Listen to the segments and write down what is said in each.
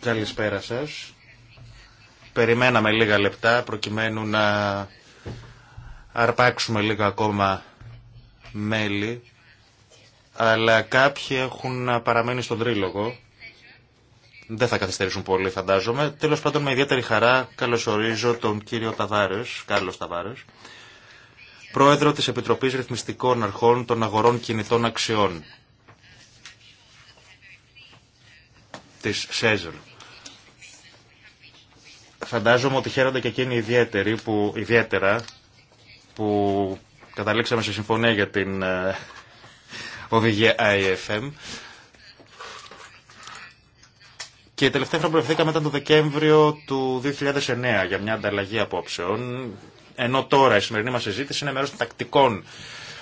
Καλησπέρα σας. Περιμέναμε λίγα λεπτά προκειμένου να αρπάξουμε λίγα ακόμα μέλη, αλλά κάποιοι έχουν παραμένει στον τρίλογο. Δεν θα καθυστερήσουν πολύ, φαντάζομαι. Τέλος πάντων, με ιδιαίτερη χαρά καλωσορίζω τον κύριο Ταβάρες, Κάλλος Ταβάρες, πρόεδρο της Επιτροπής Ρυθμιστικών Αρχών των Αγορών Κινητών Αξιών. της ΣΕΖΡ. Φαντάζομαι ότι χαίρονται και εκείνοι ιδιαίτεροι που, ιδιαίτερα που καταλήξαμε σε συμφωνία για την ε, οδηγία IFM. Και η τελευταία φορά που βρεθήκαμε ήταν το Δεκέμβριο του 2009 για μια ανταλλαγή απόψεων. Ενώ τώρα η σημερινή μα συζήτηση είναι μέρο τακτικών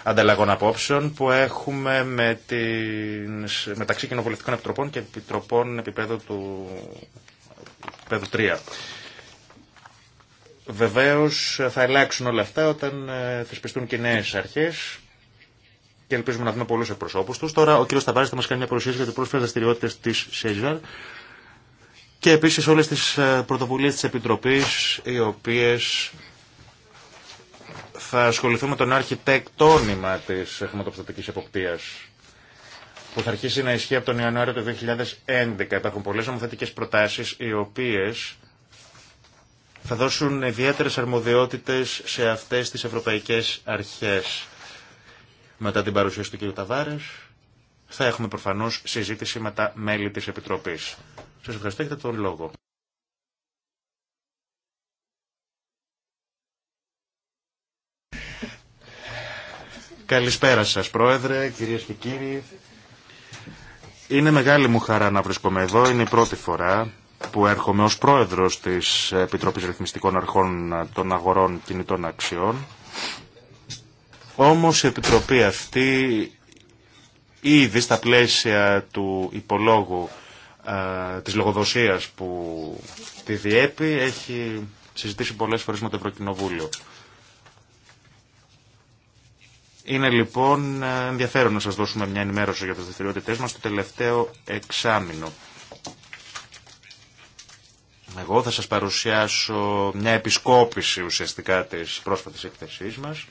ανταλλαγών απόψεων που έχουμε με την, μεταξύ κοινοβουλευτικών επιτροπών και επιτροπών επίπεδου του επίπεδου 3. Βεβαίως θα αλλάξουν όλα αυτά όταν ε, θεσπιστούν και νέες αρχές και ελπίζουμε να δούμε πολλούς εκπροσώπους τους. Τώρα ο κύριος Σταβάρης θα μας κάνει μια παρουσίαση για τις πρόσφατες δραστηριότητες της ΣΕΖΑΡ και επίσης όλες τις ε, πρωτοβουλίες της Επιτροπής οι οποίες θα ασχοληθούμε με τον αρχιτεκτόνημα της χρηματοπιστωτική εποπτεία που θα αρχίσει να ισχύει από τον Ιανουάριο του 2011. Υπάρχουν πολλές νομοθετικέ προτάσεις οι οποίες θα δώσουν ιδιαίτερε αρμοδιότητες σε αυτές τις ευρωπαϊκές αρχές. Μετά την παρουσίαση του κ. Ταβάρες θα έχουμε προφανώς συζήτηση με τα μέλη τη Επιτροπής. Σα ευχαριστώ για τον λόγο. Καλησπέρα σας Πρόεδρε, κυρίες και κύριοι. Είναι μεγάλη μου χαρά να βρίσκομαι εδώ. Είναι η πρώτη φορά που έρχομαι ως Πρόεδρος της Επιτροπής Ρυθμιστικών Αρχών των Αγορών Κινητών Αξιών. Όμως η Επιτροπή αυτή ήδη στα πλαίσια του υπολόγου της λογοδοσίας που τη διέπει έχει συζητήσει πολλές φορές με το Ευρωκοινοβούλιο. Είναι λοιπόν ενδιαφέρον να σας δώσουμε μια ενημέρωση για τι δραστηριότητε μας το τελευταίο εξάμεινο. Εγώ θα σας παρουσιάσω μια επισκόπηση ουσιαστικά της πρόσφατης εκθεσής μας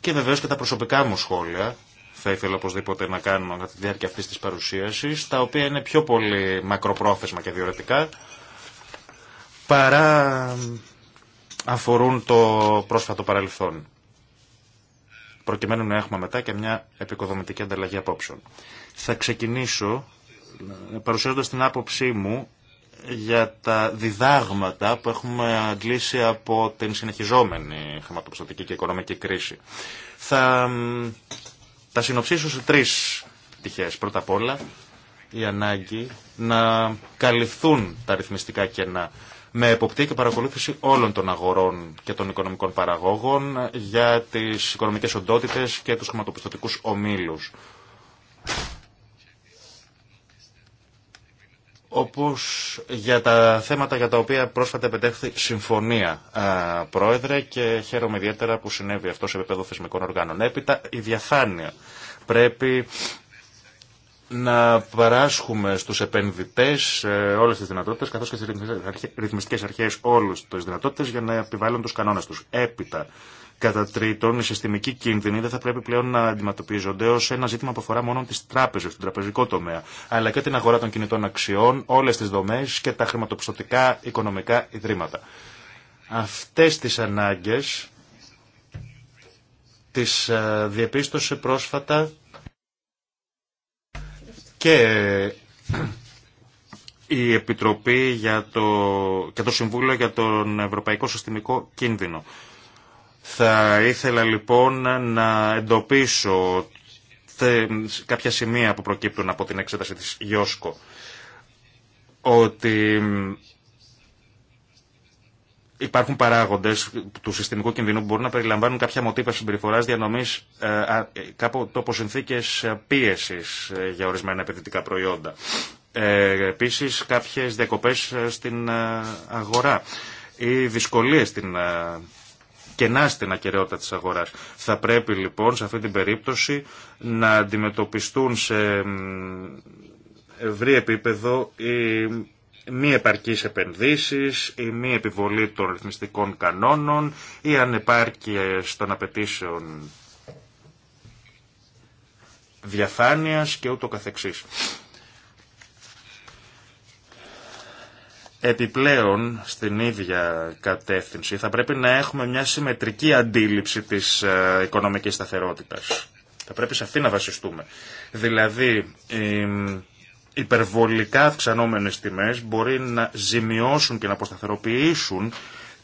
και βεβαίως και τα προσωπικά μου σχόλια θα ήθελα οπωσδήποτε να κάνω κατά τη διάρκεια αυτής της παρουσίασης, τα οποία είναι πιο πολύ μακροπρόθεσμα και διορατικά, παρά αφορούν το πρόσφατο παρελθόν. Προκειμένου να έχουμε μετά και μια επικοδομητική ανταλλαγή απόψεων. Θα ξεκινήσω ε, παρουσιάζοντας την άποψή μου για τα διδάγματα που έχουμε αντλήσει από την συνεχιζόμενη χρηματοπιστωτική και οικονομική κρίση. Θα τα συνοψίσω σε τρεις πτυχές. Πρώτα απ' όλα η ανάγκη να καλυφθούν τα ρυθμιστικά κενά με εποπτεία και παρακολούθηση όλων των αγορών και των οικονομικών παραγόγων για τις οικονομικές οντότητες και τους χρηματοπιστωτικούς ομίλους. όπως για τα θέματα για τα οποία πρόσφατα επιτέχθη συμφωνία, Πρόεδρε, και χαίρομαι ιδιαίτερα που συνέβη αυτό σε επίπεδο θεσμικών οργάνων. Έπειτα, η διαφάνεια πρέπει να παράσχουμε στους επενδυτές ε, όλες τις δυνατότητες καθώς και στις ρυθμιστικές αρχές όλες τις δυνατότητες για να επιβάλλουν τους κανόνες τους. Έπειτα, κατά τρίτον, οι συστημικοί κίνδυνοι δεν θα πρέπει πλέον να αντιμετωπίζονται ως ένα ζήτημα που αφορά μόνο τις τράπεζες, τον τραπεζικό τομέα, αλλά και την αγορά των κινητών αξιών, όλες τις δομές και τα χρηματοπιστωτικά οικονομικά ιδρύματα. Αυτές τις ανάγκες τις ε, διεπίστωσε πρόσφατα και η Επιτροπή για το, και το Συμβούλιο για τον Ευρωπαϊκό Συστημικό Κίνδυνο. Θα ήθελα λοιπόν να εντοπίσω κάποια σημεία που προκύπτουν από την εξέταση της Γιώσκο ότι υπάρχουν παράγοντε του συστημικού κινδυνού που μπορούν να περιλαμβάνουν κάποια μοτίβα συμπεριφορά διανομή ε, ε, κάπου από συνθήκε ε, πίεση για ορισμένα επενδυτικά προϊόντα. Ε, Επίση, κάποιε διακοπέ στην αγορά ή δυσκολίε στην κενά στην ακαιρεότητα της αγοράς. Θα πρέπει λοιπόν σε αυτή την περίπτωση να αντιμετωπιστούν σε ευρύ επίπεδο οι μη επαρκείς επενδύσεις, η μη επιβολή των ρυθμιστικών κανόνων, οι ανεπάρκειες των απαιτήσεων διαφάνειας και ούτω καθεξής. Επιπλέον, στην ίδια κατεύθυνση, θα πρέπει να έχουμε μια συμμετρική αντίληψη της ε, οικονομικής σταθερότητας. Θα πρέπει σε αυτή να βασιστούμε. Δηλαδή, υπερβολικά αυξανόμενες τιμές μπορεί να ζημιώσουν και να αποσταθεροποιήσουν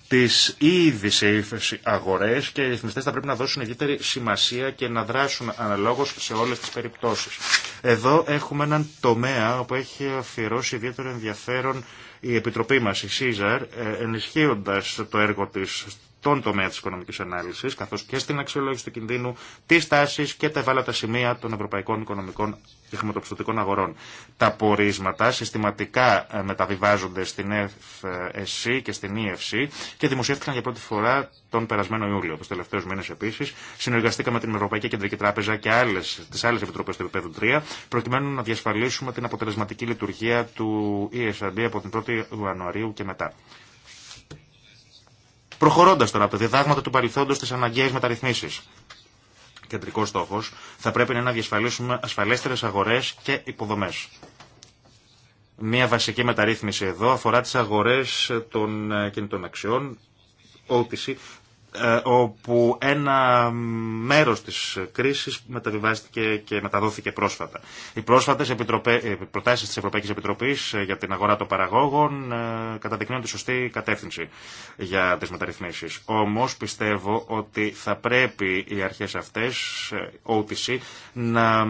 τις ήδη σε ύφεση αγορές και οι ρυθμιστές θα πρέπει να δώσουν ιδιαίτερη σημασία και να δράσουν αναλόγως σε όλες τις περιπτώσεις. Εδώ έχουμε έναν τομέα που έχει αφιερώσει ιδιαίτερο ενδιαφέρον η Επιτροπή μας, η ΣΥΖΑΡ, ε, ενισχύοντας το έργο της τον τομέα τη οικονομικής ανάλυσης, καθώς και στην αξιολόγηση του κινδύνου, τι τάσει και τα ευάλωτα σημεία των ευρωπαϊκών οικονομικών και χρηματοπιστωτικών αγορών. Τα πορίσματα συστηματικά ε, μεταβιβάζονται στην FSC και στην EFC και δημοσιεύτηκαν για πρώτη φορά τον περασμένο Ιούλιο. Του τελευταίου μήνε επίση συνεργαστήκαμε με την Ευρωπαϊκή Κεντρική Τράπεζα και τι άλλε επιτροπέ του επίπεδου 3 προκειμένου να διασφαλίσουμε την αποτελεσματική λειτουργία του ESRB από την 1η Ιανουαρίου και μετά. Προχωρώντα τώρα από τα διδάγματα του παρελθόντο στι αναγκαίε μεταρρυθμίσει. Κεντρικό στόχο θα πρέπει να είναι να διασφαλίσουμε ασφαλέστερε αγορέ και υποδομέ. Μία βασική μεταρρύθμιση εδώ αφορά τι αγορέ των ε, κινητών αξιών, OTC, ε, όπου ένα μέρος της κρίσης μεταβιβάστηκε και μεταδόθηκε πρόσφατα. Οι πρόσφατες επιτροπέ, ε, προτάσεις της Ευρωπαϊκής Επιτροπής ε, για την αγορά των παραγόγων καταδεικνύουν τη σωστή κατεύθυνση για τις μεταρρυθμίσεις. Όμως πιστεύω ότι θα πρέπει οι αρχές αυτές, OTC, να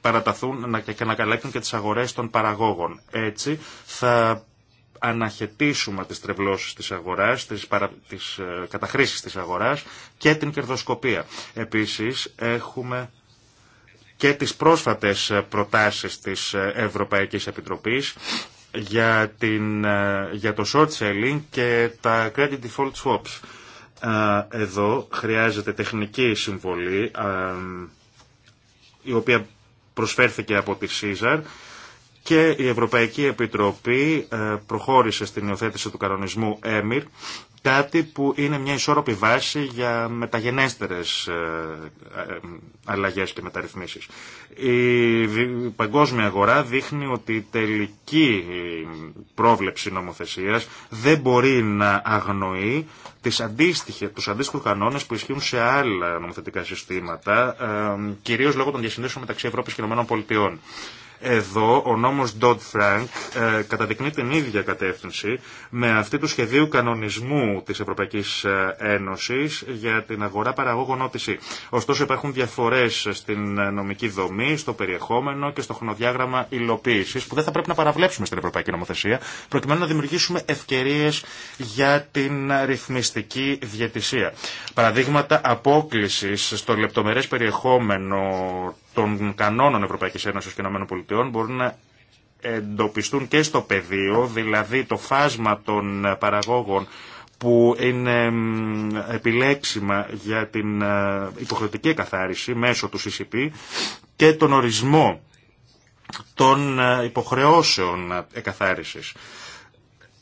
παραταθούν και να καλέκουν και τις αγορές των παραγόγων. Έτσι θα αναχαιτήσουμε τις τρευλώσεις της αγοράς, τις, παρα... τις ε, καταχρήσεις της αγοράς και την κερδοσκοπία. Επίσης έχουμε και τις πρόσφατες προτάσεις της Ευρωπαϊκής Επιτροπής για, την, ε, για το short selling και τα credit default swaps. Ε, εδώ χρειάζεται τεχνική συμβολή η οποία προσφέρθηκε από τη ΣΥΖΑΡ και η Ευρωπαϊκή Επιτροπή ε, προχώρησε στην υιοθέτηση του κανονισμού ΕΜΙΡ, κάτι που είναι μια ισόρροπη βάση για μεταγενέστερες ε, ε, αλλαγές και μεταρρυθμίσεις. Η παγκόσμια αγορά δείχνει ότι η τελική πρόβλεψη νομοθεσίας δεν μπορεί να αγνοεί τις αντίστοιχε, τους αντίστοιχους κανόνες που ισχύουν σε άλλα νομοθετικά συστήματα, κυρίως λόγω των διασυνδέσεων μεταξύ Ευρώπης και ΗΠΑ. Εδώ ο νόμος Dodd-Frank ε, καταδεικνύει την ίδια κατεύθυνση με αυτή του σχεδίου κανονισμού της Ευρωπαϊκής ε, Ένωσης για την αγορά παραγωγών OTC. Ωστόσο υπάρχουν διαφορές στην ε, νομική δομή, στο περιεχόμενο και στο χρονοδιάγραμμα υλοποίησης που δεν θα πρέπει να παραβλέψουμε στην Ευρωπαϊκή Νομοθεσία προκειμένου να δημιουργήσουμε ευκαιρίες για την ρυθμιστική διαιτησία. Παραδείγματα απόκλησης στο λεπτομερές περιεχόμενο των κανόνων Ευρωπαϊκή Ένωση και ΗΠΑ μπορούν να εντοπιστούν και στο πεδίο, δηλαδή το φάσμα των παραγόγων που είναι επιλέξιμα για την ε, υποχρεωτική καθάριση μέσω του CCP και τον ορισμό των ε, υποχρεώσεων εκαθάρισης.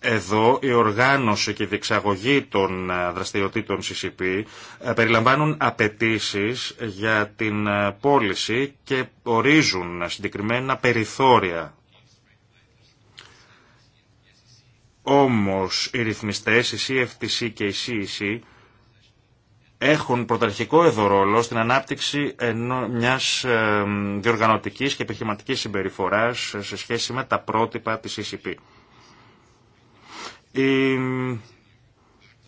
Εδώ η οργάνωση και η διεξαγωγή των ε, δραστηριοτήτων CCP ε, περιλαμβάνουν απαιτήσει για την ε, πώληση και ορίζουν συγκεκριμένα περιθώρια. Όμως οι ρυθμιστές, η CFTC και η CEC, έχουν πρωταρχικό εδώ ρόλο στην ανάπτυξη μιας διοργανωτικής και επιχειρηματικής συμπεριφοράς σε σχέση με τα πρότυπα της CCP. Η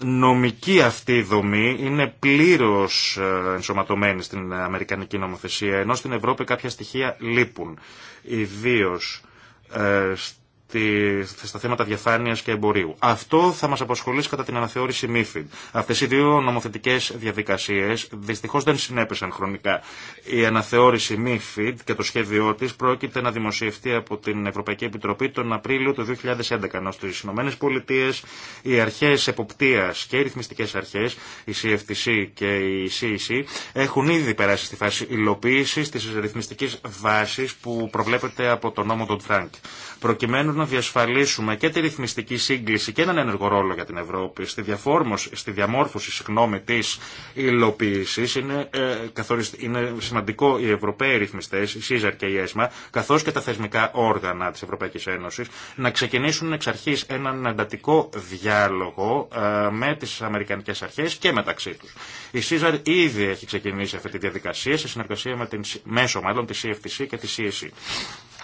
νομική αυτή δομή είναι πλήρως ε, ενσωματωμένη στην Αμερικανική νομοθεσία, ενώ στην Ευρώπη κάποια στοιχεία λείπουν. Ιδίως ε, στα θέματα διαφάνεια και εμπορίου. Αυτό θα μα απασχολήσει κατά την αναθεώρηση MIFID. Αυτέ οι δύο νομοθετικέ διαδικασίε δυστυχώ δεν συνέπεσαν χρονικά. Η αναθεώρηση MIFID και το σχέδιό τη πρόκειται να δημοσιευτεί από την Ευρωπαϊκή Επιτροπή τον Απρίλιο του 2011. Ενώ στι Ηνωμένες οι αρχέ εποπτεία και οι ρυθμιστικέ αρχέ, η CFTC και η CEC, e έχουν ήδη περάσει στη φάση υλοποίηση τη ρυθμιστική βάση που προβλέπεται από τον νόμο των Frank. Προκειμένου να διασφαλίσουμε και τη ρυθμιστική σύγκληση και έναν ενεργό ρόλο για την Ευρώπη στη, στη διαμόρφωση συγγνώμη, της υλοποίησης είναι, ε, είναι σημαντικό οι Ευρωπαίοι ρυθμιστές, η ΣΥΖΑΡ και η ΕΣΜΑ, καθώς και τα θεσμικά όργανα της Ευρωπαϊκής Ένωσης να ξεκινήσουν εξ αρχής έναν εντατικό διάλογο ε, με τις Αμερικανικές αρχές και μεταξύ τους. Η ΣΥΖΑΡ ήδη έχει ξεκινήσει αυτή τη διαδικασία σε συνεργασία με την, μέσω μάλλον τη CFTC και τη CSE.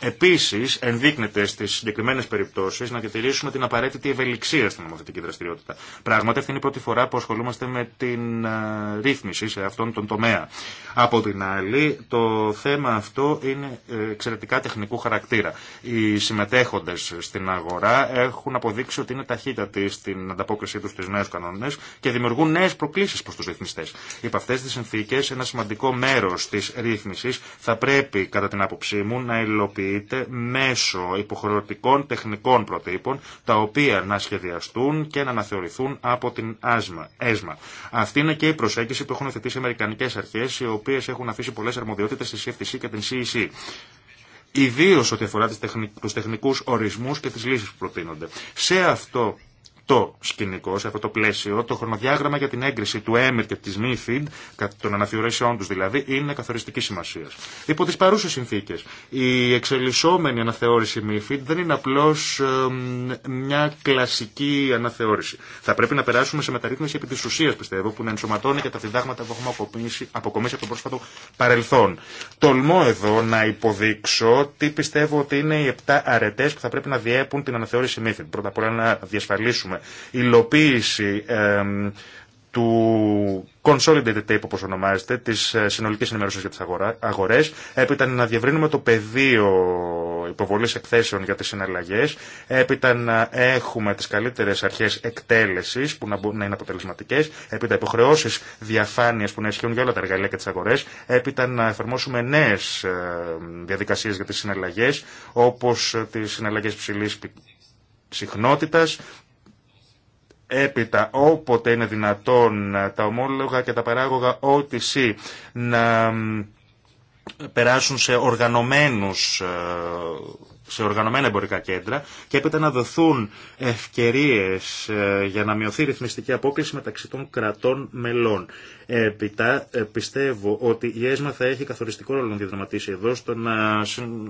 Επίση, ενδείκνεται στι συγκεκριμένε περιπτώσει να διατηρήσουμε την απαραίτητη ευελιξία στην νομοθετική δραστηριότητα. Πράγματι, αυτή είναι η πρώτη φορά που ασχολούμαστε με την ε, ρύθμιση σε αυτόν τον τομέα. Από την άλλη, το θέμα αυτό είναι ε, εξαιρετικά τεχνικού χαρακτήρα. Οι συμμετέχοντε στην αγορά έχουν αποδείξει ότι είναι ταχύτατοι στην ανταπόκρισή του στι νέε κανόνε και δημιουργούν νέε προκλήσει προ του ρυθμιστέ. Υπ' αυτέ τι συνθήκε, ένα σημαντικό μέρο τη ρύθμιση θα πρέπει, κατά την άποψή μου, να υλοποιηθεί μέσο μέσω υποχρεωτικών τεχνικών προτύπων, τα οποία να σχεδιαστούν και να αναθεωρηθούν από την άσμα, ΕΣΜΑ. Αυτή είναι και η προσέγγιση που έχουν θετήσει οι Αμερικανικέ Αρχέ, οι οποίε έχουν αφήσει πολλέ αρμοδιότητε στη CFTC και την CEC. Ιδίω ό,τι αφορά του τεχνικού ορισμού και τι λύσεις που προτείνονται. Σε αυτό το σκηνικό, σε αυτό το πλαίσιο, το χρονοδιάγραμμα για την έγκριση του ΕΜΕΡ και τη ΜΥΦΙΔ, των αναθεωρήσεών του δηλαδή, είναι καθοριστική σημασία. Υπό τι παρούσε συνθήκε, η εξελισσόμενη αναθεώρηση ΜΥΦΙΔ δεν είναι απλώ μια κλασική αναθεώρηση. Θα πρέπει να περάσουμε σε μεταρρύθμιση επί τη ουσία, πιστεύω, που να ενσωματώνει και τα διδάγματα που έχουμε αποκομίσει, από το πρόσφατο παρελθόν. Τολμώ εδώ να υποδείξω τι πιστεύω ότι είναι οι 7 αρετέ που θα πρέπει να διέπουν την αναθεώρηση Μίθιντ. Πρώτα απ' όλα να διασφαλίσουμε υλοποίηση του consolidated tape όπως ονομάζεται, της ε, συνολικής ενημερώσεως για τις αγορές, έπειτα να διευρύνουμε το πεδίο υποβολής εκθέσεων για τις συναλλαγές, έπειτα να έχουμε τις καλύτερες αρχές εκτέλεσης που να, να είναι αποτελεσματικές, έπειτα υποχρεώσεις διαφάνειας που να ισχύουν για όλα τα εργαλεία και τις αγορές, έπειτα να εφαρμόσουμε νέες ε, διαδικασίες για τις συναλλαγές, όπως τις συναλλαγές ψηλής συχνότητας, Έπειτα, όποτε είναι δυνατόν τα ομόλογα και τα παράγωγα OTC να περάσουν σε οργανωμένους ε, σε οργανωμένα εμπορικά κέντρα και έπειτα να δοθούν ευκαιρίες ε, για να μειωθεί η ρυθμιστική απόκληση μεταξύ των κρατών μελών. Έπειτα ε, πιστεύω ότι η ΕΣΜΑ θα έχει καθοριστικό ρόλο να διαδραματίσει εδώ στο να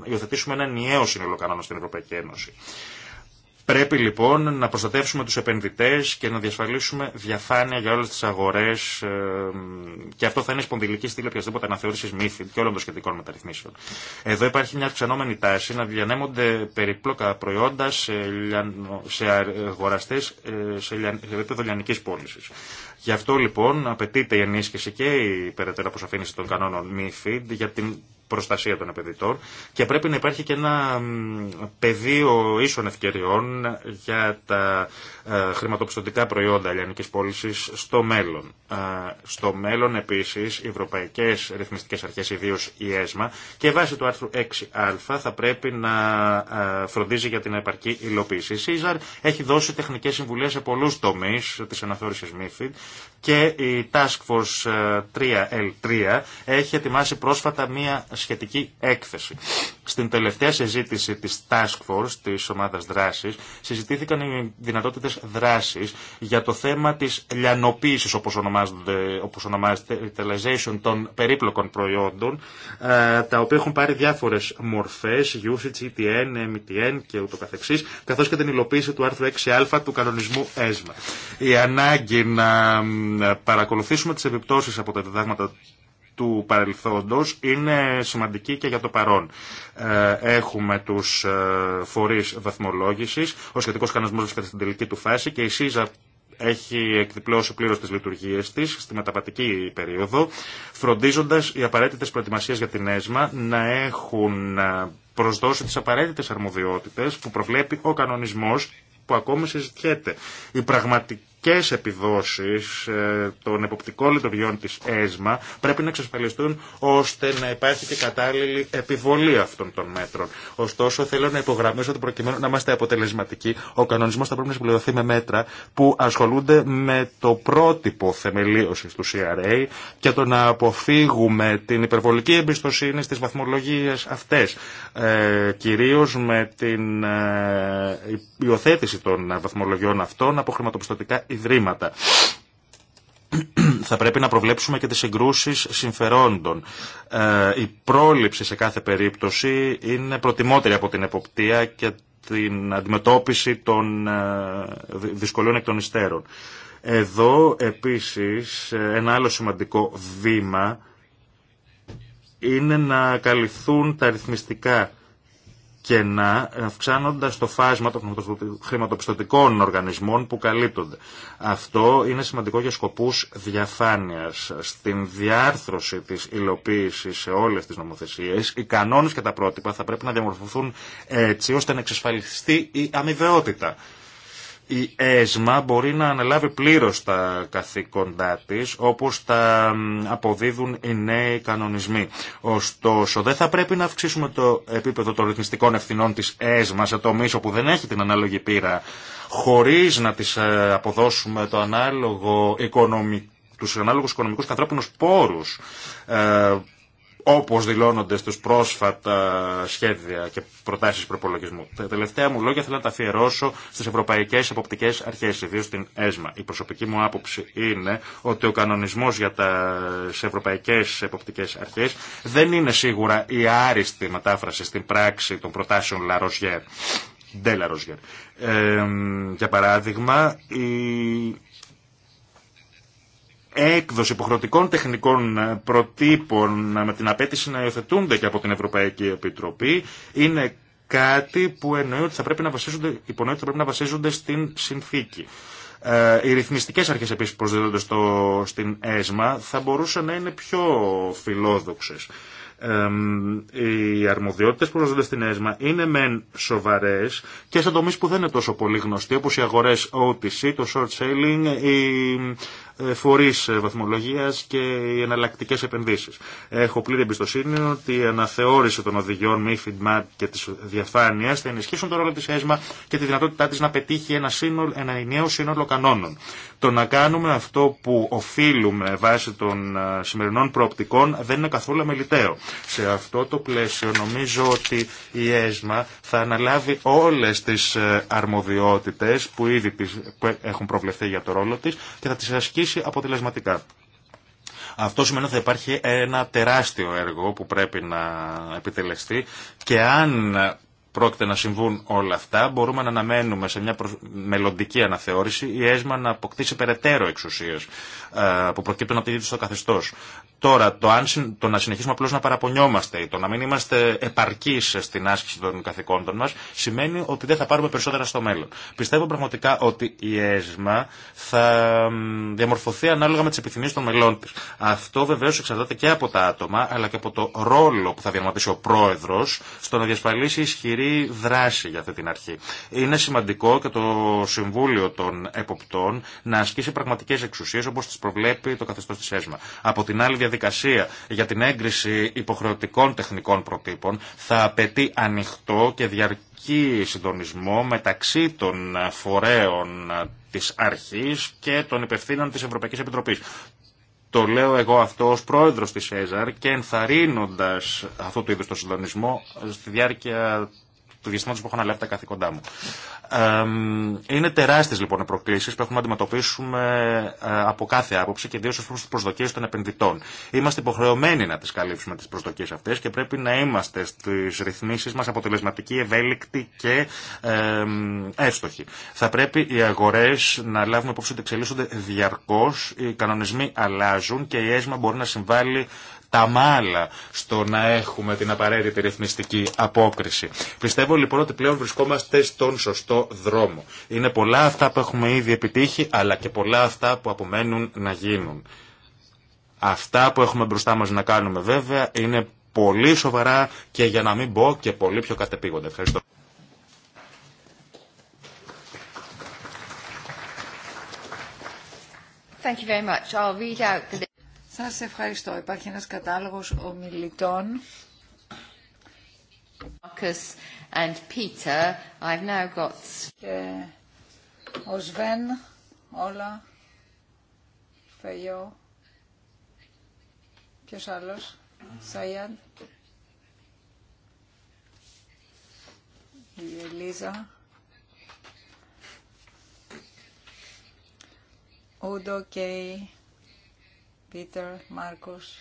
υιοθετήσουμε ένα ενιαίο σύνολο κανόνα στην Ευρωπαϊκή Ένωση. Πρέπει λοιπόν να προστατεύσουμε τους επενδυτές και να διασφαλίσουμε διαφάνεια για όλες τις αγορές ε, και αυτό θα είναι σπονδυλική στήλη οποιασδήποτε αναθεώρησης μύθη και όλων των σχετικών μεταρρυθμίσεων. Εδώ υπάρχει μια αυξανόμενη τάση να διανέμονται περιπλόκα προϊόντα σε, σε αγοραστές ε, σε επίπεδο λιανικής πώλησης. Γι' αυτό λοιπόν απαιτείται η ενίσχυση και η περαιτέρω αποσαφήνιση των κανόνων MIFID για την προστασία των επενδυτών και πρέπει να υπάρχει και ένα πεδίο ίσων ευκαιριών για τα ε, χρηματοπιστωτικά προϊόντα ελληνικής πώληση στο μέλλον. Ε, στο μέλλον επίσης οι ευρωπαϊκές ρυθμιστικές αρχές, ιδίω η ΕΣΜΑ και βάσει του άρθρου 6α θα πρέπει να ε, φροντίζει για την επαρκή υλοποίηση. Η ΣΥΖΑΡ έχει δώσει τεχνικές συμβουλές σε πολλούς τομείς της αναθεώρησης MIFID και η Task Force 3L3 έχει ετοιμάσει πρόσφατα μία σχετική έκθεση. Στην τελευταία συζήτηση της Task Force, της ομάδας δράσης, συζητήθηκαν οι δυνατότητες δράσης για το θέμα της λιανοποίησης, όπως, όπως ονομάζεται, utilization των περίπλοκων προϊόντων, ε, τα οποία έχουν πάρει διάφορες μορφές, usage, ETN, MTN και ούτω καθεξής, καθώς και την υλοποίηση του άρθρου 6α του κανονισμού ΕΣΜΑ. Η ανάγκη να παρακολουθήσουμε τις επιπτώσεις από τα διδάγματα του παρελθόντος είναι σημαντική και για το παρόν. Ε, έχουμε τους ε, φορείς βαθμολόγησης, ο σχετικός κανονισμός βρίσκεται στην τελική του φάση και η ΣΥΖΑ έχει εκδιπλώσει πλήρω τι λειτουργίε τη στη μεταπατική περίοδο, φροντίζοντα οι απαραίτητε προετοιμασίε για την ΕΣΜΑ να έχουν ε, προσδώσει τι απαραίτητε αρμοδιότητε που προβλέπει ο κανονισμό που ακόμη συζητιέται. Η πραγματική και επιδόσεις ε, των εποπτικών λειτουργιών της ΕΣΜΑ πρέπει να εξασφαλιστούν ώστε να υπάρχει και κατάλληλη επιβολή αυτών των μέτρων. Ωστόσο θέλω να υπογραμμίσω ότι προκειμένου να είμαστε αποτελεσματικοί ο κανονισμός θα πρέπει να συμπληρωθεί με μέτρα που ασχολούνται με το πρότυπο θεμελίωση του CRA και το να αποφύγουμε την υπερβολική εμπιστοσύνη στις βαθμολογίες αυτές ε, κυρίως με την ε, υιοθέτηση των βαθμολογιών αυτών από χρηματοπιστωτικά ιδρύματα. Θα πρέπει να προβλέψουμε και τις συγκρούσεις συμφερόντων. Ε, η πρόληψη σε κάθε περίπτωση είναι προτιμότερη από την εποπτεία και την αντιμετώπιση των ε, δυσκολίων εκ των υστέρων. Εδώ επίσης ένα άλλο σημαντικό βήμα είναι να καλυφθούν τα αριθμιστικά κενά, αυξάνοντας το φάσμα των χρηματοπιστωτικών οργανισμών που καλύπτονται. Αυτό είναι σημαντικό για σκοπούς διαφάνειας. Στην διάρθρωση της υλοποίησης σε όλες τις νομοθεσίες, οι κανόνες και τα πρότυπα θα πρέπει να διαμορφωθούν έτσι ώστε να εξασφαλιστεί η αμοιβαιότητα η ΕΣΜΑ μπορεί να αναλάβει πλήρως τα καθήκοντά της, όπως τα αποδίδουν οι νέοι κανονισμοί. Ωστόσο, δεν θα πρέπει να αυξήσουμε το επίπεδο των ρυθμιστικών ευθυνών της ΕΣΜΑ σε τομείς όπου δεν έχει την ανάλογη πείρα, χωρίς να της ε, αποδώσουμε το ανάλογο οικονομικό τους ανάλογους οικονομικούς και ανθρώπινους πόρους ε, όπως δηλώνονται στους πρόσφατα σχέδια και προτάσεις προπολογισμού. Τα τελευταία μου λόγια θέλω να τα αφιερώσω στις ευρωπαϊκές εποπτικές αρχές, ιδίως στην ΕΣΜΑ. Η προσωπική μου άποψη είναι ότι ο κανονισμός για τις ευρωπαϊκές εποπτικές αρχές δεν είναι σίγουρα η άριστη μετάφραση στην πράξη των προτάσεων Λαροζιέρ. Ντέλα ε, για παράδειγμα, έκδοση υποχρεωτικών τεχνικών ε, προτύπων ε, με την απέτηση να υιοθετούνται και από την Ευρωπαϊκή Επιτροπή είναι κάτι που εννοεί ότι θα πρέπει να βασίζονται, υπονοεί ότι θα πρέπει να βασίζονται στην συνθήκη. Ε, οι ρυθμιστικέ αρχέ επίση που προσδίδονται στην ΕΣΜΑ θα μπορούσαν να είναι πιο φιλόδοξε. Ε, οι αρμοδιότητε που προσδίδονται στην ΕΣΜΑ είναι μεν σοβαρέ και σε τομεί που δεν είναι τόσο πολύ γνωστοί, όπω οι αγορέ OTC, το short selling, ή ε, Φορεί ε, βαθμολογία και οι εναλλακτικέ επενδύσει. Έχω πλήρη εμπιστοσύνη ότι η αναθεώρηση των οδηγιών MIFID MAD και τη διαφάνεια, θα ενισχύσουν τον ρόλο τη ΕΣΜΑ και τη δυνατότητά τη να πετύχει ένα, σύνολο, ένα ενιαίο σύνολο κανόνων. Το να κάνουμε αυτό που οφείλουμε βάσει των ε, σημερινών προοπτικών δεν είναι καθόλου αμεληταίο. Σε αυτό το πλαίσιο νομίζω ότι η ΕΣΜΑ θα αναλάβει όλε τι αρμοδιότητε που ήδη έχουν προβλεφθεί για το ρόλο τη και θα τι ασκήσει αποτελεσματικά. Αυτό σημαίνει ότι θα υπάρχει ένα τεράστιο έργο που πρέπει να επιτελεστεί και αν πρόκειται να συμβούν όλα αυτά, μπορούμε να αναμένουμε σε μια μελλοντική αναθεώρηση η ΕΣΜΑ να αποκτήσει περαιτέρω εξουσίες ε, που προκύπτουν από τη δίδυση στο καθεστώς. Τώρα, το, αν, το να συνεχίσουμε απλώ να παραπονιόμαστε ή το να μην είμαστε επαρκεί στην άσκηση των καθηκόντων μα, σημαίνει ότι δεν θα πάρουμε περισσότερα στο μέλλον. Πιστεύω πραγματικά ότι η ΕΣΜΑ θα διαμορφωθεί ανάλογα με τι επιθυμίε των μελών τη. Αυτό βεβαίω εξαρτάται και από τα άτομα, αλλά και από το ρόλο που θα διανοματίσει ο πρόεδρο στο να διασφαλίσει ισχυρή δράση για αυτή την αρχή. Είναι σημαντικό και το Συμβούλιο των Εποπτών να ασκήσει πραγματικέ εξουσίε όπω τι προβλέπει το καθεστώ τη ΕΣΜΑ. Από την άλλη, διαδικασία για την έγκριση υποχρεωτικών τεχνικών προτύπων θα απαιτεί ανοιχτό και διαρκή συντονισμό μεταξύ των φορέων της αρχής και των υπευθύνων της Ευρωπαϊκής Επιτροπής. Το λέω εγώ αυτό ως πρόεδρος της ΕΖΑΡ και ενθαρρύνοντας αυτό το είδος το συντονισμό στη διάρκεια του διαστήματο που έχω αναλάβει τα καθήκοντά μου. είναι τεράστιε λοιπόν οι προκλήσει που έχουμε να αντιμετωπίσουμε ε, από κάθε άποψη και ιδίω ω προ τι προσδοκίε των επενδυτών. Είμαστε υποχρεωμένοι να τι καλύψουμε τι προσδοκίε αυτέ και πρέπει να είμαστε στι ρυθμίσει μα αποτελεσματικοί, ευέλικτοι και ε, εύστοχοι. Θα πρέπει οι αγορέ να λάβουμε υπόψη ότι εξελίσσονται διαρκώ, οι κανονισμοί αλλάζουν και η ΕΣΜΑ μπορεί να συμβάλλει τα μάλα στο να έχουμε την απαραίτητη ρυθμιστική απόκριση. Πιστεύω λοιπόν ότι πλέον βρισκόμαστε στον σωστό δρόμο. Είναι πολλά αυτά που έχουμε ήδη επιτύχει, αλλά και πολλά αυτά που απομένουν να γίνουν. Αυτά που έχουμε μπροστά μας να κάνουμε βέβαια είναι πολύ σοβαρά και για να μην πω και πολύ πιο κατεπήγοντα. Ευχαριστώ. Thank you very much. Σας ευχαριστώ. Υπάρχει ένας κατάλογος ομιλητών. and Peter, I've now got... Και ο Σβέν, όλα, Φειό, ποιος άλλος, Σαϊάν, η Ελίζα, Ούντο Κέι, Πίτερ, Μάρκος,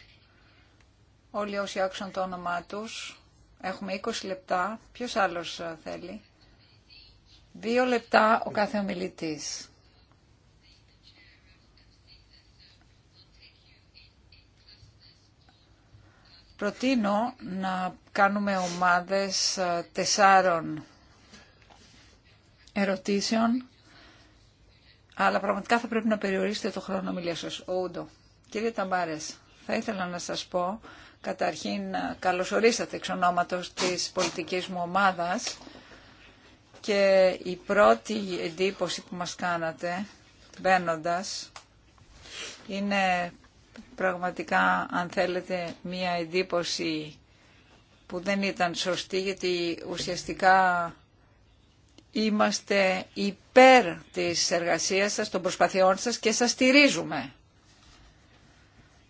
όλοι όσοι άκουσαν το όνομά τους. Έχουμε 20 λεπτά. Ποιος άλλος ε, θέλει. Δύο λεπτά ο κάθε ομιλητής. Προτείνω να κάνουμε ομάδες ε, τεσσάρων ερωτήσεων, αλλά πραγματικά θα πρέπει να περιορίσετε το χρόνο ομιλίας σας. Ο Ούντο. Κύριε Ταμπάρες, θα ήθελα να σας πω, καταρχήν καλωσορίσατε εξ ονόματος της πολιτικής μου ομάδας και η πρώτη εντύπωση που μας κάνατε μπαίνοντα είναι πραγματικά αν θέλετε μία εντύπωση που δεν ήταν σωστή γιατί ουσιαστικά είμαστε υπέρ της εργασίας σας, των προσπαθειών σας και σας στηρίζουμε.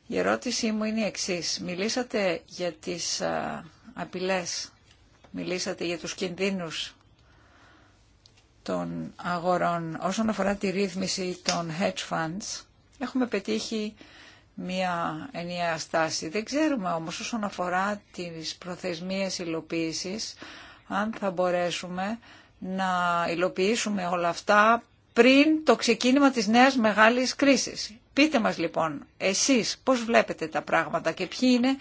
Η ερώτησή μου είναι η εξής. Μιλήσατε για τις απειλές, μιλήσατε για τους κινδύνους των αγορών. Όσον αφορά τη ρύθμιση των hedge funds, έχουμε πετύχει μία ενιαία στάση. Δεν ξέρουμε όμως όσον αφορά τις προθεσμίες υλοποίησης, αν θα μπορέσουμε να υλοποιήσουμε όλα αυτά πριν το ξεκίνημα της νέας μεγάλης κρίσης. Πείτε μας λοιπόν, εσείς πώς βλέπετε τα πράγματα και ποιοι είναι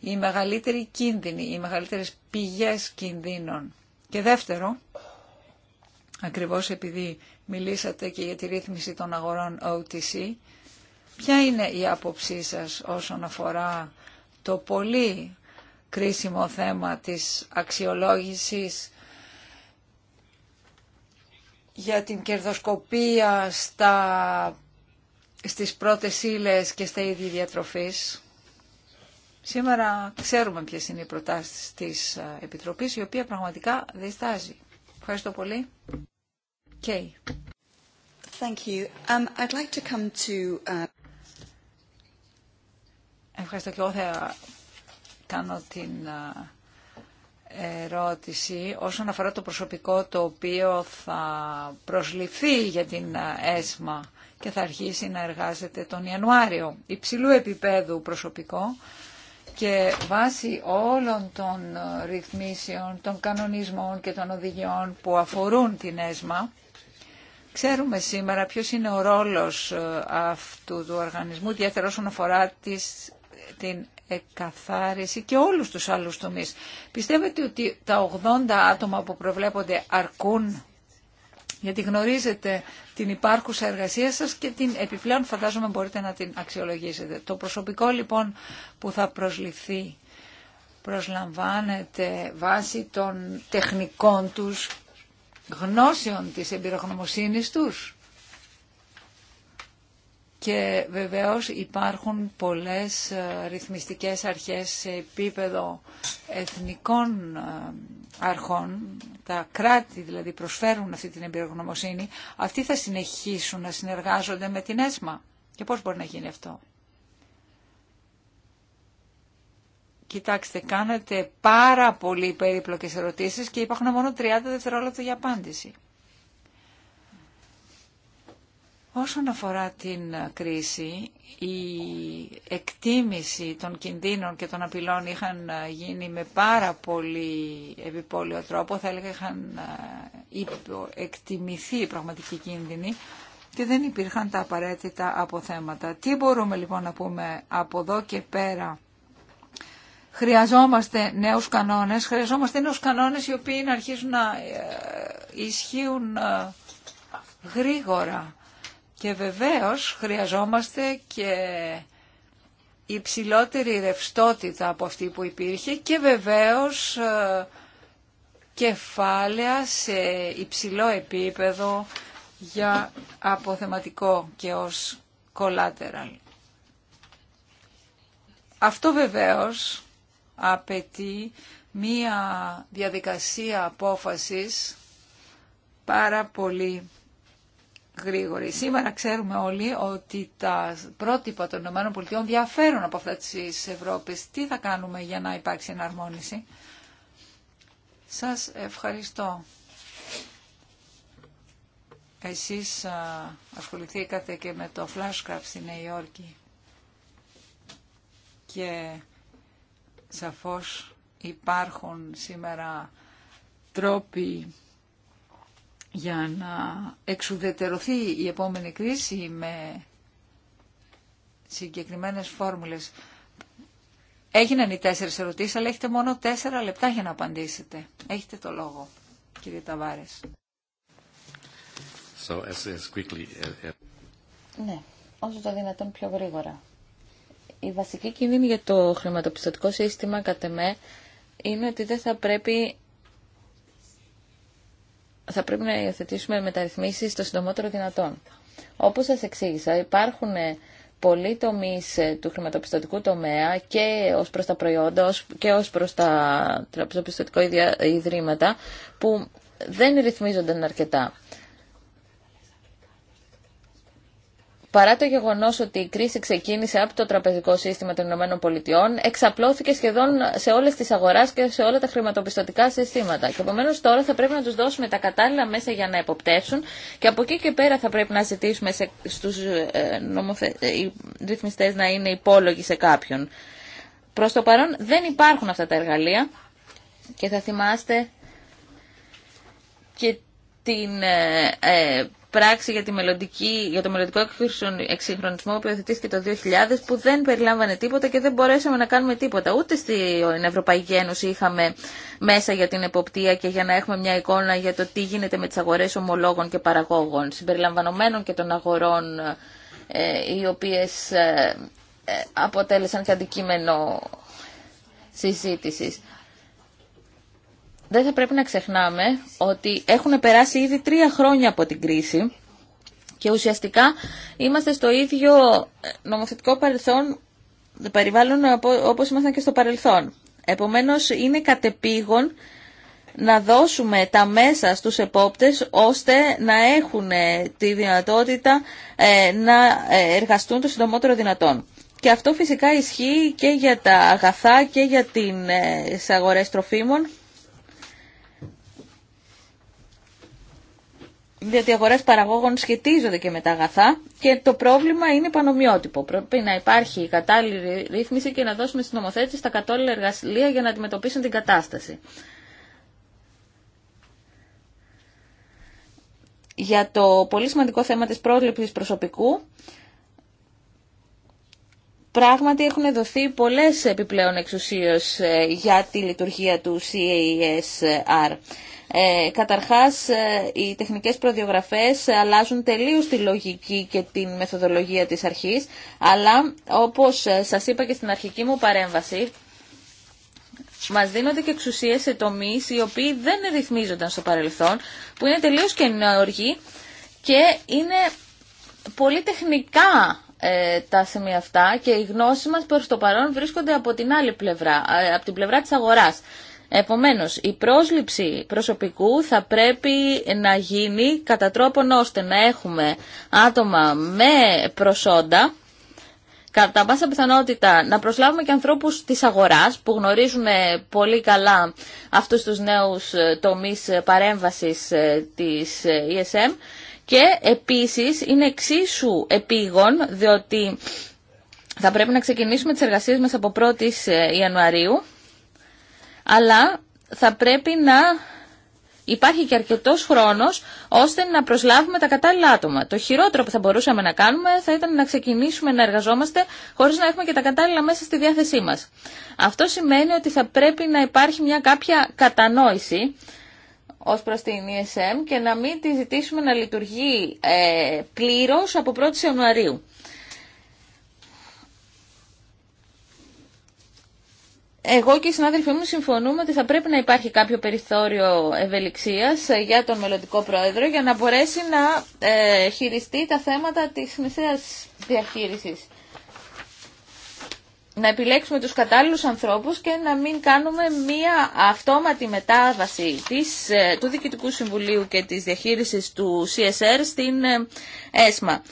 οι μεγαλύτεροι κίνδυνοι, οι μεγαλύτερες πηγές κινδύνων. Και δεύτερο, ακριβώς επειδή μιλήσατε και για τη ρύθμιση των αγορών OTC, ποια είναι η άποψή σας όσον αφορά το πολύ κρίσιμο θέμα της αξιολόγησης για την κερδοσκοπία στα, στις πρώτες ύλε και στα ίδια διατροφής. Σήμερα ξέρουμε ποιες είναι οι προτάσεις της ε, Επιτροπής, η οποία πραγματικά διστάζει. Ευχαριστώ πολύ. Thank you. Um, I'd like to come to, uh, Ευχαριστώ και εγώ θα κάνω την ε, ερώτηση όσον αφορά το προσωπικό το οποίο θα προσληφθεί για την ΕΣΜΑ και θα αρχίσει να εργάζεται τον Ιανουάριο. Υψηλού επίπεδου προσωπικό και βάσει όλων των ρυθμίσεων, των κανονισμών και των οδηγιών που αφορούν την ΕΣΜΑ, Ξέρουμε σήμερα ποιος είναι ο ρόλος ε, αυτού του οργανισμού, ιδιαίτερα όσον αφορά τις, την εκαθάριση και όλους τους άλλους τομείς. Πιστεύετε ότι τα 80 άτομα που προβλέπονται αρκούν γιατί γνωρίζετε την υπάρχουσα εργασία σας και την επιπλέον φαντάζομαι μπορείτε να την αξιολογήσετε. Το προσωπικό λοιπόν που θα προσληφθεί προσλαμβάνεται βάσει των τεχνικών τους γνώσεων της εμπειρογνωμοσύνης τους και βεβαίως υπάρχουν πολλές ε, ρυθμιστικές αρχές σε επίπεδο εθνικών ε, αρχών. Τα κράτη δηλαδή προσφέρουν αυτή την εμπειρογνωμοσύνη. Αυτοί θα συνεχίσουν να συνεργάζονται με την ΕΣΜΑ. Και πώς μπορεί να γίνει αυτό. Κοιτάξτε, κάνετε πάρα πολύ περίπλοκες ερωτήσεις και υπάρχουν μόνο 30 δευτερόλεπτα για απάντηση. Όσον αφορά την κρίση, η εκτίμηση των κινδύνων και των απειλών είχαν γίνει με πάρα πολύ επιπόλαιο τρόπο, θα έλεγα είχαν ε, εκτιμηθεί οι πραγματικοί κίνδυνοι και δεν υπήρχαν τα απαραίτητα αποθέματα. Τι μπορούμε λοιπόν να πούμε από εδώ και πέρα. Χρειαζόμαστε νέους κανόνες, χρειαζόμαστε νέους κανόνες οι οποίοι να αρχίσουν να ε, ισχύουν ε, γρήγορα και βεβαίως χρειαζόμαστε και υψηλότερη ρευστότητα από αυτή που υπήρχε και βεβαίως ε, κεφάλαια σε υψηλό επίπεδο για αποθεματικό και ως collateral. Αυτό βεβαίως απαιτεί μία διαδικασία απόφασης πάρα πολύ γρήγορη. Σήμερα ξέρουμε όλοι ότι τα πρότυπα των ΗΠΑ διαφέρουν από αυτά τη Ευρώπη. Τι θα κάνουμε για να υπάρξει εναρμόνιση. Σας ευχαριστώ. Εσείς ασχοληθήκατε και με το flashcraft στη Νέα Υόρκη και σαφώς υπάρχουν σήμερα τρόποι για να εξουδετερωθεί η επόμενη κρίση με συγκεκριμένες φόρμουλες. Έγιναν οι τέσσερις ερωτήσεις, αλλά έχετε μόνο τέσσερα λεπτά για να απαντήσετε. Έχετε το λόγο, κύριε Ταβάρες. So, as, as quickly... Uh, uh, ναι, όσο το δυνατόν πιο γρήγορα. Η βασική κίνδυνη για το χρηματοπιστωτικό σύστημα, κατ' με, είναι ότι δεν θα πρέπει θα πρέπει να υιοθετήσουμε μεταρρυθμίσει το συντομότερο δυνατόν. Όπως σα εξήγησα, υπάρχουν πολλοί τομεί ε, του χρηματοπιστωτικού τομέα και ως προ τα προϊόντα και ως προ τα τραπεζοπιστωτικά ιδρύματα που δεν ρυθμίζονταν αρκετά. παρά το γεγονό ότι η κρίση ξεκίνησε από το τραπεζικό σύστημα των ΗΠΑ, εξαπλώθηκε σχεδόν σε όλες τις αγοράς και σε όλα τα χρηματοπιστωτικά συστήματα. Και επομένω τώρα θα πρέπει να τους δώσουμε τα κατάλληλα μέσα για να εποπτεύσουν και από εκεί και πέρα θα πρέπει να ζητήσουμε στου στους ε, ε, να είναι υπόλογοι σε κάποιον. Προ το παρόν δεν υπάρχουν αυτά τα εργαλεία και θα θυμάστε και την ε, πράξη για, τη μελλοντική, για το μελλοντικό εξυγχρονισμό που υιοθετήθηκε το 2000 που δεν περιλάμβανε τίποτα και δεν μπορέσαμε να κάνουμε τίποτα. Ούτε στην Ευρωπαϊκή Ένωση είχαμε μέσα για την εποπτεία και για να έχουμε μια εικόνα για το τι γίνεται με τις αγορές ομολόγων και παραγόγων, συμπεριλαμβανομένων και των αγορών ε, οι οποίες ε, ε, αποτέλεσαν και αντικείμενο συζήτησης δεν θα πρέπει να ξεχνάμε ότι έχουν περάσει ήδη τρία χρόνια από την κρίση και ουσιαστικά είμαστε στο ίδιο νομοθετικό παρελθόν, περιβάλλον όπως ήμασταν και στο παρελθόν. Επομένως είναι κατεπήγον να δώσουμε τα μέσα στους επόπτες ώστε να έχουν τη δυνατότητα ε, να ε, εργαστούν το συντομότερο δυνατόν. Και αυτό φυσικά ισχύει και για τα αγαθά και για τις ε, αγορές τροφίμων διότι οι αγορέ παραγόγων σχετίζονται και με τα αγαθά και το πρόβλημα είναι πανομοιότυπο. Πρέπει να υπάρχει η κατάλληλη ρύθμιση και να δώσουμε στι νομοθέτες τα κατάλληλα εργαλεία για να αντιμετωπίσουν την κατάσταση. Για το πολύ σημαντικό θέμα της πρόληψης προσωπικού, πράγματι έχουν δοθεί πολλές επιπλέον εξουσίες ε, για τη λειτουργία του CASR. Ε, καταρχάς, ε, οι τεχνικές προδιογραφές αλλάζουν τελείως τη λογική και τη μεθοδολογία της αρχής, αλλά όπως ε, σας είπα και στην αρχική μου παρέμβαση, μας δίνονται και εξουσίες σε τομείς οι οποίοι δεν ρυθμίζονταν στο παρελθόν, που είναι τελείως καινούργοι και είναι πολύ τεχνικά ε, τα σημεία αυτά και οι γνώσεις μας προς το παρόν βρίσκονται από την άλλη πλευρά, από την πλευρά της αγοράς. Επομένως, η πρόσληψη προσωπικού θα πρέπει να γίνει κατά τρόπον ώστε να έχουμε άτομα με προσόντα, κατά πάσα πιθανότητα να προσλάβουμε και ανθρώπους της αγοράς που γνωρίζουν πολύ καλά αυτούς τους νέους ε, τομείς ε, παρέμβασης ε, της ESM και επίσης είναι εξίσου επίγον διότι θα πρέπει να ξεκινήσουμε τις εργασίες μας από 1η Ιανουαρίου αλλά θα πρέπει να υπάρχει και αρκετός χρόνος ώστε να προσλάβουμε τα κατάλληλα άτομα. Το χειρότερο που θα μπορούσαμε να κάνουμε θα ήταν να ξεκινήσουμε να εργαζόμαστε χωρίς να έχουμε και τα κατάλληλα μέσα στη διάθεσή μας. Αυτό σημαίνει ότι θα πρέπει να υπάρχει μια κάποια κατανόηση ως προς την ESM και να μην τη ζητήσουμε να λειτουργεί ε, πλήρως από 1η Ιανουαρίου. Εγώ και οι συνάδελφοί μου συμφωνούμε ότι θα πρέπει να υπάρχει κάποιο περιθώριο ευελιξίας ε, για τον μελλοντικό πρόεδρο για να μπορέσει να ε, χειριστεί τα θέματα της μεσαίας διαχείρισης. Να επιλέξουμε τους κατάλληλους ανθρώπους και να μην κάνουμε μία αυτόματη μετάβαση της, ε, του Διοικητικού Συμβουλίου και της διαχείρισης του CSR στην ΕΣΜΑ.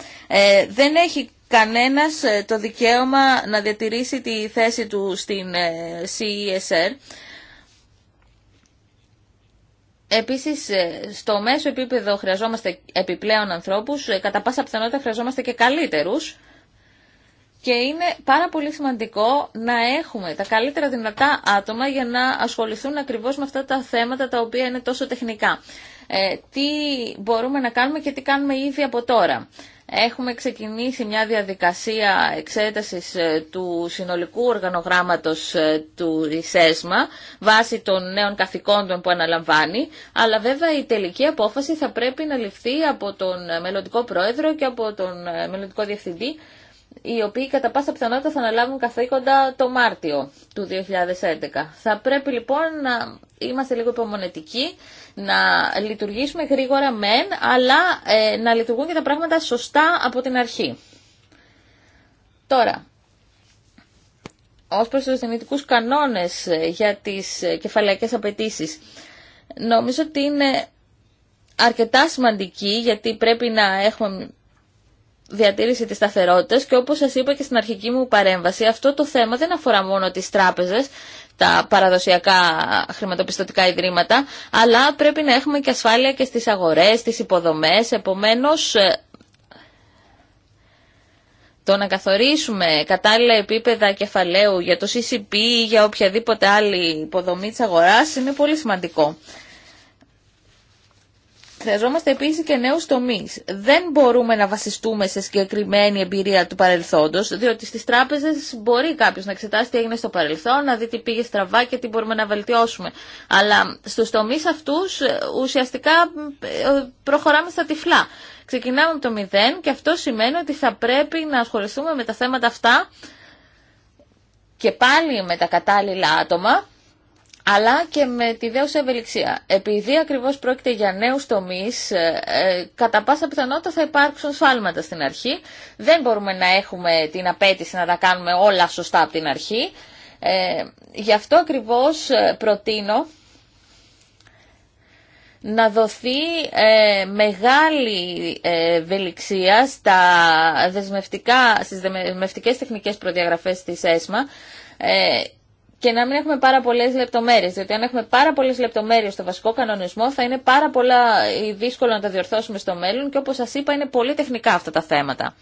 δεν έχει κανένας ε, το δικαίωμα να διατηρήσει τη θέση του στην ε, CESR. Επίσης, ε, στο μέσο επίπεδο χρειαζόμαστε επιπλέον ανθρώπους, κατά πάσα πιθανότητα χρειαζόμαστε και καλύτερους. Και είναι πάρα πολύ σημαντικό να έχουμε τα καλύτερα δυνατά άτομα για να ασχοληθούν ακριβώς με αυτά τα θέματα τα οποία είναι τόσο τεχνικά. τι μπορούμε να κάνουμε και τι κάνουμε ήδη από τώρα. Έχουμε ξεκινήσει μια διαδικασία εξέτασης ε, του συνολικού οργανογράμματος ε, του ΡΙΣΕΣΜΑ βάσει των νέων καθηκόντων που αναλαμβάνει, αλλά βέβαια η τελική απόφαση θα πρέπει να ληφθεί από τον ε, μελλοντικό πρόεδρο και από τον μελλοντικό διευθυντή, οι οποίοι κατά πάσα πιθανότητα θα αναλάβουν καθήκοντα το Μάρτιο του 2011. Θα πρέπει λοιπόν να είμαστε λίγο υπομονετικοί να λειτουργήσουμε γρήγορα μεν, αλλά ε, να λειτουργούν και τα πράγματα σωστά από την αρχή. Τώρα, ως προς τους δυνητικούς κανόνες ε, για τις ε, κεφαλαϊκές απαιτήσεις, νομίζω ότι είναι αρκετά σημαντική γιατί πρέπει να έχουμε διατήρηση της σταθερότητας και όπως σας είπα και στην αρχική μου παρέμβαση αυτό το θέμα δεν αφορά μόνο τις τράπεζες τα παραδοσιακά χρηματοπιστωτικά ιδρύματα, αλλά πρέπει να έχουμε και ασφάλεια και στις αγορές, στις υποδομές, επομένως ε, το να καθορίσουμε κατάλληλα επίπεδα κεφαλαίου για το CCP ή για οποιαδήποτε άλλη υποδομή της αγοράς είναι πολύ σημαντικό. Χρειαζόμαστε επίσης και νέους τομείς. Δεν μπορούμε να βασιστούμε σε συγκεκριμένη εμπειρία του παρελθόντος, διότι στις τράπεζες μπορεί κάποιος να εξετάσει τι έγινε στο παρελθόν, να δει τι πήγε στραβά και τι μπορούμε να βελτιώσουμε. Αλλά στους τομείς αυτούς ε, ουσιαστικά ε, προχωράμε στα τυφλά. Ξεκινάμε από το μηδέν και αυτό σημαίνει ότι θα πρέπει να ασχοληθούμε με τα θέματα αυτά και πάλι με τα κατάλληλα άτομα, αλλά και με τη δέουσα ευελιξία. Επειδή ακριβώς πρόκειται για νέους τομείς, ε, ε, κατά πάσα πιθανότητα θα υπάρξουν σφάλματα στην αρχή. Δεν μπορούμε να έχουμε την απέτηση να τα κάνουμε όλα σωστά από την αρχή. Ε, γι' αυτό ακριβώς προτείνω να δοθεί μεγάλη ε, βελιξία στα δεσμευτικά, στις δεσμευτικές τεχνικές προδιαγραφές της ΕΣΜΑ και να μην έχουμε πάρα πολλέ λεπτομέρειε. Διότι αν έχουμε πάρα πολλέ λεπτομέρειε στο βασικό κανονισμό, θα είναι πάρα πολλά ε, δύσκολο να τα διορθώσουμε στο μέλλον και όπω σα είπα, είναι πολύ τεχνικά αυτά τα θέματα.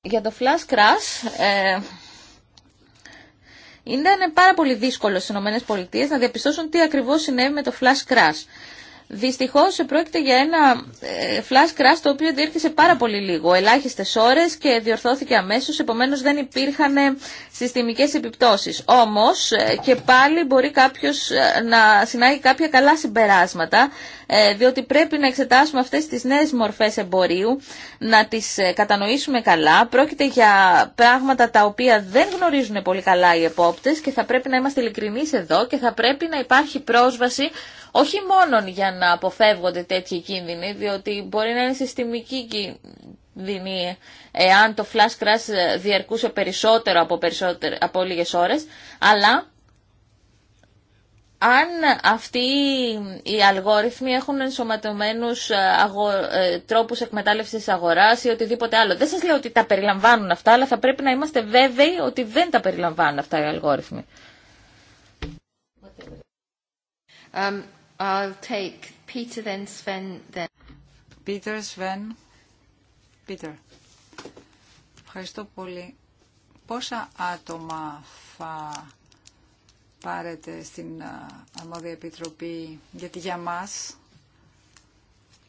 Για το flash crash, ε, ήταν πάρα πολύ δύσκολο στι ΗΠΑ να διαπιστώσουν τι ακριβώς συνέβη με το flash crash. Δυστυχώ, πρόκειται για ένα ε, flash crash το οποίο διέρχεσε πάρα πολύ λίγο, Ελάχιστε ώρε και διορθώθηκε αμέσω, επομένω δεν υπήρχαν ε, συστημικές επιπτώσεις. Όμως ε, και πάλι μπορεί κάποιο να συνάγει κάποια καλά συμπεράσματα, διότι πρέπει να εξετάσουμε αυτέ τι νέε μορφέ εμπορίου, να τις κατανοήσουμε καλά. Πρόκειται για πράγματα τα οποία δεν γνωρίζουν πολύ καλά οι επόπτες και θα πρέπει να είμαστε ειλικρινεί εδώ και θα πρέπει να υπάρχει πρόσβαση όχι μόνο για να αποφεύγονται τέτοιοι κίνδυνοι, διότι μπορεί να είναι συστημική κίνδυνη εάν το flash crash διαρκούσε περισσότερο από, περισσότερο, από λίγες ώρες, αλλά αν αυτοί οι αλγόριθμοι έχουν ενσωματωμένους ε, αγο... Ε, τρόπους εκμετάλλευσης αγοράς ή οτιδήποτε άλλο. Δεν σας λέω ότι τα περιλαμβάνουν αυτά, αλλά θα πρέπει να είμαστε βέβαιοι ότι δεν τα περιλαμβάνουν αυτά οι αλγόριθμοι. I'll take Peter, then Sven, then. Peter, Sven, Peter. Ευχαριστώ πολύ. Πόσα άτομα θα πάρετε στην Αρμόδια Επιτροπή, γιατί για μας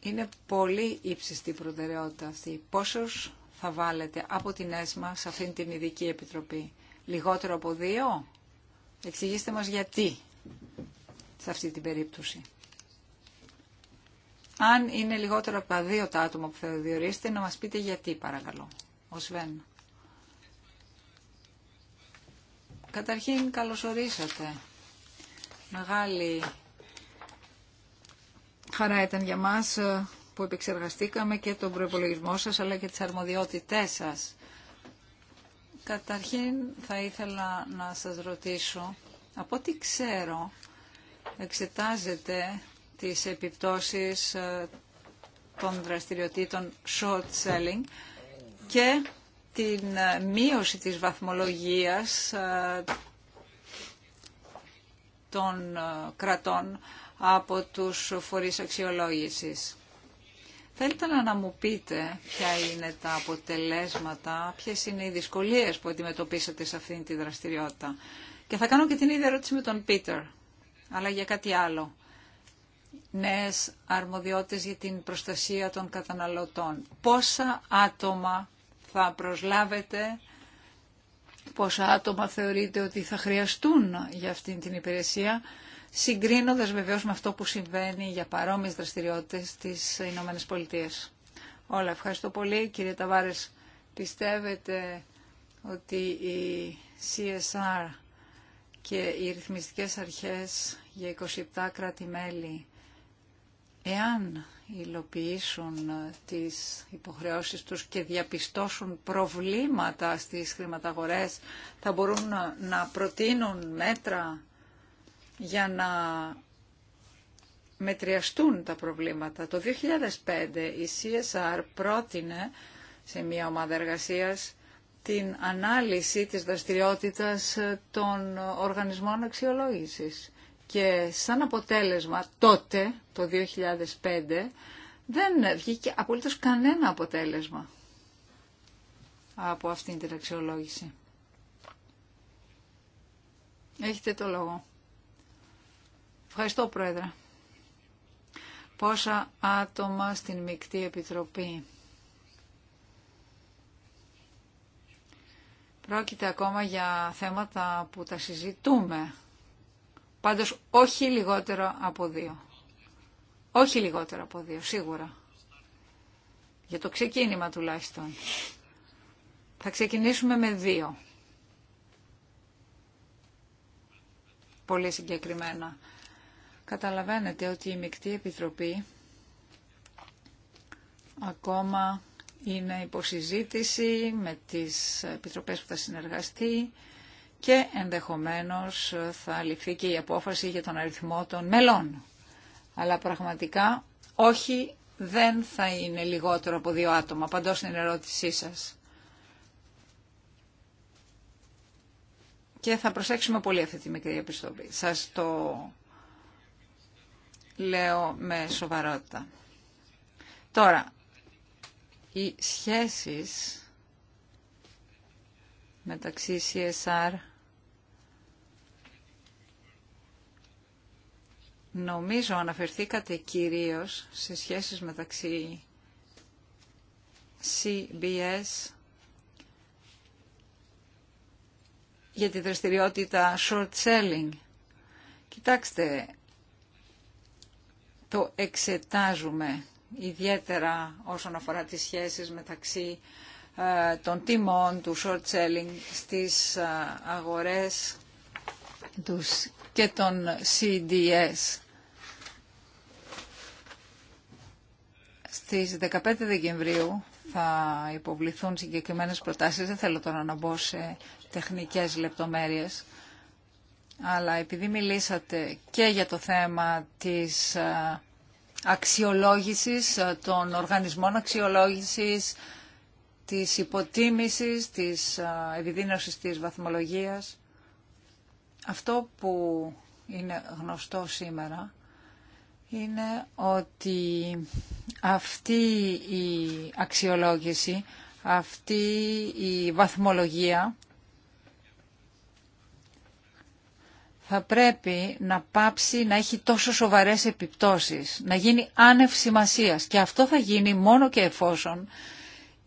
είναι πολύ ύψιστη η προτεραιότητα αυτή. Πόσους θα βάλετε από την ΕΣΜΑ σε αυτήν την ειδική επιτροπή. Λιγότερο από δύο. Εξηγήστε μας γιατί σε αυτή την περίπτωση. Αν είναι λιγότερο από τα δύο τα άτομα που θα διορίσετε, να μας πείτε γιατί παρακαλώ. Ο Σβέν. Καταρχήν καλωσορίσατε. Μεγάλη χαρά ήταν για μας ε, που επεξεργαστήκαμε και τον προϋπολογισμό σας αλλά και τις αρμοδιότητές σας. Καταρχήν θα ήθελα να σας ρωτήσω, από ό,τι ξέρω, εξετάζεται τις επιπτώσεις ε, των δραστηριοτήτων short selling και την ε, μείωση της βαθμολογίας ε, των κρατών από τους φορείς αξιολόγησης. Θέλετε να μου πείτε ποια είναι τα αποτελέσματα, ποιες είναι οι δυσκολίες που αντιμετωπίσατε σε αυτήν τη δραστηριότητα. Και θα κάνω και την ίδια ερώτηση με τον Πίτερ αλλά για κάτι άλλο. Νέες αρμοδιότητες για την προστασία των καταναλωτών. Πόσα άτομα θα προσλάβετε, πόσα άτομα θεωρείτε ότι θα χρειαστούν για αυτήν την υπηρεσία, συγκρίνοντας βεβαίως με αυτό που συμβαίνει για παρόμοιες δραστηριότητες της Ηνωμένες Πολιτείες. Όλα, ευχαριστώ πολύ. Κύριε Ταβάρες, πιστεύετε ότι η CSR και οι ρυθμιστικές αρχές για 27 κράτη-μέλη, εάν υλοποιήσουν ε, τις υποχρεώσεις τους και διαπιστώσουν προβλήματα στις χρηματαγορές, θα μπορούν ε, να προτείνουν μέτρα για να μετριαστούν τα προβλήματα. Το 2005 η CSR πρότεινε σε μια ομάδα εργασίας την ανάλυση της δραστηριότητας των οργανισμών αξιολόγησης. Και σαν αποτέλεσμα τότε, το 2005, δεν βγήκε απολύτως κανένα αποτέλεσμα από αυτήν την αξιολόγηση. Έχετε το λόγο. Ευχαριστώ, Πρόεδρε. Πόσα άτομα στην Μικτή Επιτροπή. Πρόκειται ακόμα για θέματα που τα συζητούμε. Πάντως όχι λιγότερο από δύο. Όχι λιγότερο από δύο, σίγουρα. Για το ξεκίνημα τουλάχιστον. Θα ξεκινήσουμε με δύο. Πολύ συγκεκριμένα. Καταλαβαίνετε ότι η Μικτή Επιτροπή ακόμα είναι υποσυζήτηση με τις επιτροπές που θα συνεργαστεί και ενδεχομένως θα ληφθεί και η απόφαση για τον αριθμό των μελών. Αλλά πραγματικά όχι δεν θα είναι λιγότερο από δύο άτομα. Παντώ στην ερώτησή σας. Και θα προσέξουμε πολύ αυτή τη μικρή επιστολή. Σας το λέω με σοβαρότητα. Τώρα, οι σχέσεις μεταξύ CSR νομίζω αναφερθήκατε κυρίως σε σχέσεις μεταξύ CBS για τη δραστηριότητα short selling. Κοιτάξτε, το εξετάζουμε ιδιαίτερα όσον αφορά τις σχέσεις μεταξύ ε, των τιμών του short selling στις ε, αγορές τους και των CDS. Στις 15 Δεκεμβρίου θα υποβληθούν συγκεκριμένες προτάσεις. Δεν θέλω τώρα να μπω σε τεχνικές λεπτομέρειες. Αλλά επειδή μιλήσατε και για το θέμα της ε, αξιολόγησης ε, των οργανισμών αξιολόγησης, της υποτίμησης, της ε, επιδείνωσης της βαθμολογίας. Αυτό που είναι γνωστό σήμερα είναι ότι αυτή η αξιολόγηση, αυτή η βαθμολογία θα πρέπει να πάψει να έχει τόσο σοβαρές επιπτώσεις, να γίνει άνευ σημασίας. Και αυτό θα γίνει μόνο και εφόσον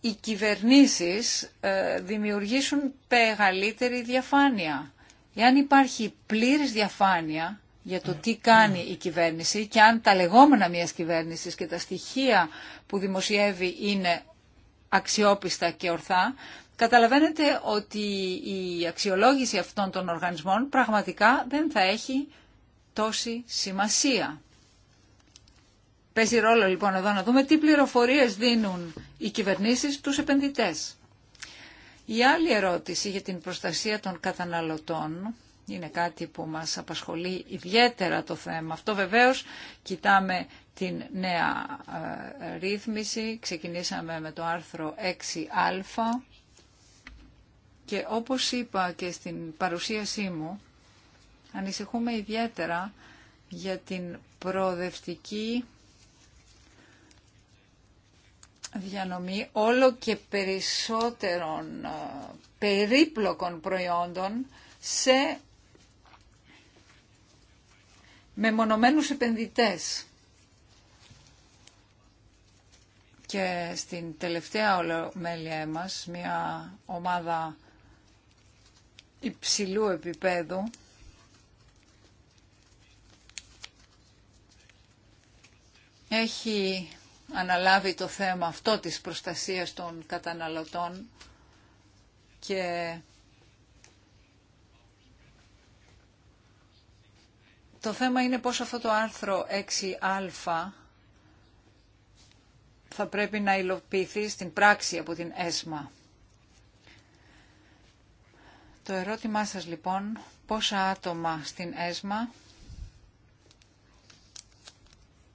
οι κυβερνήσεις ε, δημιουργήσουν μεγαλύτερη διαφάνεια. Εάν υπάρχει πλήρης διαφάνεια για το τι κάνει η κυβέρνηση και αν τα λεγόμενα μιας κυβέρνησης και τα στοιχεία που δημοσιεύει είναι αξιόπιστα και ορθά, Καταλαβαίνετε ότι η αξιολόγηση αυτών των οργανισμών πραγματικά δεν θα έχει τόση σημασία. Παίζει ρόλο λοιπόν εδώ να δούμε τι πληροφορίες δίνουν οι κυβερνήσεις τους επενδυτές. Η άλλη ερώτηση για την προστασία των καταναλωτών είναι κάτι που μας απασχολεί ιδιαίτερα το θέμα. Αυτό βεβαίως κοιτάμε την νέα ε, ρύθμιση. Ξεκινήσαμε με το άρθρο 6α και όπως είπα και στην παρουσίασή μου, ανησυχούμε ιδιαίτερα για την προοδευτική διανομή όλο και περισσότερων ε, περίπλοκων προϊόντων σε μεμονωμένους επενδυτές. Και στην τελευταία ολομέλεια μας, μια ομάδα υψηλού επίπεδου έχει αναλάβει το θέμα αυτό της προστασίας των καταναλωτών και το θέμα είναι πώς αυτό το άρθρο 6α θα πρέπει να υλοποιηθεί στην πράξη από την ΕΣΜΑ. Το ερώτημά σας λοιπόν, πόσα άτομα στην ΕΣΜΑ,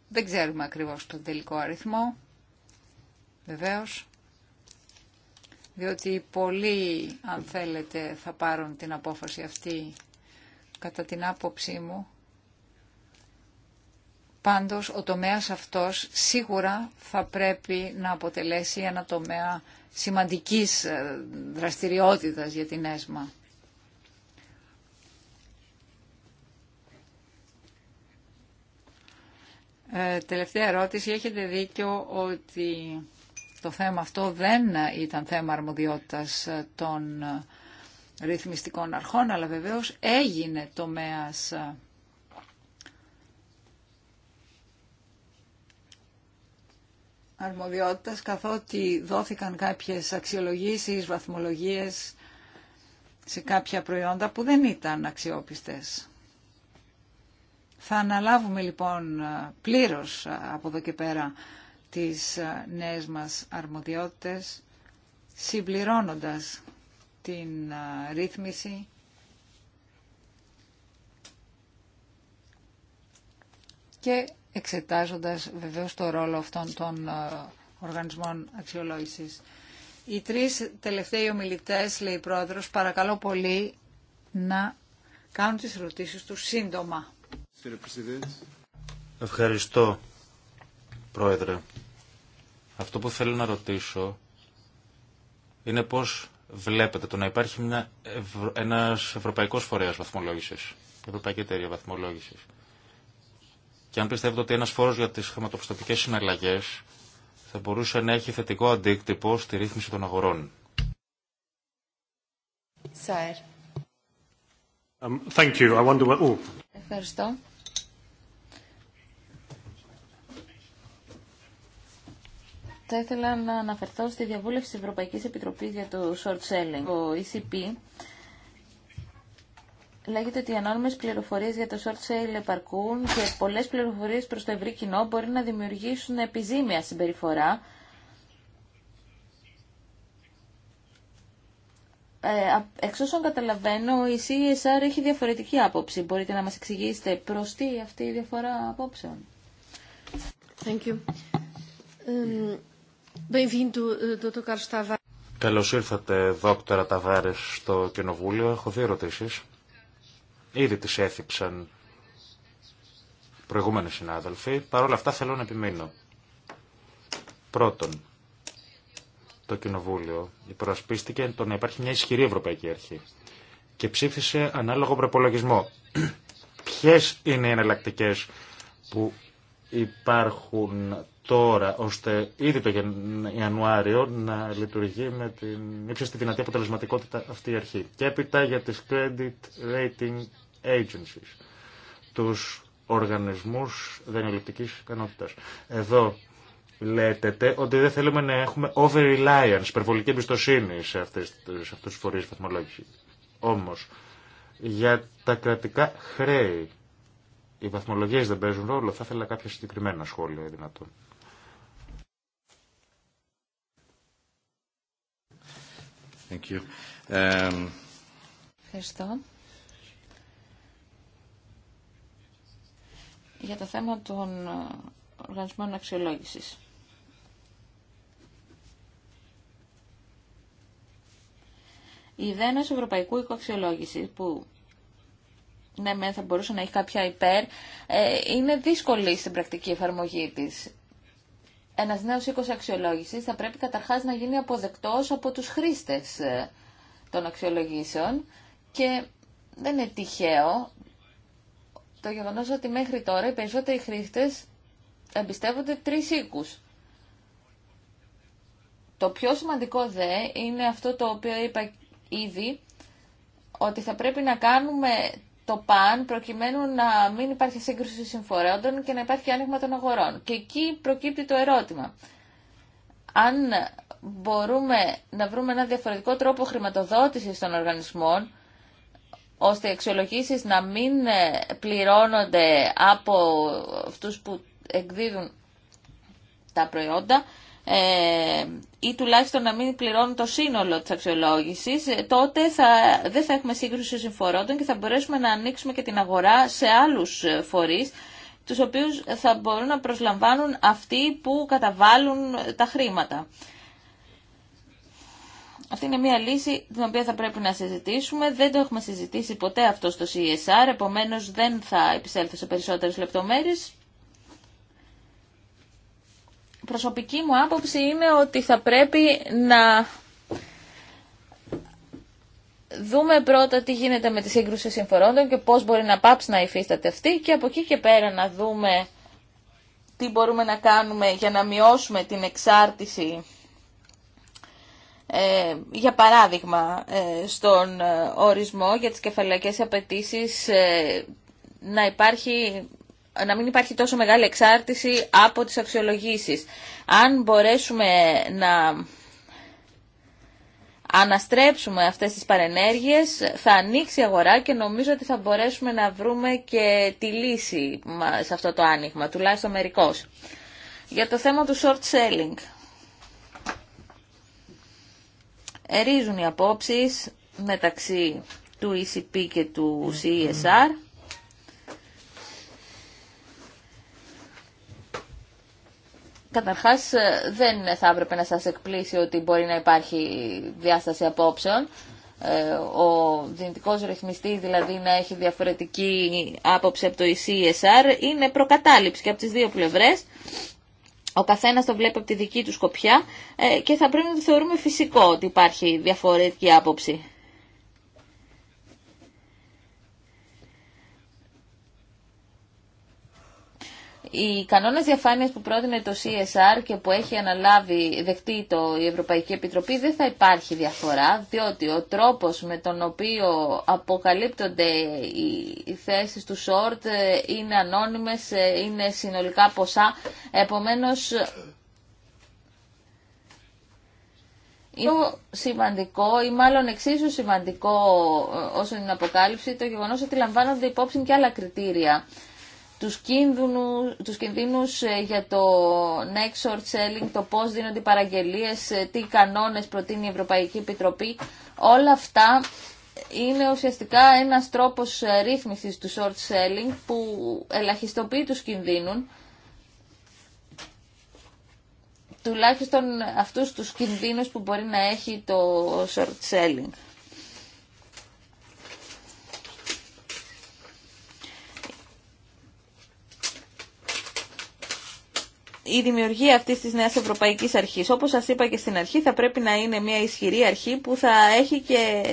δεν ξέρουμε ακριβώς τον τελικό αριθμό, βεβαίως, διότι πολλοί, αν θέλετε, θα πάρουν την απόφαση αυτή, κατά την άποψή μου. Πάντως, ο τομέας αυτός σίγουρα θα πρέπει να αποτελέσει ένα τομέα σημαντικής ε, δραστηριότητας για την ΕΣΜΑ. Ε, τελευταία ερώτηση. Έχετε δίκιο ότι το θέμα αυτό δεν ήταν θέμα αρμοδιότητας των ρυθμιστικών αρχών, αλλά βεβαίως έγινε τομέας αρμοδιότητας, καθότι δόθηκαν κάποιες αξιολογήσεις, βαθμολογίες σε κάποια προϊόντα που δεν ήταν αξιόπιστες. Θα αναλάβουμε λοιπόν πλήρως από εδώ και πέρα τις νέες μας αρμοδιότητες, συμπληρώνοντας την ρύθμιση και εξετάζοντας βεβαίως το ρόλο αυτών των ε, οργανισμών αξιολόγησης. Οι τρεις τελευταίοι ομιλητές, λέει η Πρόεδρος, παρακαλώ πολύ να κάνουν τις ερωτήσεις τους σύντομα. Ευχαριστώ, Πρόεδρε. Αυτό που θέλω να ρωτήσω είναι πώς βλέπετε το να υπάρχει μια, ένας ευρωπαϊκός φορέας βαθμολόγησης, ευρωπαϊκή εταιρεία βαθμολόγησης. Και αν πιστεύετε ότι ένας φόρος για τις χρηματοπιστωτικές συναλλαγές θα μπορούσε να έχει θετικό αντίκτυπο στη ρύθμιση των αγορών. Um, thank you. I wonder what... Ευχαριστώ. Θα ήθελα να αναφερθώ στη διαβούλευση της Ευρωπαϊκής Επιτροπής για το short selling. Το ECP λέγεται ότι οι ανώνυμες πληροφορίες για το short sale επαρκούν και πολλές πληροφορίες προς το ευρύ κοινό μπορεί να δημιουργήσουν επιζήμια συμπεριφορά. Ε, εξ όσων καταλαβαίνω, η CSR έχει διαφορετική άποψη. Μπορείτε να μας εξηγήσετε προς τι αυτή η διαφορά απόψεων. Thank you. Eh, Καλώ ήρθατε, δόκτωρα Ταβάρε, στο Κοινοβούλιο. Έχω δύο ερωτήσει. Ήδη τι έθιξαν προηγούμενοι συνάδελφοι. Παρ' όλα αυτά θέλω να επιμείνω. Πρώτον, το Κοινοβούλιο υπερασπίστηκε το να υπάρχει μια ισχυρή Ευρωπαϊκή Αρχή και ψήφισε ανάλογο προπολογισμό. Ποιε είναι οι εναλλακτικέ που υπάρχουν τώρα, ώστε ήδη το Ιανουάριο να λειτουργεί με την ύψιστη δυνατή αποτελεσματικότητα αυτή η αρχή. Και έπειτα για τις credit rating agencies, τους οργανισμούς δανειοληπτικής ικανότητας. Εδώ λέτε ότι δεν θέλουμε να έχουμε over-reliance, υπερβολική εμπιστοσύνη σε, αυτές, σε αυτούς τους φορείς βαθμολόγηση. Όμως, για τα κρατικά χρέη, οι βαθμολογίες δεν παίζουν ρόλο. Θα ήθελα κάποια συγκεκριμένα σχόλια δυνατόν. Um, Ευχαριστώ. Για το θέμα των οργανισμών αξιολόγησης. Η ιδέα ενό ευρωπαϊκού οικοαξιολόγηση που ναι, μεν θα μπορούσε να έχει κάποια υπέρ, ε, είναι δύσκολη στην πρακτική εφαρμογή της ένας νέος οίκος αξιολόγησης θα πρέπει καταρχάς να γίνει αποδεκτός από τους χρήστες ε, των αξιολογήσεων και δεν είναι τυχαίο το γεγονός ότι μέχρι τώρα οι περισσότεροι χρήστες εμπιστεύονται τρεις οίκους. Το πιο σημαντικό δε είναι αυτό το οποίο είπα ήδη, ότι θα πρέπει να κάνουμε το παν προκειμένου να μην υπάρχει σύγκρουση συμφορέων και να υπάρχει άνοιγμα των αγορών. Και εκεί προκύπτει το ερώτημα. Αν μπορούμε να βρούμε ένα διαφορετικό τρόπο χρηματοδότησης των οργανισμών, ώστε οι αξιολογήσεις να μην ε, πληρώνονται από αυτούς που εκδίδουν τα προϊόντα, ε, ή τουλάχιστον να μην πληρώνουν το σύνολο της αξιολόγησης, ε, τότε θα, δεν θα έχουμε σύγκρουση συμφορώντων και θα μπορέσουμε να ανοίξουμε και την αγορά σε άλλους ε, φορείς, τους οποίους θα μπορούν να προσλαμβάνουν αυτοί που καταβάλουν ε, τα χρήματα. Αυτή είναι μια λύση την οποία θα πρέπει να συζητήσουμε. Δεν το έχουμε συζητήσει ποτέ αυτό στο CSR, επομένως δεν θα επισέλθω σε περισσότερες λεπτομέρειες προσωπική μου άποψη είναι ότι θα πρέπει να δούμε πρώτα τι γίνεται με τη σύγκρουση συμφορώντων και πώς μπορεί να πάψει να υφίσταται αυτή και από εκεί και πέρα να δούμε τι μπορούμε να κάνουμε για να μειώσουμε την εξάρτηση. Ε, για παράδειγμα, ε, στον ε, ορισμό για τις κεφαλαϊκές απαιτήσει ε, να υπάρχει να μην υπάρχει τόσο μεγάλη εξάρτηση από τις αξιολογήσεις. Αν μπορέσουμε να αναστρέψουμε αυτές τις παρενέργειες, θα ανοίξει η αγορά και νομίζω ότι θα μπορέσουμε να βρούμε και τη λύση σε αυτό το άνοιγμα, τουλάχιστον μερικώς. Για το θέμα του short selling. Ερίζουν οι απόψεις μεταξύ του ECP και του CESR. Καταρχάς ε, δεν θα έπρεπε να σας εκπλήσει ότι μπορεί να υπάρχει διάσταση απόψεων. Ε, ο δυνητικός ρυθμιστής δηλαδή να έχει διαφορετική άποψη από το ECSR είναι προκατάληψη και από τις δύο πλευρές. Ο καθένα το βλέπει από τη δική του σκοπιά ε, και θα πρέπει να το θεωρούμε φυσικό ότι υπάρχει διαφορετική άποψη. Οι κανόνε διαφάνειας που πρότεινε το CSR και που έχει αναλάβει δεχτεί το, η Ευρωπαϊκή Επιτροπή δεν θα υπάρχει διαφορά, διότι ο τρόπος με τον οποίο αποκαλύπτονται οι θέσει του short ε, είναι ανώνυμες, ε, είναι συνολικά ποσά, επομένως είναι σημαντικό ή μάλλον εξίσου σημαντικό ε, όσο είναι η αποκάλυψη το γεγονός ότι λαμβάνονται υπόψη και άλλα κριτήρια τους, κίνδυνους, τους κινδύνους ε, για το next short selling, το πώς δίνονται οι παραγγελίες, ε, τι κανόνες προτείνει η Ευρωπαϊκή Επιτροπή. Όλα αυτά είναι ουσιαστικά ένας τρόπος ε, ρύθμισης του short selling που ελαχιστοποιεί τους κινδύνους τουλάχιστον αυτούς τους κινδύνους που μπορεί να έχει το short selling. η δημιουργία αυτής της νέας Ευρωπαϊκής Αρχής. Όπως σας είπα και στην αρχή, θα πρέπει να είναι μια ισχυρή αρχή που θα έχει και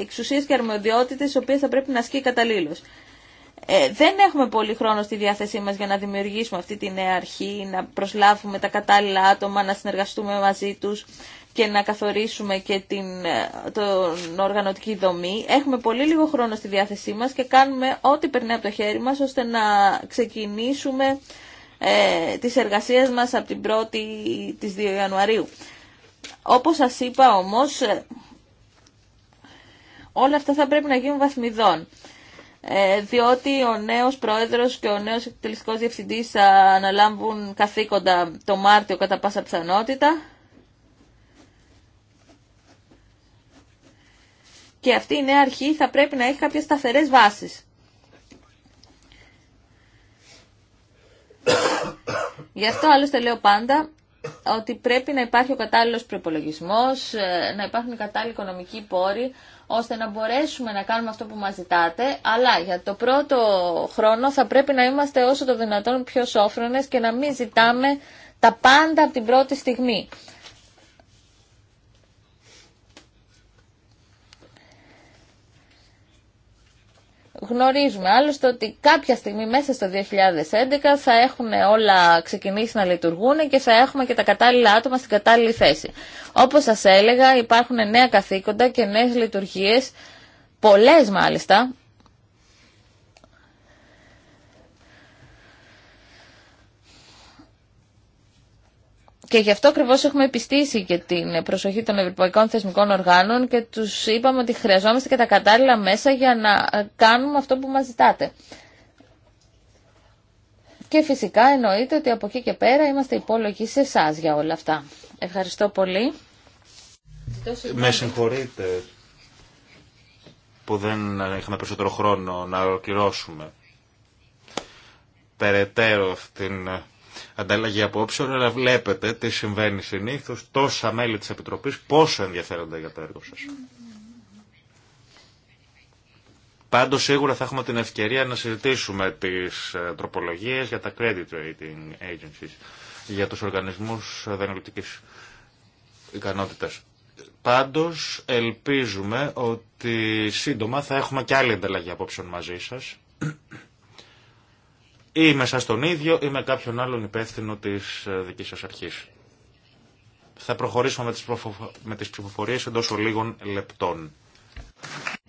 εξουσίες και αρμοδιότητες, τις οποίες θα πρέπει να ασκεί καταλήλως. Ε, δεν έχουμε πολύ χρόνο στη διάθεσή μας για να δημιουργήσουμε αυτή τη νέα αρχή, να προσλάβουμε τα κατάλληλα άτομα, να συνεργαστούμε μαζί τους και να καθορίσουμε και την, ε, τον οργανωτική δομή. Έχουμε πολύ λίγο χρόνο στη διάθεσή μας και κάνουμε ό,τι περνάει από το χέρι μας ώστε να ξεκινήσουμε ε, της εργασίας μας από την 1η της 2 Ιανουαρίου. Όπως σας είπα όμως, ε, όλα αυτά θα πρέπει να γίνουν βαθμιδών. Ε, διότι ο νέος πρόεδρος και ο νέος εκτελεστικός διευθυντής θα αναλάμβουν καθήκοντα το Μάρτιο κατά πάσα πιθανότητα. Και αυτή η νέα αρχή θα πρέπει να έχει κάποιες σταθερές βάσεις. Γι' αυτό άλλωστε λέω πάντα ότι πρέπει να υπάρχει ο κατάλληλο προπολογισμό, ε, να υπάρχουν κατάλληλοι οικονομικοί πόροι, ώστε να μπορέσουμε να κάνουμε αυτό που μας ζητάτε, αλλά για το πρώτο χρόνο θα πρέπει να είμαστε όσο το δυνατόν πιο σόφρονες και να μην ζητάμε τα πάντα από την πρώτη στιγμή. γνωρίζουμε άλλωστε ότι κάποια στιγμή μέσα στο 2011 θα έχουν όλα ξεκινήσει να λειτουργούν και θα έχουμε και τα κατάλληλα άτομα στην κατάλληλη θέση. Όπως σας έλεγα υπάρχουν νέα καθήκοντα και νέες λειτουργίες, πολλές μάλιστα, Και γι' αυτό ακριβώ έχουμε επιστήσει και την προσοχή των ευρωπαϊκών θεσμικών οργάνων και του είπαμε ότι χρειαζόμαστε και τα κατάλληλα μέσα για να κάνουμε αυτό που μα ζητάτε. Και φυσικά εννοείται ότι από εκεί και πέρα είμαστε υπόλογοι σε εσά για όλα αυτά. Ευχαριστώ πολύ. Με συγχωρείτε που δεν είχαμε περισσότερο χρόνο να ολοκληρώσουμε περαιτέρω αυτήν ανταλλαγή απόψεων, αλλά βλέπετε τι συμβαίνει συνήθω. Τόσα μέλη τη Επιτροπή πόσο ενδιαφέρονται για το έργο σα. Πάντως σίγουρα θα έχουμε την ευκαιρία να συζητήσουμε τις ε, τροπολογίες για τα credit rating agencies, για τους οργανισμούς δανειοληπτικής ικανότητας. Πάντως ελπίζουμε ότι σύντομα θα έχουμε και άλλη ανταλλαγή απόψεων μαζί σας ή μέσα τον ίδιο ή με κάποιον άλλον υπεύθυνο της ε, δικής σας αρχής. Θα προχωρήσουμε με τις, ψηφοφορίε με τις ψηφοφορίες εντός λεπτών.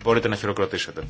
Μπορείτε να χειροκροτήσετε.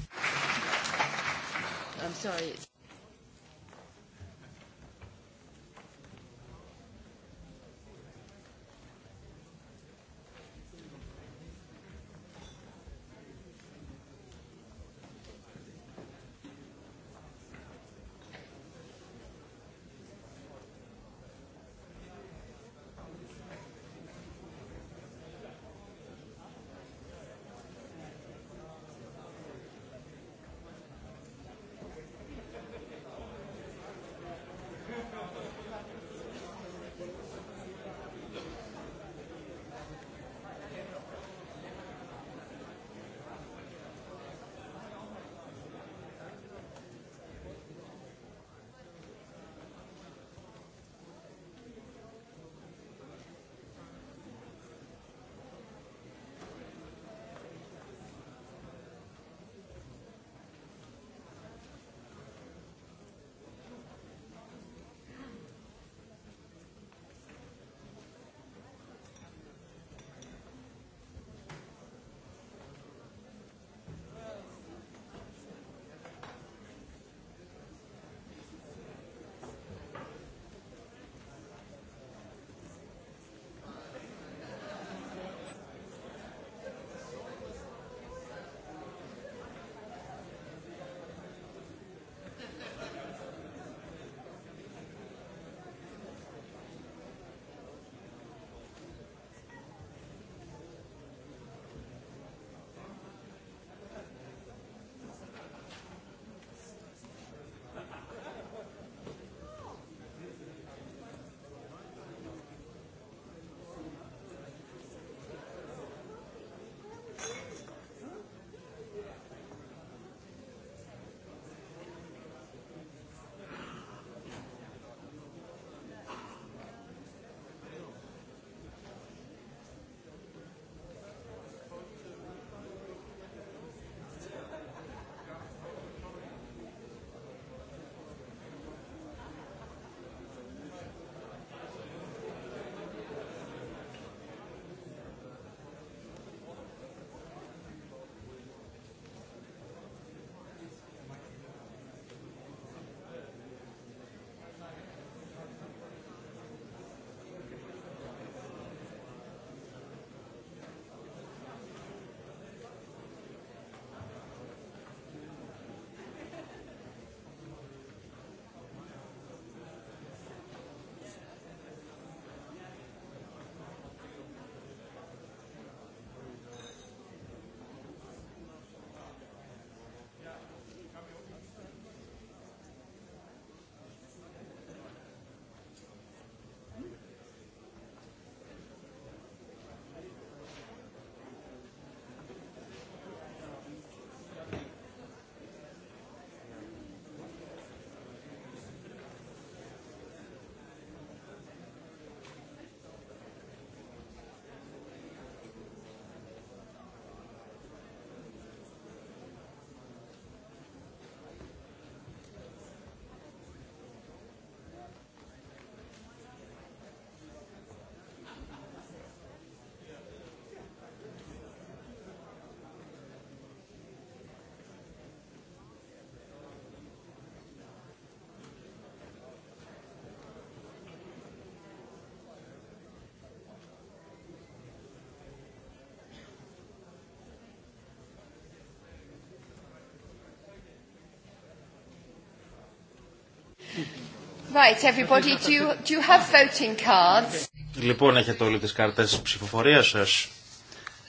Right, everybody, do you, do you have voting cards? Λοιπόν, έχετε όλοι τις κάρτες ψηφοφορίας σας.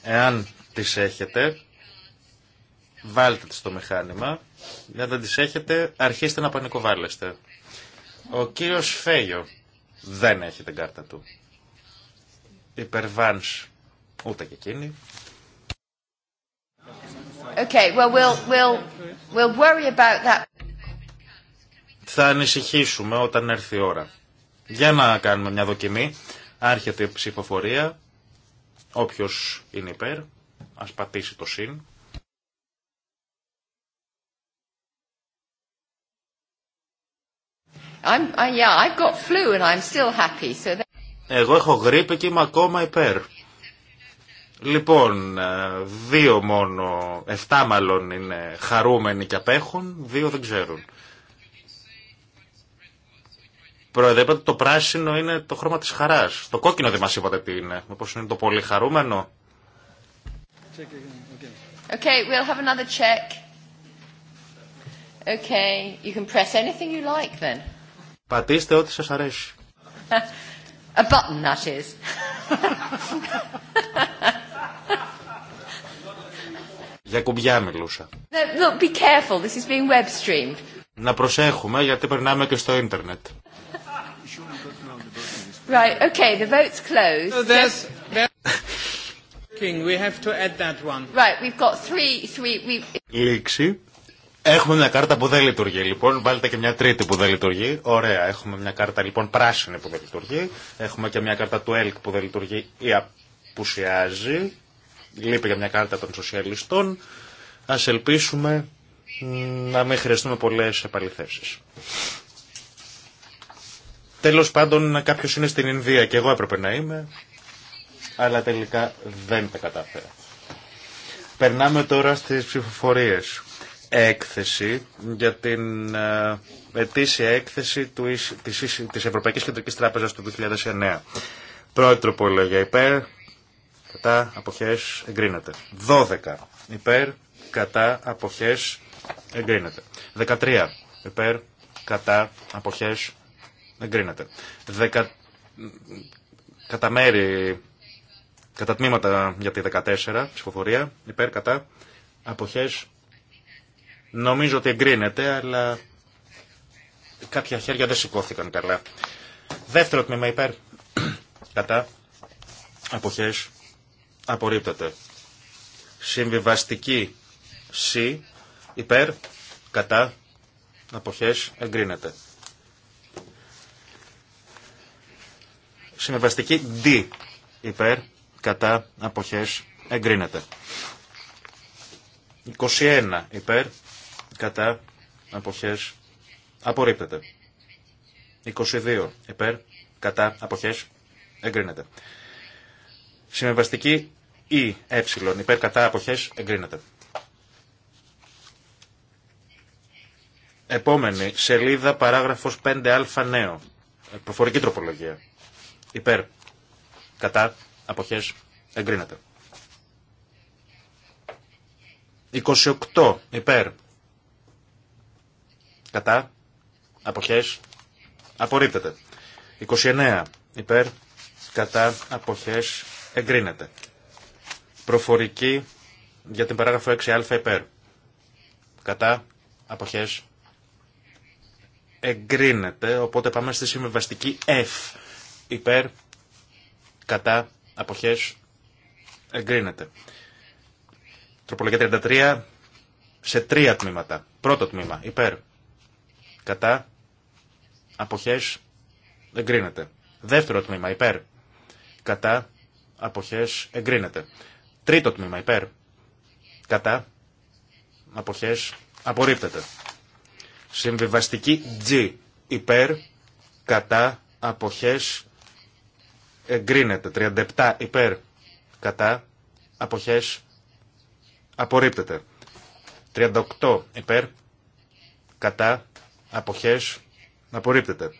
Εάν τις έχετε, βάλτε τις στο μηχάνημα. Εάν δεν τις έχετε, αρχίστε να πανικοβάλλεστε. Ο κύριος Φέγιο δεν έχει την κάρτα του. Υπερβάνς, ούτε και εκείνη. Okay, well, we'll, we'll, we'll worry about that θα ανησυχήσουμε όταν έρθει η ώρα. Για να κάνουμε μια δοκιμή. Άρχεται η ψηφοφορία. Όποιος είναι υπέρ, ας πατήσει το συν. Εγώ έχω γρήπη και είμαι ακόμα υπέρ. Λοιπόν, ε, δύο μόνο, εφτά μάλλον είναι χαρούμενοι και απέχουν, δύο δεν ξέρουν. Πρόεδρε, είπατε το πράσινο είναι το χρώμα της χαράς. Το κόκκινο δεν μας είπατε τι είναι. Μήπως είναι το πολύ χαρούμενο. Okay, we'll have another check. Okay, you can press anything you like then. Πατήστε ό,τι σας αρέσει. A button that is. Για κουμπιά μιλούσα. Look, be careful. This is being web streamed. Να προσέχουμε γιατί περνάμε και στο ίντερνετ. Right, okay, the vote's closed. We have to add that one. Right, we've got three, three, we've... Λήξη. Έχουμε μια κάρτα που δεν λειτουργεί λοιπόν. Βάλτε και μια τρίτη που δεν λειτουργεί. Ωραία. Έχουμε μια κάρτα λοιπόν πράσινη που δεν λειτουργεί. Έχουμε και μια κάρτα του ΕΛΚ που δεν λειτουργεί ή απουσιάζει. Λείπει για μια κάρτα των σοσιαλιστών. Ας ελπίσουμε να μην χρειαστούμε πολλές επαληθεύσεις. Τέλο πάντων κάποιο είναι στην Ινδία και εγώ έπρεπε να είμαι, αλλά τελικά δεν τα κατάφερα. Περνάμε τώρα στις ψηφοφορίε. Έκθεση για την ε, ετήσια έκθεση του, της, της Ευρωπαϊκής Κεντρικής Τράπεζας του 2009. που έλεγε υπέρ, κατά, αποχές, εγκρίνεται. 12 υπέρ, κατά, αποχές, εγκρίνεται. 13 υπέρ, κατά, αποχές, Εγκρίνεται. Δεκα... Κατά μέρη, κατά τμήματα για τη 14, ψηφοφορία, υπέρ, κατά, αποχές. Νομίζω ότι εγκρίνεται, αλλά κάποια χέρια δεν σηκώθηκαν καλά. Δεύτερο τμήμα υπέρ, κατά, αποχές, απορρίπτεται. Συμβιβαστική σι, υπέρ, κατά, αποχές, εγκρίνεται. Συμβαστική D υπέρ, κατά, αποχές, εγκρίνεται. 21 υπέρ, κατά, αποχές, απορρίπτεται. 22 υπέρ, κατά, αποχές, εγκρίνεται. Συμβαστική ή e. ε, υπέρ κατά αποχές, εγκρίνεται. Επόμενη, σελίδα παράγραφος 5α νέο. Προφορική τροπολογία. Υπέρ. Κατά. Αποχές. Εγκρίνεται. 28. Υπέρ. Κατά. Αποχές. Απορρίπτεται. 29. Υπέρ. Κατά. Αποχές. Εγκρίνεται. Προφορική για την παράγραφο 6α υπέρ. Κατά. Αποχές. Εγκρίνεται. Οπότε πάμε στη συμβιβαστική F υπέρ, κατά, αποχές, εγκρίνεται. Τροπολογία 33 σε τρία τμήματα. Πρώτο τμήμα, υπέρ, κατά, αποχές, εγκρίνεται. Δεύτερο τμήμα, υπέρ, κατά, αποχές, εγκρίνεται. Τρίτο τμήμα, υπέρ, κατά, αποχές, απορρίπτεται. Συμβιβαστική G, υπέρ, κατά, αποχές, εγκρίνεται. 37 υπέρ κατά αποχές απορρίπτεται. 38 υπέρ κατά αποχές απορρίπτεται.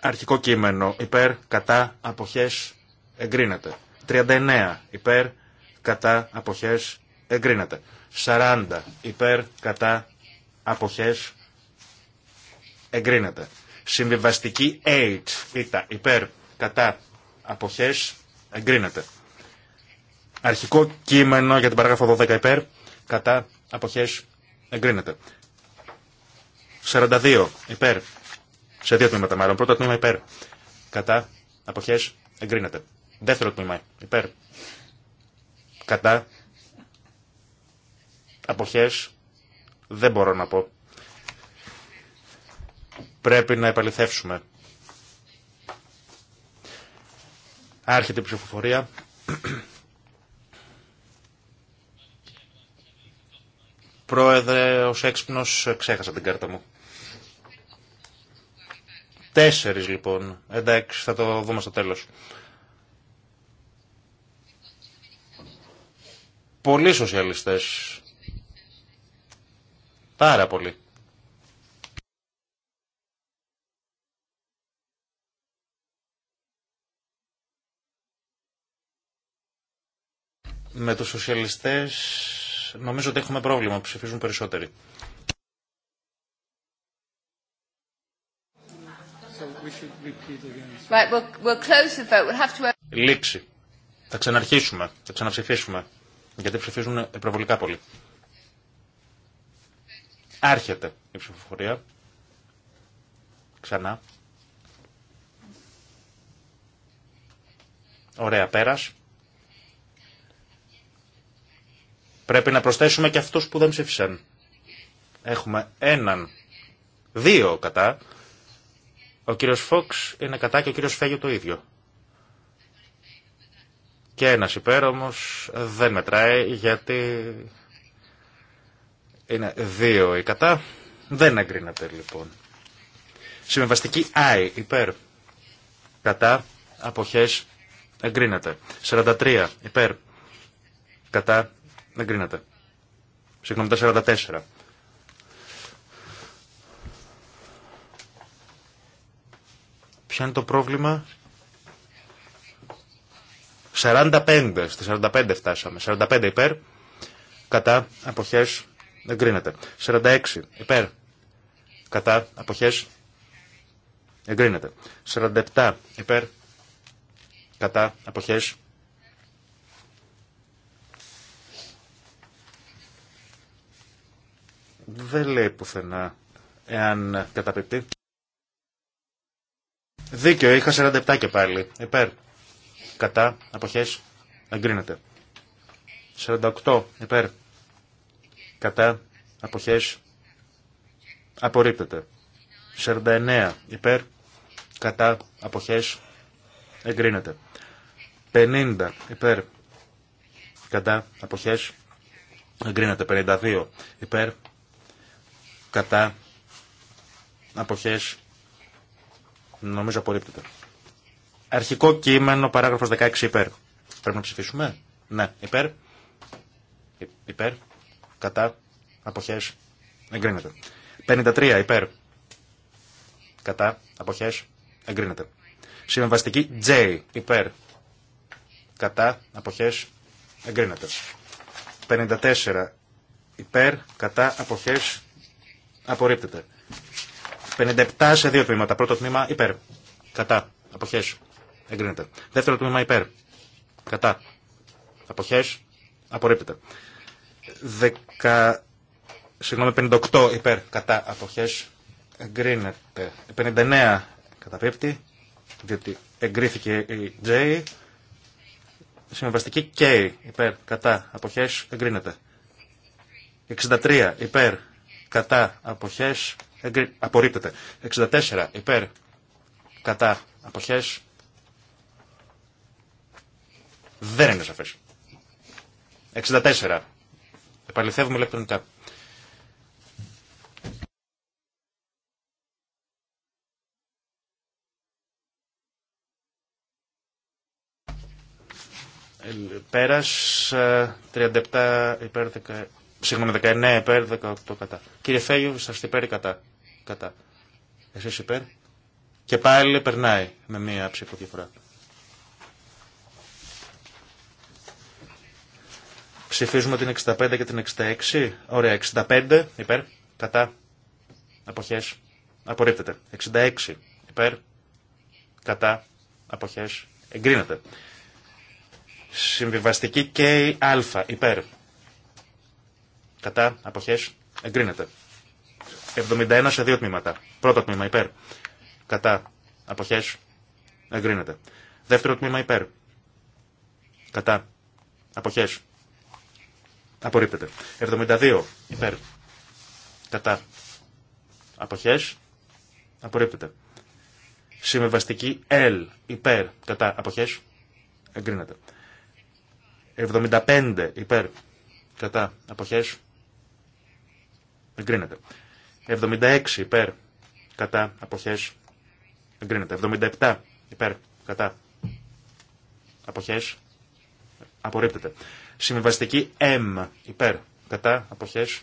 Αρχικό κείμενο υπέρ κατά αποχές εγκρίνεται. 39 υπέρ κατά αποχές εγκρίνεται. 40 υπέρ κατά αποχές εγκρίνεται. Συμβιβαστική 8 β υπέρ κατά αποχές εγκρίνεται. Αρχικό κείμενο για την παράγραφο 12 υπέρ κατά αποχές εγκρίνεται. 42 υπέρ σε δύο τμήματα μάλλον. Πρώτο τμήμα υπέρ κατά αποχές εγκρίνεται. Δεύτερο τμήμα υπέρ κατά αποχές δεν μπορώ να πω. Πρέπει να επαληθεύσουμε. Άρχεται η ψηφοφορία. Πρόεδρε, ως έξυπνο ξέχασα την κάρτα μου. Τέσσερι λοιπόν. Εντάξει, θα το δούμε στο τέλος. Πολλοί σοσιαλιστές. Πάρα πολύ. Με τους σοσιαλιστές νομίζω ότι έχουμε πρόβλημα, ψηφίζουν περισσότεροι. Λήξη. Θα ξαναρχίσουμε, θα ξαναψηφίσουμε, γιατί ψηφίζουν υπερβολικά πολύ. Άρχεται η ψηφοφορία. Ξανά. Ωραία, πέρας. Πρέπει να προσθέσουμε και αυτούς που δεν ψήφισαν. Έχουμε έναν, δύο κατά. Ο κύριος Φόξ είναι κατά και ο κύριος Φέγιο το ίδιο. Και ένας υπέρ όμως δεν μετράει γιατί είναι δύο η κατά. Δεν εγκρίνεται λοιπόν. Συμβαστική I υπέρ. Κατά αποχές εγκρίνεται. 43 υπέρ. Κατά δεν κρίνεται. Συγγνώμη, τα 44. Ποια είναι το πρόβλημα. 45. Στις 45 φτάσαμε. 45 υπέρ. Κατά αποχές δεν κρίνεται. 46 υπέρ. Κατά αποχές εγκρίνεται. 47 υπέρ. Κατά αποχές δεν λέει πουθενά εάν καταπληκτεί. Δίκιο, είχα 47 και πάλι. Υπέρ. Κατά. Αποχές. Εγκρίνεται. 48. Υπέρ. Κατά. Αποχές. Απορρίπτεται. 49. Υπέρ. Κατά. Αποχές. Εγκρίνεται. 50. Υπέρ. Κατά. Αποχές. Εγκρίνεται. 52. Υπέρ κατά αποχές νομίζω απορρίπτεται. Αρχικό κείμενο παράγραφος 16 υπέρ. Πρέπει να ψηφίσουμε. Ναι, υπέρ. Υπέρ. Κατά. Αποχές. Εγκρίνεται. 53 υπέρ. Κατά. Αποχές. Εγκρίνεται. Συμβαστική J υπέρ. Κατά. Αποχές. Εγκρίνεται. 54 υπέρ. Κατά. Αποχές. Απορρίπτεται. 57 σε δύο τμήματα. Πρώτο τμήμα υπέρ. Κατά. Αποχέ. Εγκρίνεται. Δεύτερο τμήμα υπέρ. Κατά. Αποχέ. Απορρίπτεται. Δεκα... Συγγνώμη, 58 υπέρ. Κατά. Αποχέ. Εγκρίνεται. 59 καταπίπτει. Διότι εγκρίθηκε η J. Συμβαστική K υπέρ. Κατά. Αποχέ. Εγκρίνεται. 63 υπέρ κατά αποχές εγκρι... απορρίπτεται. 64 υπέρ κατά αποχές δεν είναι σαφές. 64. Επαληθεύουμε ηλεκτρονικά. Ε, πέρας 37 ε, υπέρ Συγγνώμη, 19 υπέρ, 18 κατά. Κύριε Φέγιο, σας υπέρ ή κατά. κατά. Εσείς υπέρ. Και πάλι περνάει με μία ψήφο διαφορά. Ψηφίζουμε την 65 και την 66. Ωραία, 65 υπέρ, κατά, αποχές, απορρίπτεται. 66 υπέρ, κατά, αποχές, εγκρίνεται. Συμβιβαστική και α, υπέρ, Κατά. Αποχές. Εγκρίνεται. 71 σε δύο τμήματα. Πρώτο τμήμα υπέρ. Κατά. Αποχές. Εγκρίνεται. Δεύτερο τμήμα υπέρ. Κατά. Αποχές. Απορρίπτεται. 72 υπέρ. Κατά. Αποχές. Απορρίπτεται. Συμβεβαστική L υπέρ. Κατά. Αποχές. Εγκρίνεται. 75 υπέρ. Κατά. Αποχές. Εγκρίνεται. 76 υπέρ κατά αποχές. Εγκρίνεται. 77 υπέρ κατά αποχές. Απορρίπτεται. Συμβιβαστική M υπέρ κατά αποχές.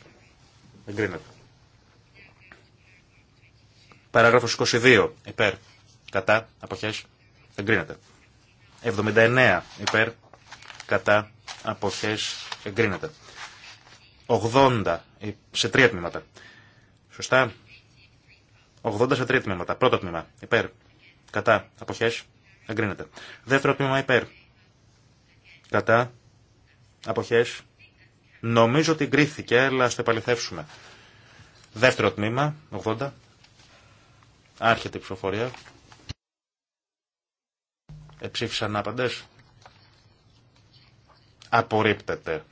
Εγκρίνεται. Παράγραφος 22 υπέρ κατά αποχές. Εγκρίνεται. 79 υπέρ κατά αποχές. Εγκρίνεται. 80 σε τρία τμήματα. Σωστά. 80 σε τρία τμήματα. Πρώτο τμήμα. Υπέρ. Κατά. αποχέ, Εγκρίνεται. Δεύτερο τμήμα. Υπέρ. Κατά. απόχέ. Νομίζω ότι εγκρίθηκε, αλλά α το επαληθεύσουμε. Δεύτερο τμήμα. 80. Άρχεται η ψηφοφορία. Εψήφισαν άπαντες. Απορρίπτεται.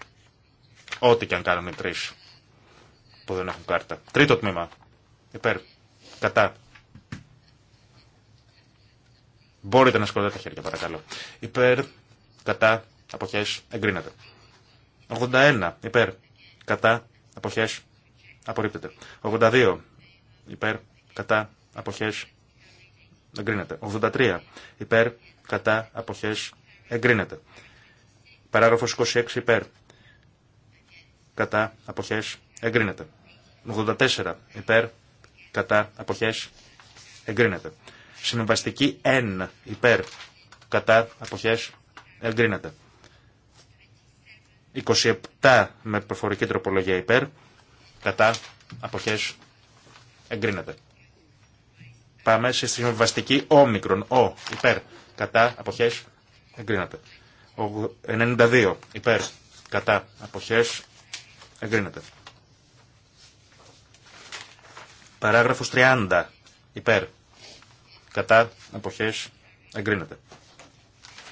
Ό,τι και αν κάνουν οι τρει που δεν έχουν κάρτα. Τρίτο τμήμα. Υπέρ. Κατά. Μπορείτε να σκορδέτε τα χέρια παρακαλώ. Υπέρ. Κατά. Αποχέ. Εγκρίνεται. 81. Υπέρ. Κατά. απόχέ, Απορρίπτεται. 82. Υπέρ. Κατά. Αποχέ. Εγκρίνεται. 83. Υπέρ. Κατά. Αποχέ. Εγκρίνεται. Παράγραφο 26. Υπέρ κατά αποχές εγκρίνεται. 84 υπέρ κατά αποχές εγκρίνεται. Συμβαστική 1 υπέρ κατά αποχές εγκρίνεται. 27 με προφορική τροπολογία υπέρ κατά αποχές εγκρίνεται. Πάμε στη συμβαστική όμικρον. Ο υπέρ κατά αποχές εγκρίνεται. 92 υπέρ κατά αποχές Εγκρίνεται. Παράγραφος 30. Υπέρ. Κατά. Εποχές. Εγκρίνεται.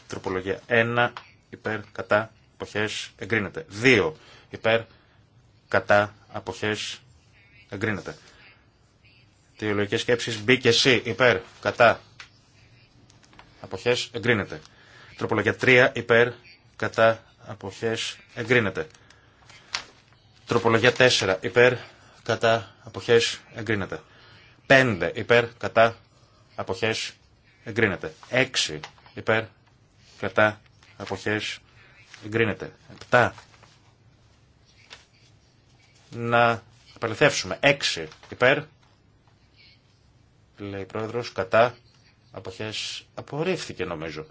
Τροπολογία 1. Υπέρ. Κατά. Εποχές. Εγκρίνεται. 2. Υπέρ. Κατά. Αποχές. Εγκρίνεται. Θεολογικές σκέψει B και C. Υπέρ. Κατά. Αποχές. Εγκρίνεται. Τροπολογία 3. Υπέρ. Κατά. Αποχές. Εγκρίνεται. Τροπολογία 4 υπέρ κατά αποχές εγκρίνεται. 5 υπέρ κατά αποχέ, εγκρίνεται. 6 υπέρ κατά αποχέ, εγκρίνεται. 7 να απελευθεύσουμε. 6 υπέρ λέει πρόεδρο, κατά αποχέ απορρίφθηκε νομίζω.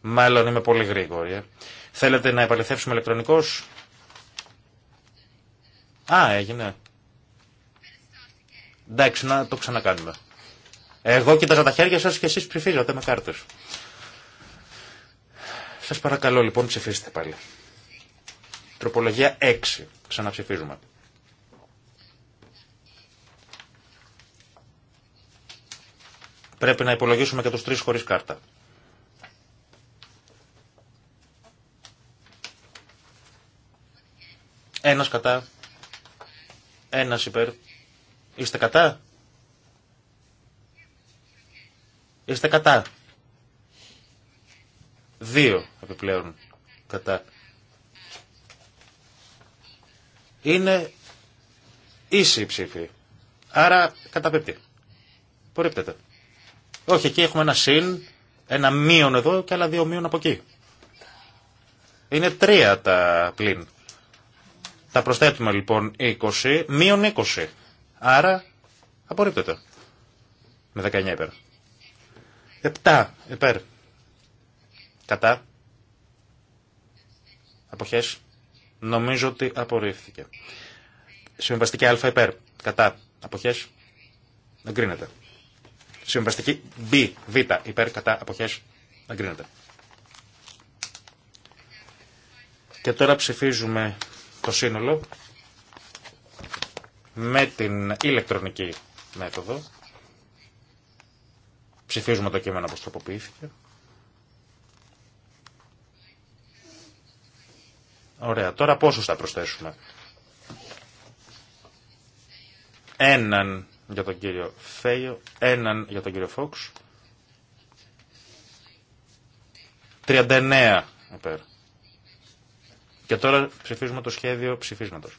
Μάλλον είμαι πολύ γρήγορη. Ε. Θέλετε να επαληθεύσουμε ηλεκτρονικώς. Α, έγινε. Εντάξει, να το ξανακάνουμε. Εγώ κοίταζα τα χέρια σας και εσείς ψηφίζατε με κάρτες. Σας παρακαλώ λοιπόν ψηφίστε πάλι. Τροπολογία 6. Ξαναψηφίζουμε. Πρέπει να υπολογίσουμε και τους τρεις χωρίς κάρτα. Ένας κατά ένα υπέρ. Είστε κατά. Είστε κατά. Δύο επιπλέον κατά. Είναι ίση η ψήφη. Άρα καταπέπτει. Πορύπτεται. Όχι, εκεί έχουμε ένα συν, ένα μείον εδώ και άλλα δύο μείον από εκεί. Είναι τρία τα πλήν. Τα προσθέτουμε λοιπόν 20 μείον 20. Άρα απορρίπτεται. Με 19 υπέρ. 7 υπέρ. Κατά. Αποχές. Νομίζω ότι απορρίφθηκε. Συμβαστική α υπέρ. Κατά. Αποχές. Εγκρίνεται. Συμβαστική β, β υπέρ. Κατά. Αποχές. Εγκρίνεται. Και τώρα ψηφίζουμε το σύνολο με την ηλεκτρονική μέθοδο. Ψηφίζουμε το κείμενο όπως τροποποιήθηκε. Ωραία. Τώρα πόσους θα προσθέσουμε. Έναν για τον κύριο Φέιο, έναν για τον κύριο Φόξ. 39 υπέρ. Και τώρα ψηφίζουμε το σχέδιο ψηφίσματος.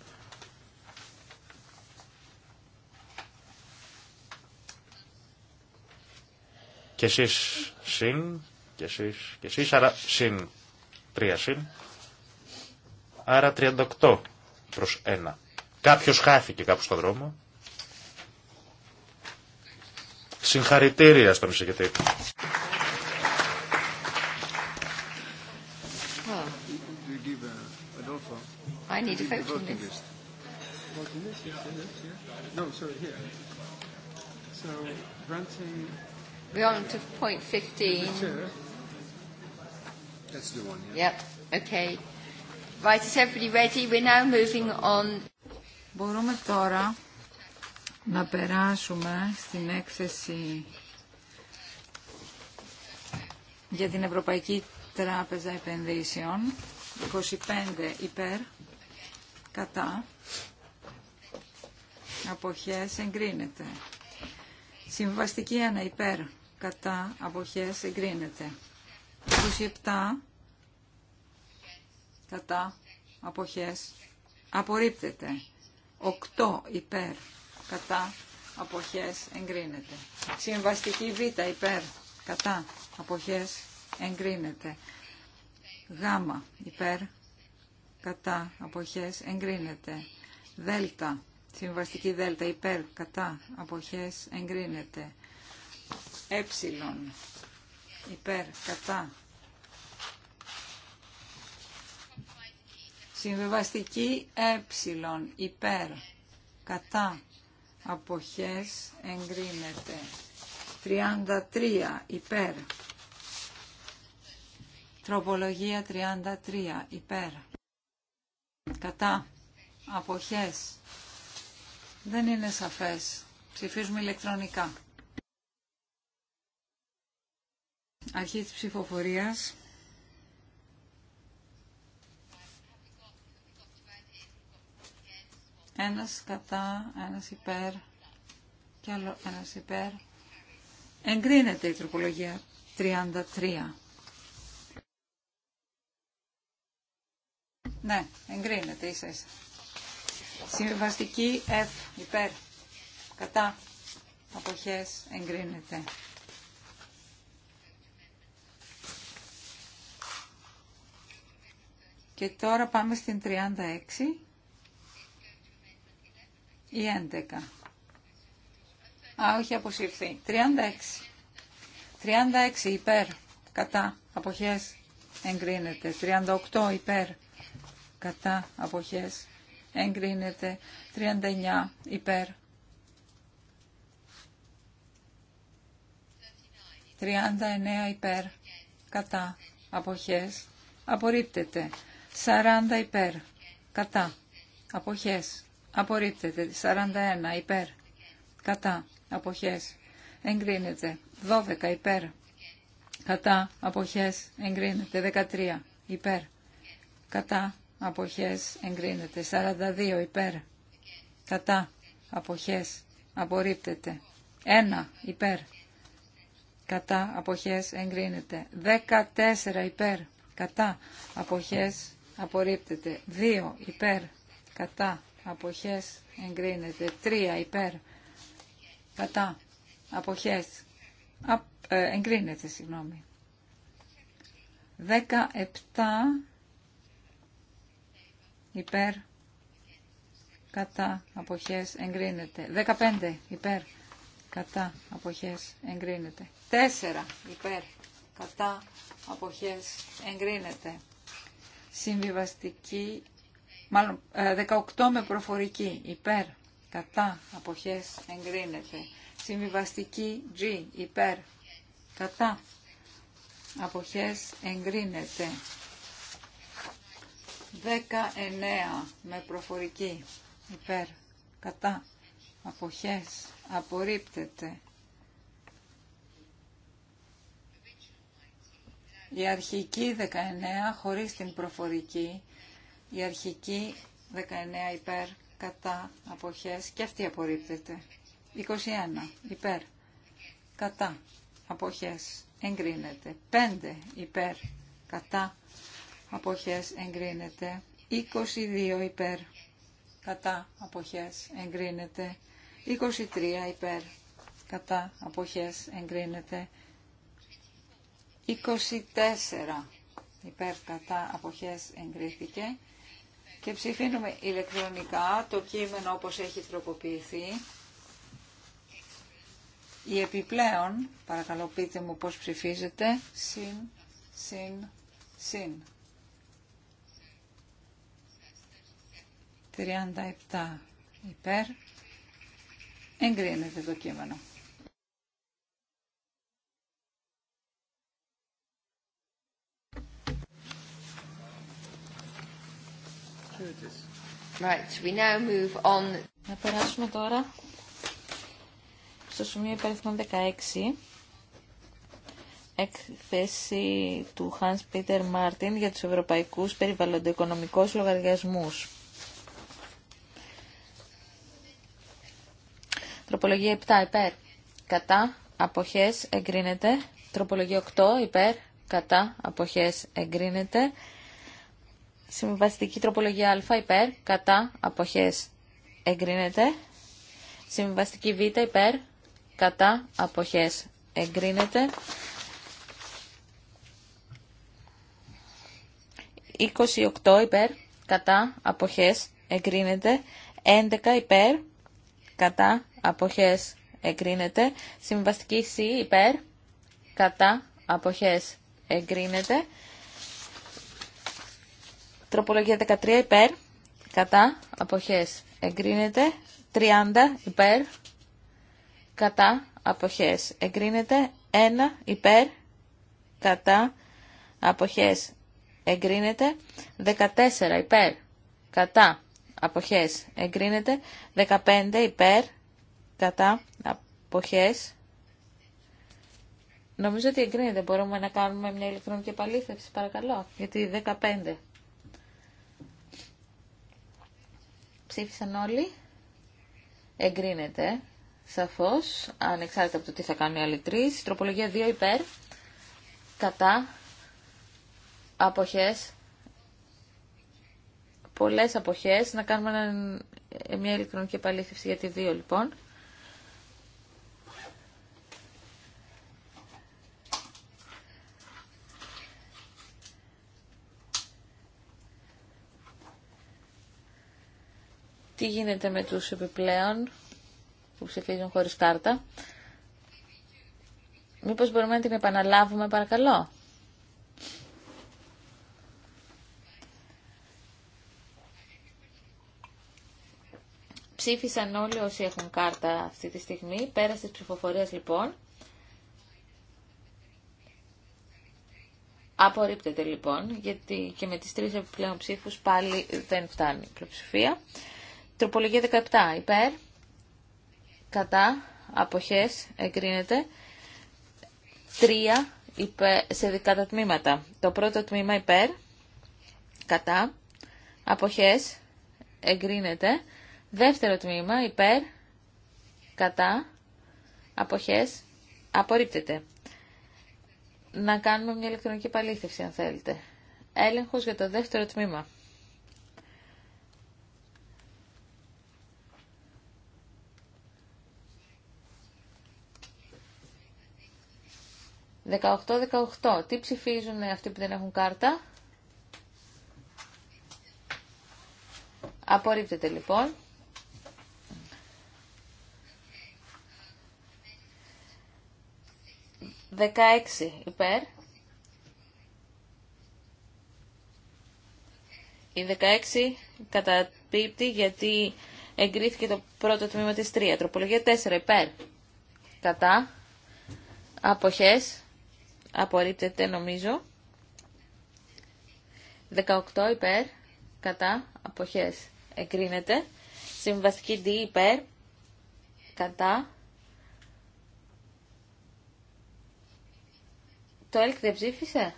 Και εσείς συν, και εσείς, και εσείς, άρα συν, τρία συν, άρα 38 προς 1. Κάποιος χάθηκε κάπου στον δρόμο. Συγχαρητήρια στον εισηγητή. need a voting list. Voting list, No, sorry, here. So, granting... We're on to point 15. That's the one, yeah. Yep, okay. Right, is everybody ready? We're now moving on. Μπορούμε τώρα να περάσουμε στην έκθεση για την Ευρωπαϊκή Τράπεζα Επενδύσεων. 25 υπέρ κατά αποχές εγκρίνεται. Συμβαστική 1 υπέρ κατά αποχές εγκρίνεται. 27 κατά αποχές απορρίπτεται. 8 υπέρ κατά αποχές εγκρίνεται. Συμβαστική Β υπέρ κατά αποχές εγκρίνεται. Γ υπέρ κατά αποχές εγκρίνεται. Δέλτα, συμβαστική δέλτα υπέρ κατά αποχές εγκρίνεται. Έψιλον, ε, υπέρ κατά. Συμβεβαστική έψιλον ε, υπέρ κατά αποχές εγκρίνεται. 33 υπέρ. Τροπολογία 33 υπέρ Κατά. Αποχές. Δεν είναι σαφές. Ψηφίζουμε ηλεκτρονικά. Αρχή της ψηφοφορίας. Ένας κατά, ένας υπέρ και άλλο ένας υπέρ. Εγκρίνεται η τροπολογία 33. Ναι, εγκρίνεται ίσα. Συμβαστική F υπέρ. Κατά. Αποχές εγκρίνεται. Και τώρα πάμε στην 36 ή 11. Α, όχι αποσυρθεί. 36. 36 υπέρ. Κατά. Αποχές εγκρίνεται. 38 υπέρ κατά αποχές εγκρίνεται 39 υπέρ 39 υπέρ κατά αποχές απορρίπτεται 40 υπέρ κατά αποχές απορρίπτεται 41 υπέρ κατά αποχές εγκρίνεται 12 υπέρ κατά αποχές εγκρίνεται 13 υπέρ κατά αποχές εγκρίνεται. 42 υπέρ κατά αποχές απορρίπτεται. 1 υπέρ κατά αποχές εγκρίνεται. 14 υπέρ κατά αποχές απορρίπτεται. 2 υπέρ κατά αποχές εγκρίνεται. 3 υπέρ κατά αποχές α, ε, εγκρίνεται. Συγγνώμη. 17 υπέρ, κατά, αποχές, εγκρίνεται. 15 υπέρ, κατά, αποχές, εγκρίνεται. 4 υπέρ, κατά, αποχές, εγκρίνεται. Συμβιβαστική, 18 ε, με προφορική, υπέρ, κατά, αποχές, εγκρίνεται. Συμβιβαστική G, υπέρ, κατά, αποχές, εγκρίνεται. 19 με προφορική υπέρ κατά αποχές απορρίπτεται. Η αρχική 19 χωρίς την προφορική, η αρχική 19 υπέρ κατά αποχές και αυτή απορρίπτεται. 21 υπέρ κατά αποχές εγκρίνεται. 5 υπέρ κατά αποχές εγκρίνεται. 22 υπέρ κατά αποχές εγκρίνεται. 23 υπέρ κατά αποχές εγκρίνεται. 24 υπέρ κατά αποχές εγκρίθηκε. Και ψηφίνουμε ηλεκτρονικά το κείμενο όπως έχει τροποποιηθεί. Η επιπλέον, παρακαλώ πείτε μου πώς ψηφίζετε, συν, συν, συν. 37 υπέρ. Εγκρίνεται το κείμενο. Right, we now move on. Να περάσουμε τώρα στο σημείο υπέρθυνο 16 έκθεση του Hans Peter Martin για τους ευρωπαϊκούς περιβαλλοντοοικονομικούς λογαριασμούς. Τροπολογία 7 υπέρ κατά αποχές εγκρίνεται. Τροπολογία 8 υπέρ κατά αποχές εγκρίνεται. Συμβαστική τροπολογία α υπέρ κατά αποχές εγκρίνεται. Συμβαστική β υπέρ κατά αποχές εγκρίνεται. 28 υπέρ, κατά, αποχές, εγκρίνεται. 11 υπέρ, κατά, αποχές εγκρίνεται. Συμβαστική C υπέρ, κατά, αποχές εγκρίνεται. Τροπολογία 13 υπέρ, κατά, αποχές εγκρίνεται. 30 υπέρ, κατά, αποχές εγκρίνεται. 1 υπέρ, κατά, αποχές εγκρίνεται. 14 υπέρ, κατά, αποχές εγκρίνεται. 15 υπέρ, κατά αποχές. Νομίζω ότι εγκρίνεται. Μπορούμε να κάνουμε μια ηλεκτρονική επαλήθευση, παρακαλώ, γιατί 15. Ψήφισαν όλοι. Εγκρίνεται, σαφώς, ανεξάρτητα από το τι θα κάνουν οι άλλοι τρεις. Τροπολογία 2 υπέρ, κατά, αποχές, πολλές αποχές. Να κάνουμε μια ηλεκτρονική επαλήθευση για τη 2, λοιπόν. τι γίνεται με τους επιπλέον που ψηφίζουν χωρίς κάρτα. Μήπως μπορούμε να την επαναλάβουμε παρακαλώ. Ψήφισαν όλοι όσοι έχουν κάρτα αυτή τη στιγμή. Πέρασε στις ψηφοφορίες λοιπόν. Απορρίπτεται λοιπόν, γιατί και με τις τρεις επιπλέον ψήφους πάλι δεν φτάνει η πλειοψηφία. Τροπολογία 17 υπέρ, κατά, αποχές, εγκρίνεται. τρία υπε σε τα τμήματα. Το πρώτο τμήμα υπέρ, κατά, αποχές, εγκρίνεται. Δεύτερο τμήμα υπέρ, κατά, αποχές, απορρίπτεται. Να κάνουμε μια ηλεκτρονική παλήθευση αν θέλετε. Έλεγχος για το δεύτερο τμήμα. 18-18. Τι ψηφίζουν αυτοί που δεν έχουν κάρτα. Απορρίπτεται λοιπόν. 16 υπέρ. Η 16 καταπίπτει γιατί εγκρίθηκε το πρώτο τμήμα της 3. Τροπολογία 4 υπέρ. Κατά. Αποχές απορρίπτεται νομίζω. 18 υπέρ, κατά, αποχές, εγκρίνεται. Συμβαστική D υπέρ, κατά. Το ΕΛΚ δεν ψήφισε.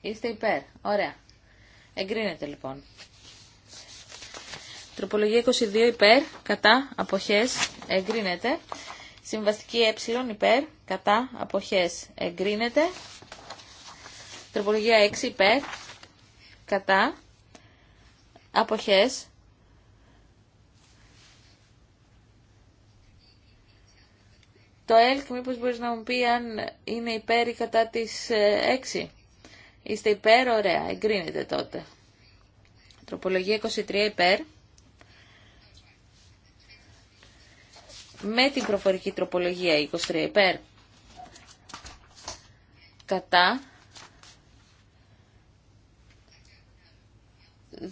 Είστε υπέρ. Ωραία. Εγκρίνεται λοιπόν. Τροπολογία 22 υπέρ, κατά, αποχές, εγκρίνεται. Συμβαστική ε υπέρ, κατά, αποχές εγκρίνεται. Τροπολογία 6 υπέρ, κατά, αποχές Το ΕΛΚ μήπως μπορείς να μου πει αν είναι υπέρ ή κατά της 6. Ε, Είστε υπέρ, ωραία, εγκρίνεται τότε. Τροπολογία 23 υπέρ, με την προφορική τροπολογία 23 υπέρ κατά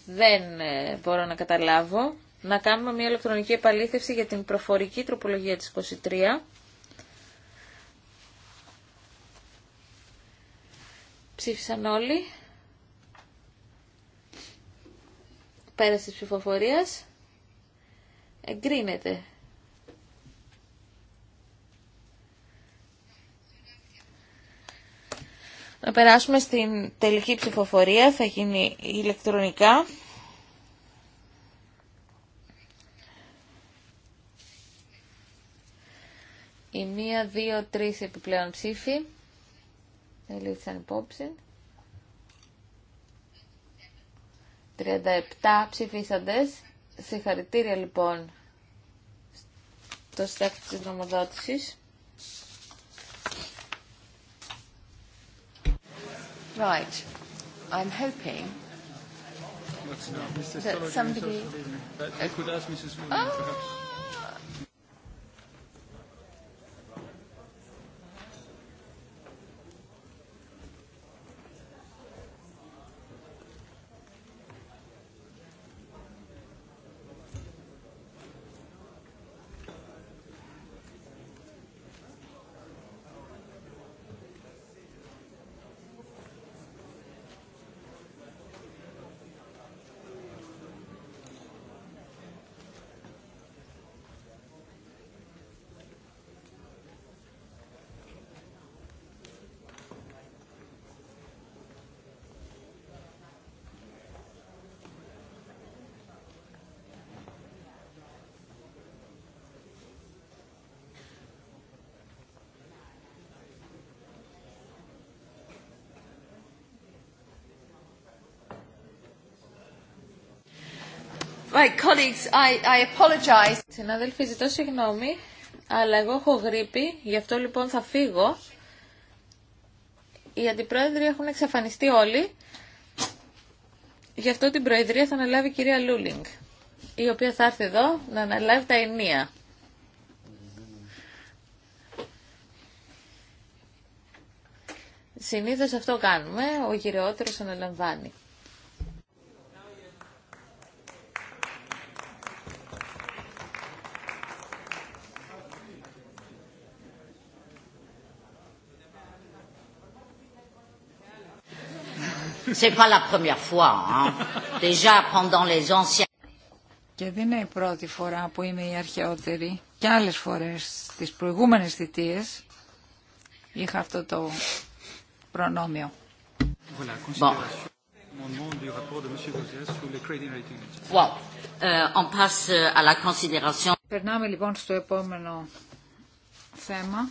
δεν ε, μπορώ να καταλάβω να κάνουμε μια ηλεκτρονική επαλήθευση για την προφορική τροπολογία της 23 ψήφισαν όλοι πέρασε της ψηφοφορίας εγκρίνεται Να περάσουμε στην τελική ψηφοφορία, θα γίνει ηλεκτρονικά. Η μία, δύο, τρεις επιπλέον ψήφοι. Ελήφθησαν υπόψη. 37 ψηφίσαντες. Συγχαρητήρια λοιπόν το στέκτη της νομοδότησης. Right. I'm hoping that somebody... could ask Mrs. perhaps. colleagues, I, I apologize. Συνάδελφοι, ζητώ συγγνώμη, αλλά εγώ έχω γρήπη, γι' αυτό λοιπόν θα φύγω. Οι αντιπρόεδροι έχουν εξαφανιστεί όλοι, γι' αυτό την προεδρία θα αναλάβει η κυρία Λούλινγκ, η οποία θα έρθει εδώ να αναλάβει τα ενία. Συνήθως αυτό κάνουμε, ο γυρεότερος αναλαμβάνει. C'est pas la première fois. Hein. Déjà pendant les anciens. Και δεν είναι η πρώτη φορά που είμαι η αρχαιότερη. Και άλλες φορές στις προηγούμενες θητείες είχα αυτό το προνόμιο. Euh, euh, Περνάμε λοιπόν στο επόμενο θέμα.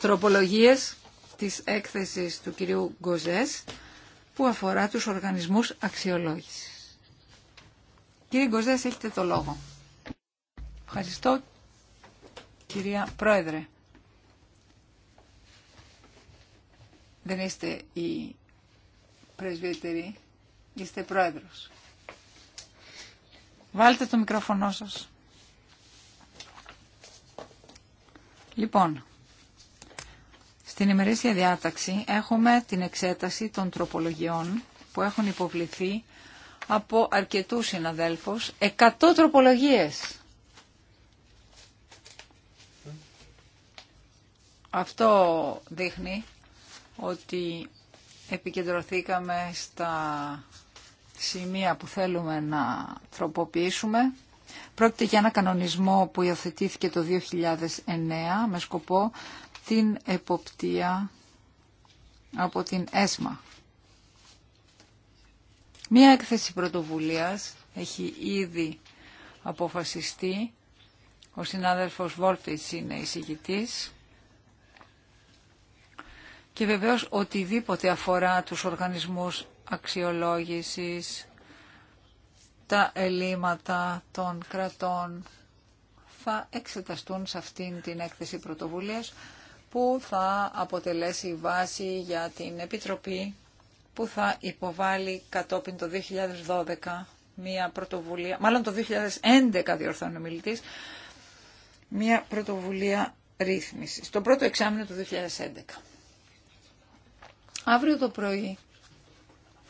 Τροπολογίες της έκθεσης του κυρίου Γκοζές που αφορά τους οργανισμούς αξιολόγησης. Κύριε Γκοζές, έχετε το λόγο. Ευχαριστώ, κυρία Πρόεδρε. Δεν είστε η πρεσβύτερη, είστε πρόεδρος. Βάλτε το μικρόφωνο σας. Λοιπόν, στην ημερήσια διάταξη έχουμε την εξέταση των τροπολογιών που έχουν υποβληθεί από αρκετούς συναδέλφους, 100 τροπολογίες. Αυτό δείχνει ότι επικεντρωθήκαμε στα σημεία που θέλουμε να τροποποιήσουμε. Πρόκειται για ένα κανονισμό που υιοθετήθηκε το 2009 με σκοπό την εποπτεία από την ΕΣΜΑ. Μία έκθεση πρωτοβουλίας έχει ήδη αποφασιστεί. Ο συνάδελφος Βόλφης είναι εισηγητής. Και βεβαίως οτιδήποτε αφορά τους οργανισμούς αξιολόγησης, τα ελλείμματα των κρατών θα εξεταστούν σε αυτήν την έκθεση πρωτοβουλίας που θα αποτελέσει βάση για την Επιτροπή που θα υποβάλει κατόπιν το 2012 μία πρωτοβουλία, μάλλον το 2011 διορθώνει ο μιλητής, μία πρωτοβουλία ρύθμιση. το πρώτο εξάμεινο του 2011. Αύριο το πρωί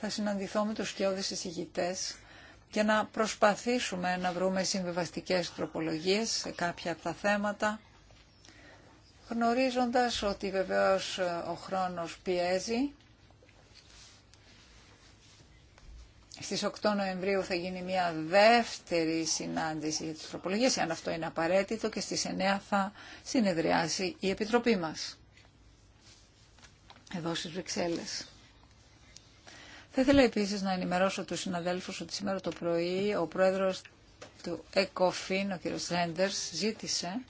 θα συναντηθώ με τους σκιώδες εισηγητές για να προσπαθήσουμε να βρούμε συμβιβαστικές τροπολογίες σε κάποια από τα θέματα γνωρίζοντας ότι βεβαίως ε, ο χρόνος πιέζει. Στις 8 Νοεμβρίου θα γίνει μια δεύτερη συνάντηση για τις τροπολογίες, αν αυτό είναι απαραίτητο, και στις 9 θα συνεδριάσει η Επιτροπή μας, εδώ στις Βρυξέλλες. Θα ήθελα επίσης να ενημερώσω τους συναδέλφους ότι σήμερα το πρωί ο πρόεδρος του ΕΚΟΦΗΝ, ο κ. Ρέντερς, ζήτησε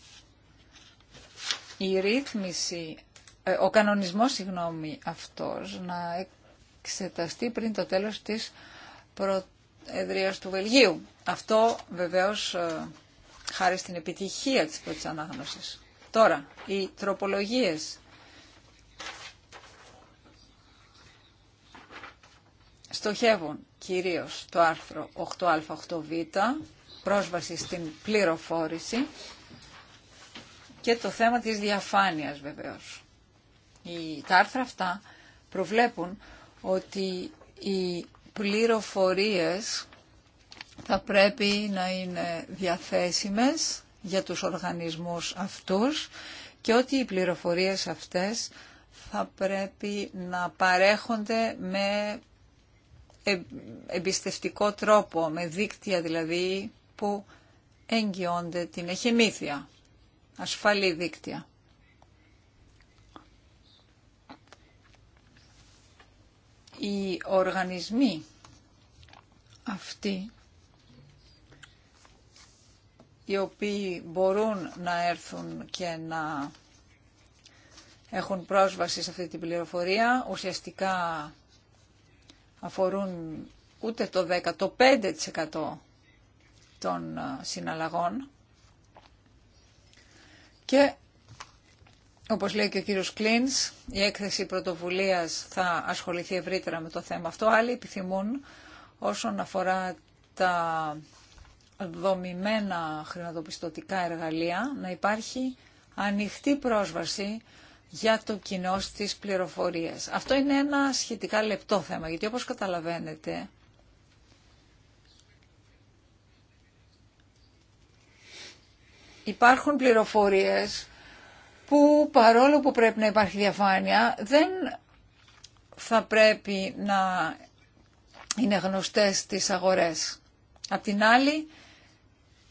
η ρύθμιση, ε, ο κανονισμός συγγνώμη αυτός να εξεταστεί πριν το τέλος της προεδρίας του Βελγίου. Αυτό βεβαίως ε, χάρη στην επιτυχία της πρώτης ανάγνωσης. Τώρα, οι τροπολογίες στοχεύουν κυρίως το άρθρο 8α8β, πρόσβαση στην πληροφόρηση και το θέμα της διαφάνειας βεβαίως. Οι, τα αυτά προβλέπουν ότι οι πληροφορίες θα πρέπει να είναι διαθέσιμες για τους οργανισμούς αυτούς και ότι οι πληροφορίες αυτές θα πρέπει να παρέχονται με ε, εμπιστευτικό τρόπο, με δίκτυα δηλαδή που εγγυώνται την εχημήθεια ασφαλή δίκτυα. Οι οργανισμοί αυτοί οι οποίοι μπορούν να έρθουν και να έχουν πρόσβαση σε αυτή την πληροφορία ουσιαστικά αφορούν ούτε το 10, το 5% των ε, συναλλαγών και όπως λέει και ο κύριος Κλίνς, η έκθεση πρωτοβουλίας θα ασχοληθεί ευρύτερα με το θέμα αυτό. Άλλοι επιθυμούν όσον αφορά τα δομημένα χρηματοπιστωτικά εργαλεία να υπάρχει ανοιχτή πρόσβαση για το κοινό στις πληροφορίες. Αυτό είναι ένα σχετικά λεπτό θέμα, γιατί όπως καταλαβαίνετε υπάρχουν πληροφορίες που παρόλο που πρέπει να υπάρχει διαφάνεια δεν θα πρέπει να είναι γνωστές στις αγορές. Απ' την άλλη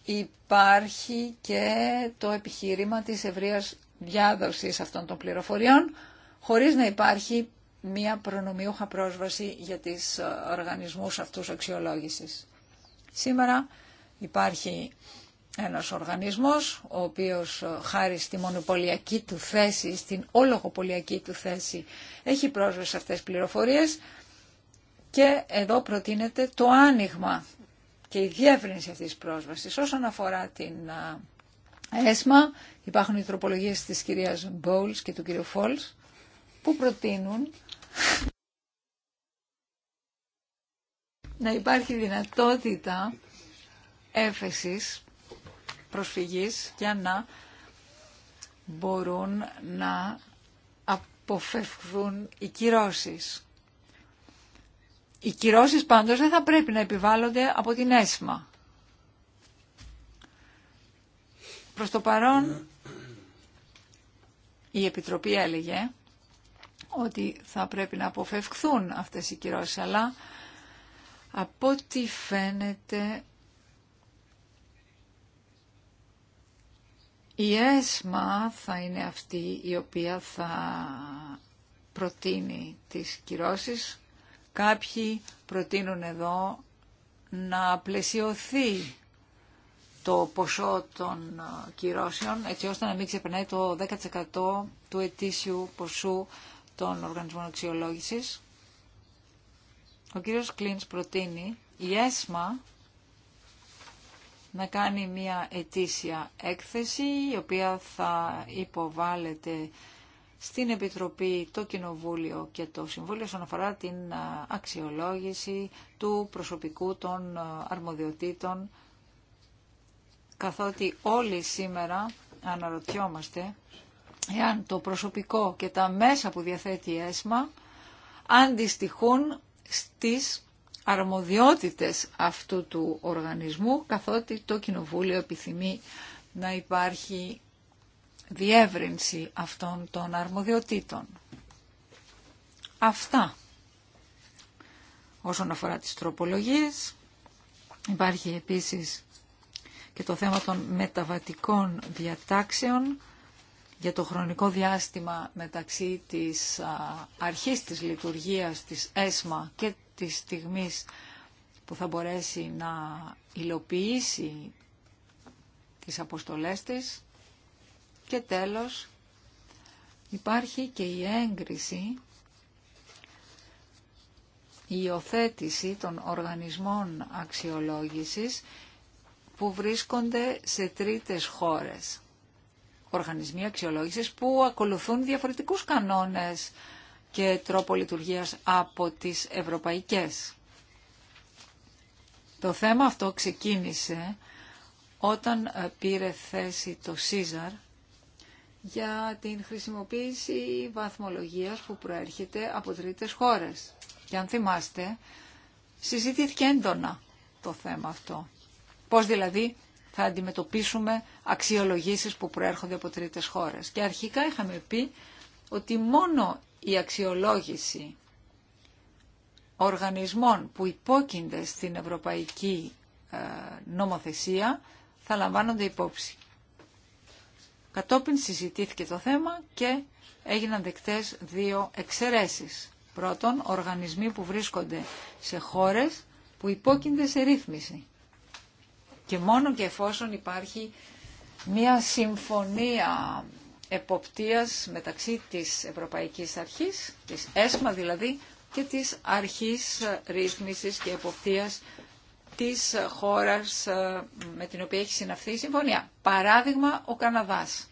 υπάρχει και το επιχείρημα της ευρείας διάδοσης αυτών των πληροφοριών χωρίς να υπάρχει μία προνομιούχα πρόσβαση για τις ε, οργανισμούς αυτούς αξιολόγησης. Σήμερα υπάρχει ένας οργανισμός ο οποίος ε, χάρη στη μονοπωλιακή του θέση, στην ολογοπωλιακή του θέση έχει πρόσβαση σε αυτές τις πληροφορίες και εδώ προτείνεται το άνοιγμα και η διεύρυνση αυτής της πρόσβασης. Όσον αφορά την ε, ΕΣΜΑ υπάρχουν οι τροπολογίες της κυρίας Μπόλς και του κυρίου Φόλς που προτείνουν να υπάρχει δυνατότητα έφεσης προσφυγής για να μπορούν να αποφευχθούν οι κυρώσεις. Οι κυρώσεις πάντως δεν θα πρέπει να επιβάλλονται από την ΕΣΜΑ. Προς το παρόν η Επιτροπή έλεγε ότι θα πρέπει να αποφευχθούν αυτές οι κυρώσεις, αλλά από ό,τι φαίνεται Η ΕΣΜΑ θα είναι αυτή η οποία θα προτείνει τις κυρώσεις. Κάποιοι προτείνουν εδώ να πλαισιωθεί το ποσό των ε, κυρώσεων, έτσι ώστε να μην ξεπερνάει το 10% του ετήσιου ποσού των οργανισμών αξιολόγησης. Ο κύριος Κλίνς προτείνει η ΕΣΜΑ να κάνει μια ετήσια έκθεση η οποία θα υποβάλλεται στην Επιτροπή, το Κοινοβούλιο και το Συμβούλιο όσον αφορά την αξιολόγηση του προσωπικού των αρμοδιοτήτων καθότι όλοι σήμερα αναρωτιόμαστε εάν το προσωπικό και τα μέσα που διαθέτει η ΕΣΜΑ αντιστοιχούν στις αρμοδιότητες αυτού του οργανισμού, καθότι το Κοινοβούλιο επιθυμεί να υπάρχει διεύρυνση αυτών των αρμοδιοτήτων. Αυτά όσον αφορά τις τροπολογίες. Υπάρχει επίσης και το θέμα των μεταβατικών διατάξεων για το χρονικό διάστημα μεταξύ της αρχής της λειτουργίας της ΕΣΜΑ και της στιγμής που θα μπορέσει να υλοποιήσει τις αποστολές της. Και τέλος, υπάρχει και η έγκριση, η υιοθέτηση των οργανισμών αξιολόγησης που βρίσκονται σε τρίτες χώρες. Οργανισμοί αξιολόγησης που ακολουθούν διαφορετικούς κανόνες και τρόπο λειτουργίας από τις ευρωπαϊκές. Το θέμα αυτό ξεκίνησε όταν πήρε θέση το ΣΥΖΑΡ για την χρησιμοποίηση βαθμολογίας που προέρχεται από τρίτες χώρες. Και αν θυμάστε, συζητήθηκε έντονα το θέμα αυτό. Πώς δηλαδή θα αντιμετωπίσουμε αξιολογήσεις που προέρχονται από τρίτες χώρες. Και αρχικά είχαμε πει ότι μόνο η αξιολόγηση οργανισμών που υπόκεινται στην ευρωπαϊκή ε, νομοθεσία θα λαμβάνονται υπόψη. Κατόπιν συζητήθηκε το θέμα και έγιναν δεκτές δύο εξαιρέσεις. Πρώτον, οργανισμοί που βρίσκονται σε χώρες που υπόκεινται σε ρύθμιση. Και μόνο και εφόσον υπάρχει μια συμφωνία εποπτείας μεταξύ της Ευρωπαϊκής Αρχής, της ΕΣΜΑ δηλαδή, και της Αρχής Ρύθμισης και Εποπτείας της χώρας ε, με την οποία έχει συναυθεί η συμφωνία. Παράδειγμα, ο Καναδάς.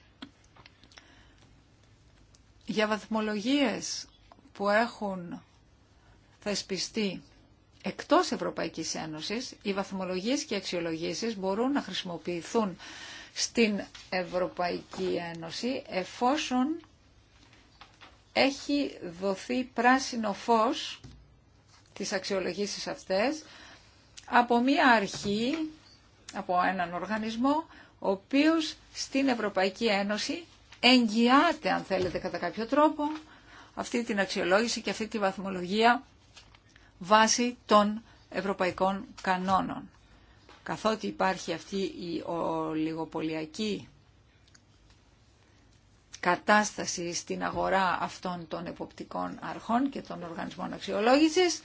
Για βαθμολογίες που έχουν θεσπιστεί εκτός Ευρωπαϊκής Ένωσης, οι βαθμολογίες και αξιολογήσεις μπορούν να χρησιμοποιηθούν στην Ευρωπαϊκή Ένωση εφόσον έχει δοθεί πράσινο φως τις αξιολογήσεις αυτές από μία αρχή, από έναν οργανισμό, ο οποίος στην Ευρωπαϊκή Ένωση εγγυάται, αν θέλετε, κατά κάποιο τρόπο, αυτή την αξιολόγηση και αυτή τη βαθμολογία βάσει των ευρωπαϊκών κανόνων καθότι υπάρχει αυτή η ολιγοπολιακή κατάσταση στην αγορά αυτών των εποπτικών αρχών και των οργανισμών αξιολόγησης,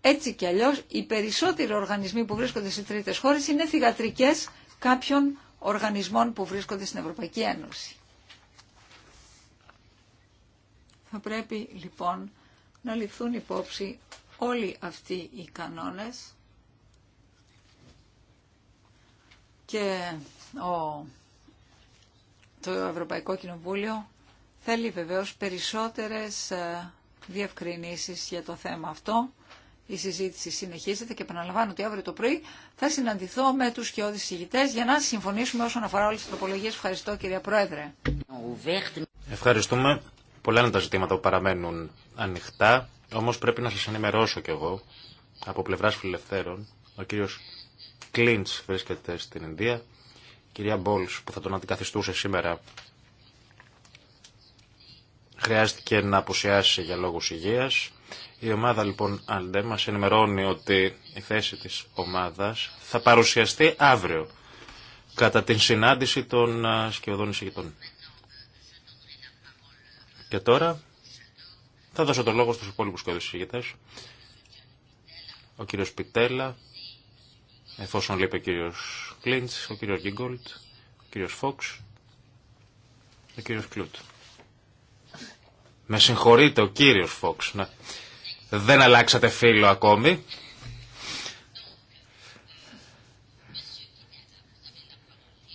έτσι κι αλλιώς οι περισσότεροι οργανισμοί που βρίσκονται σε τρίτες χώρες είναι θυγατρικές κάποιων οργανισμών που βρίσκονται στην Ευρωπαϊκή Ένωση. Θα πρέπει λοιπόν να ληφθούν υπόψη όλοι αυτοί οι κανόνες και ο, το Ευρωπαϊκό Κοινοβούλιο θέλει βεβαίως περισσότερες ε, διευκρινήσεις για το θέμα αυτό. Η συζήτηση συνεχίζεται και επαναλαμβάνω ότι αύριο το πρωί θα συναντηθώ με τους και ηγητές για να συμφωνήσουμε όσον αφορά όλες τις τροπολογίες. Ευχαριστώ κυρία Πρόεδρε. Ευχαριστούμε. Πολλά είναι τα ζητήματα που παραμένουν ανοιχτά, όμως πρέπει να σας ενημερώσω κι εγώ από πλευράς φιλελευθέρων. Ο κύριος Κλίντς βρίσκεται στην Ινδία. Κυρία Μπόλς που θα τον αντικαθιστούσε σήμερα χρειάστηκε να αποσιάσει για λόγους υγείας. Η ομάδα λοιπόν Αλντέ μας ενημερώνει ότι η θέση της ομάδας θα παρουσιαστεί αύριο κατά την συνάντηση των σκιωδών εισηγητών. Και τώρα θα δώσω το λόγο στους υπόλοιπους σκιωδούς εισηγητές. Ο κύριος Πιτέλα, Εφόσον λείπει ο κύριος Κλίντς, ο κύριος Γίγκολτ, ο κύριος Φόξ, ο κύριος Κλούτ. Με συγχωρείτε, ο κύριος Φόξ. Ναι. Δεν αλλάξατε φίλο ακόμη.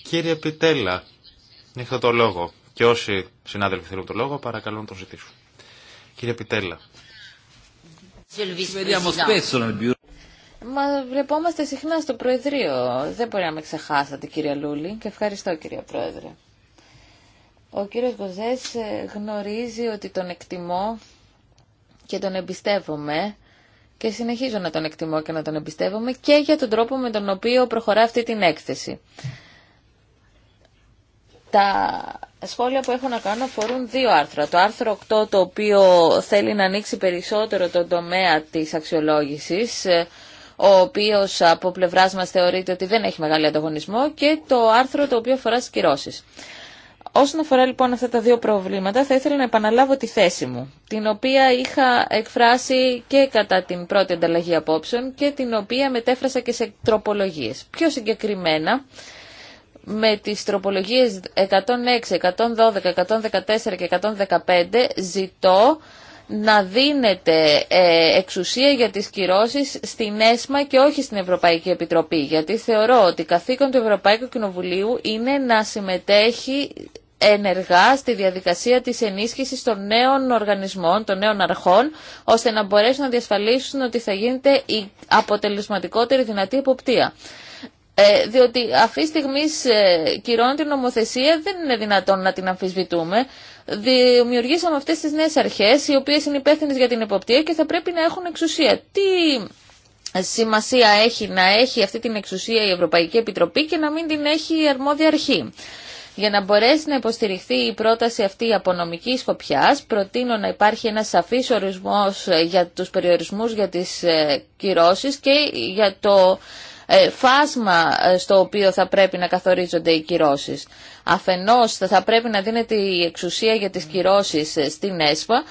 Κύριε Πιτέλα, έχετε το λόγο. Και όσοι συνάδελφοι θέλουν το λόγο, παρακαλώ να τον ζητήσουν. Κύριε Πιτέλα. Μα βλεπόμαστε συχνά στο Προεδρείο. Δεν μπορεί να με ξεχάσατε κύριε Λούλη και ευχαριστώ κύριε Πρόεδρε. Ο κύριος Γκοζές ε, γνωρίζει ότι τον εκτιμώ και τον εμπιστεύομαι και συνεχίζω να τον εκτιμώ και να τον εμπιστεύομαι και για τον τρόπο με τον οποίο προχωρά αυτή την έκθεση. Τα σχόλια που έχω να κάνω αφορούν δύο άρθρα. Το άρθρο 8 το οποίο θέλει να ανοίξει περισσότερο τον τομέα της αξιολόγησης ε, ο οποίο από πλευρά μα θεωρείται ότι δεν έχει μεγάλο ανταγωνισμό και το άρθρο το οποίο αφορά τι κυρώσει. Όσον αφορά λοιπόν αυτά τα δύο προβλήματα, θα ήθελα να επαναλάβω τη θέση μου, την οποία είχα εκφράσει και κατά την πρώτη ανταλλαγή απόψεων και την οποία μετέφρασα και σε τροπολογίες. Πιο συγκεκριμένα, με τις τροπολογίες 106, 112, 114 και 115 ζητώ να δίνεται ε, εξουσία για τις κυρώσεις στην ΕΣΜΑ και όχι στην Ευρωπαϊκή Επιτροπή. Γιατί θεωρώ ότι καθήκον του Ευρωπαϊκού Κοινοβουλίου είναι να συμμετέχει ενεργά στη διαδικασία της ενίσχυσης των νέων οργανισμών, των νέων αρχών, ώστε να μπορέσουν να διασφαλίσουν ότι θα γίνεται η αποτελεσματικότερη δυνατή εποπτεία. Ε, διότι αυτή τη στιγμή ε, την νομοθεσία δεν είναι δυνατόν να την αμφισβητούμε δημιουργήσαμε αυτές τις νέες αρχές οι οποίες είναι υπεύθυνε για την εποπτεία και θα πρέπει να έχουν εξουσία. Τι σημασία έχει να έχει αυτή την εξουσία η Ευρωπαϊκή Επιτροπή και να μην την έχει η αρμόδια αρχή. Για να μπορέσει να υποστηριχθεί η πρόταση αυτή από νομική σκοπιά, προτείνω να υπάρχει ένα σαφή ορισμό για του περιορισμού για τι ε, κυρώσει και για το ε, φάσμα στο οποίο θα πρέπει να καθορίζονται οι κυρώσει. Αφενός θα πρέπει να δίνεται η εξουσία για τις κυρώσεις ε, στην ΕΣΠΑ,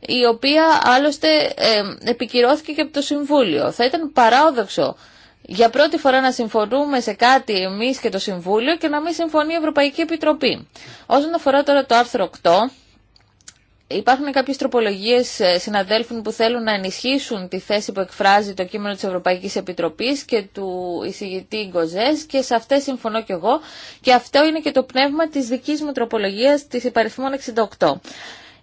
η οποία άλλωστε ε, επικυρώθηκε και από το Συμβούλιο. Θα ήταν παράδοξο για πρώτη φορά να συμφωνούμε σε κάτι εμείς και το Συμβούλιο και να μην συμφωνεί η Ευρωπαϊκή Επιτροπή. Όσον αφορά τώρα το άρθρο 8, Υπάρχουν κάποιες τροπολογίες ε, συναδέλφων που θέλουν να ενισχύσουν τη θέση που εκφράζει το κείμενο της Ευρωπαϊκής Επιτροπής και του εισηγητή Γκοζές και σε αυτές συμφωνώ κι εγώ και αυτό είναι και το πνεύμα της δικής μου τροπολογίας της υπαριθμών 68.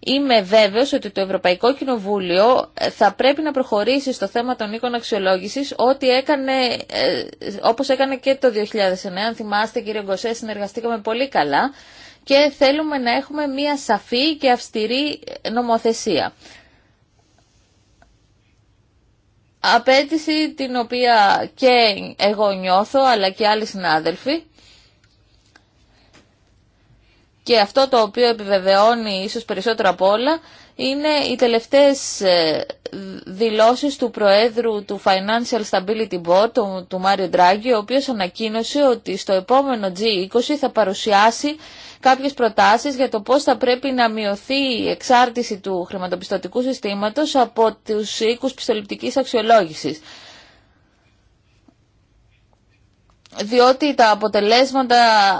Είμαι βέβαιο ότι το Ευρωπαϊκό Κοινοβούλιο ε, θα πρέπει να προχωρήσει στο θέμα των οίκων αξιολόγηση, ό,τι έκανε, ε, όπως έκανε και το 2009. Αν θυμάστε κύριε Γκοσέ, συνεργαστήκαμε πολύ καλά και θέλουμε να έχουμε μία σαφή και αυστηρή νομοθεσία. Απέτηση την οποία και εγώ νιώθω αλλά και άλλοι συνάδελφοι και αυτό το οποίο επιβεβαιώνει ίσως περισσότερο από όλα είναι οι τελευταίες ε, δηλώσεις του Προέδρου του Financial Stability Board, του, του Μάριο Ντράγκη, ο οποίος ανακοίνωσε ότι στο επόμενο G20 θα παρουσιάσει κάποιες προτάσεις για το πώς θα πρέπει να μειωθεί η εξάρτηση του χρηματοπιστωτικού συστήματος από τους οίκους πιστοληπτικής αξιολόγησης διότι τα αποτελέσματα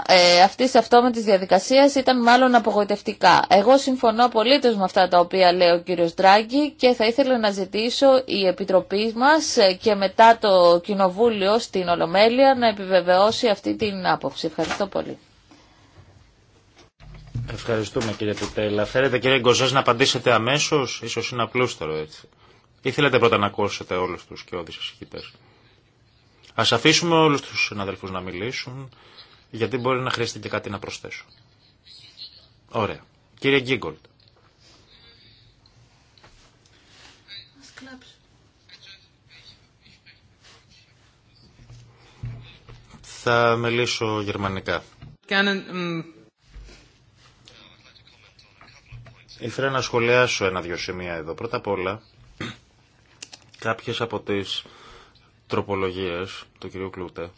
ε, αυτής της αυτόματης διαδικασίας ήταν μάλλον απογοητευτικά. Εγώ συμφωνώ απολύτως με αυτά τα οποία λέει ο κύριος Δράγκη και θα ήθελα να ζητήσω η Επιτροπή μας ε, και μετά το Κοινοβούλιο στην Ολομέλεια να επιβεβαιώσει αυτή την άποψη. Ευχαριστώ πολύ. Ευχαριστούμε κύριε Πιτέλα. Θέλετε κύριε Γκοζές να απαντήσετε αμέσως, ίσως είναι απλούστερο έτσι. Ή πρώτα να ακούσετε όλους τους και όδης Ας αφήσουμε όλους τους συναδελφούς να μιλήσουν, γιατί μπορεί να χρειαστεί και κάτι να προσθέσω. Ωραία. Κύριε Γκίγκολτ. Θα μιλήσω γερμανικά. Ήθελα να σχολιάσω ένα-δυο σημεία εδώ. Πρώτα απ' όλα, κάποιες από τις τροπολογίες του κυρίου Κλούτε,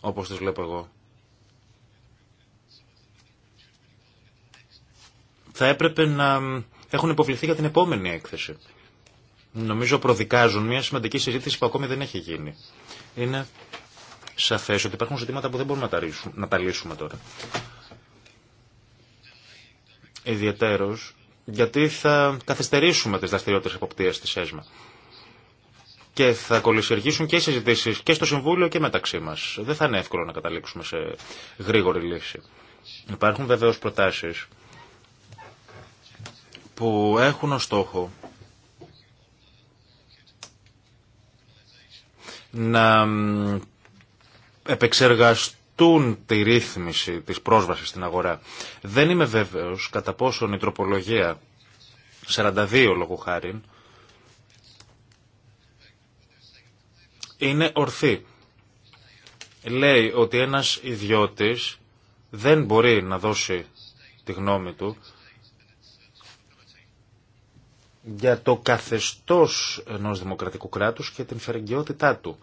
όπως τις βλέπω εγώ, θα έπρεπε να έχουν υποβληθεί για την επόμενη έκθεση. Νομίζω προδικάζουν μια σημαντική συζήτηση που ακόμη δεν έχει γίνει. Είναι σαφές ότι υπάρχουν ζητήματα που δεν μπορούμε να τα λύσουμε τώρα. Ιδιαιτέρως, γιατί θα καθυστερήσουμε τις δραστηριότητες εποπτείας της ΕΣΜΑ και θα κολλησιεργήσουν και οι συζητήσει και στο Συμβούλιο και μεταξύ μα. Δεν θα είναι εύκολο να καταλήξουμε σε γρήγορη λύση. Υπάρχουν βεβαίω προτάσει που έχουν ως στόχο να επεξεργαστούν τη ρύθμιση της πρόσβασης στην αγορά. Δεν είμαι βέβαιος κατά πόσον η τροπολογία 42 λόγου χάρη είναι ορθή. Λέει ότι ένας ιδιώτης δεν μπορεί να δώσει τη γνώμη του για το καθεστώς ενός δημοκρατικού κράτους και την φερεγγιότητά του.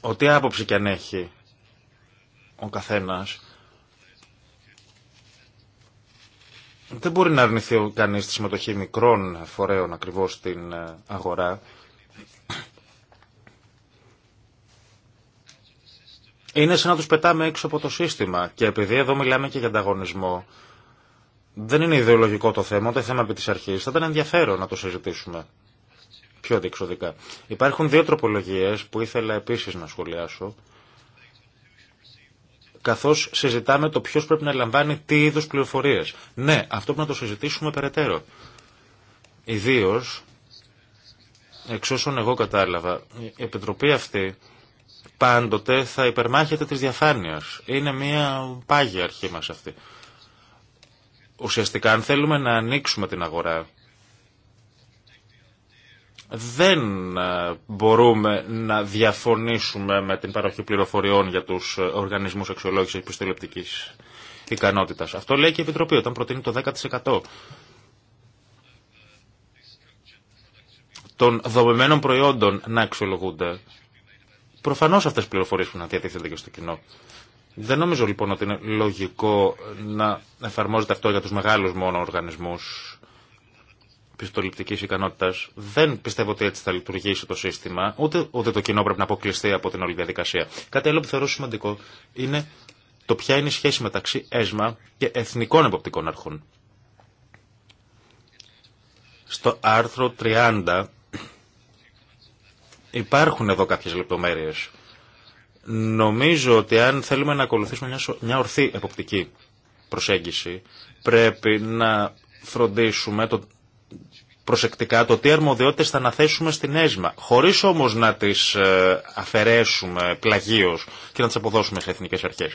Ό,τι άποψη και αν έχει ο καθένας, Δεν μπορεί να αρνηθεί κανείς τη συμμετοχή μικρών φορέων ακριβώς στην ε, αγορά. Είναι σαν να τους πετάμε έξω από το σύστημα και επειδή εδώ μιλάμε και για ανταγωνισμό, δεν είναι ιδεολογικό το θέμα, Το θέμα επί της αρχής, θα ήταν ενδιαφέρον να το συζητήσουμε πιο διεξοδικά. Υπάρχουν δύο τροπολογίες που ήθελα επίσης να σχολιάσω καθώ συζητάμε το ποιο πρέπει να λαμβάνει τι είδου πληροφορίε. Ναι, αυτό πρέπει να το συζητήσουμε περαιτέρω. Ιδίω, εξ όσων εγώ κατάλαβα, η Επιτροπή αυτή πάντοτε θα υπερμάχεται τη διαφάνεια. Είναι μια πάγια αρχή μα αυτή. Ουσιαστικά, αν θέλουμε να ανοίξουμε την αγορά δεν ε, μπορούμε να διαφωνήσουμε με την παροχή πληροφοριών για τους ε, οργανισμούς αξιολόγηση πιστοληπτικής ικανότητας. Αυτό λέει και η Επιτροπή όταν προτείνει το 10% των δομημένων προϊόντων να αξιολογούνται. Προφανώς αυτές οι πληροφορίες που να διατίθενται και στο κοινό. Δεν νομίζω λοιπόν ότι είναι λογικό να εφαρμόζεται αυτό για τους μεγάλους μόνο οργανισμούς πιστοληπτική ικανότητα. Δεν πιστεύω ότι έτσι θα λειτουργήσει το σύστημα, ούτε, ούτε το κοινό πρέπει να αποκλειστεί από την όλη διαδικασία. Κάτι άλλο που θεωρώ σημαντικό είναι το ποια είναι η σχέση μεταξύ ΕΣΜΑ και εθνικών εποπτικών αρχών. Στο άρθρο 30 υπάρχουν εδώ κάποιες λεπτομέρειες. Νομίζω ότι αν θέλουμε να ακολουθήσουμε μια, μια ορθή εποπτική προσέγγιση, πρέπει να φροντίσουμε το προσεκτικά το τι αρμοδιότητε θα αναθέσουμε στην ΕΣΜΑ, Χωρί όμω να τις ε, αφαιρέσουμε πλαγίω και να τι αποδώσουμε σε εθνικέ αρχέ.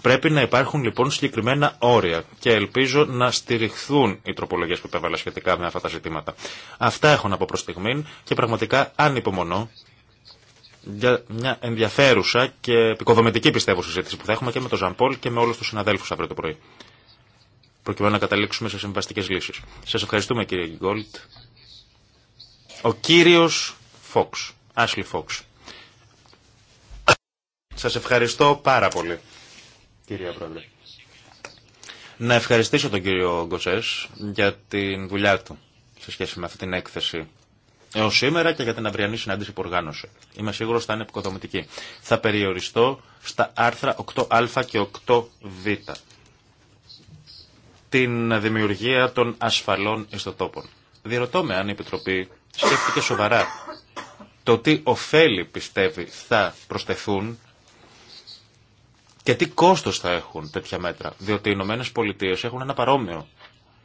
Πρέπει να υπάρχουν λοιπόν συγκεκριμένα όρια και ελπίζω να στηριχθούν οι τροπολογίε που υπέβαλα σχετικά με αυτά τα ζητήματα. Αυτά έχω να πω προ στιγμή και πραγματικά ανυπομονώ για μια ενδιαφέρουσα και επικοδομητική πιστεύω συζήτηση που θα έχουμε και με τον Ζαμπόλ και με όλου του συναδέλφου αύριο το πρωί προκειμένου να καταλήξουμε σε συμβαστικές λύσει. Σας ευχαριστούμε κύριε Γκόλτ. Ο κύριος Φόξ, Άσλι Φόξ. Σας ευχαριστώ πάρα πολύ, κύριε Πρόεδρε. Να ευχαριστήσω τον κύριο Γκοτσέ για την δουλειά του σε σχέση με αυτή την έκθεση έω σήμερα και για την αυριανή συνάντηση που οργάνωσε. Είμαι σίγουρο ότι θα είναι επικοδομητική. Θα περιοριστώ στα άρθρα 8α και 8β την δημιουργία των ασφαλών ιστοτόπων. Διερωτώ με αν η Επιτροπή σκέφτηκε σοβαρά το τι ωφέλη πιστεύει θα προσθεθούν και τι κόστος θα έχουν τέτοια μέτρα. Διότι οι Ηνωμένε Πολιτείε έχουν ένα παρόμοιο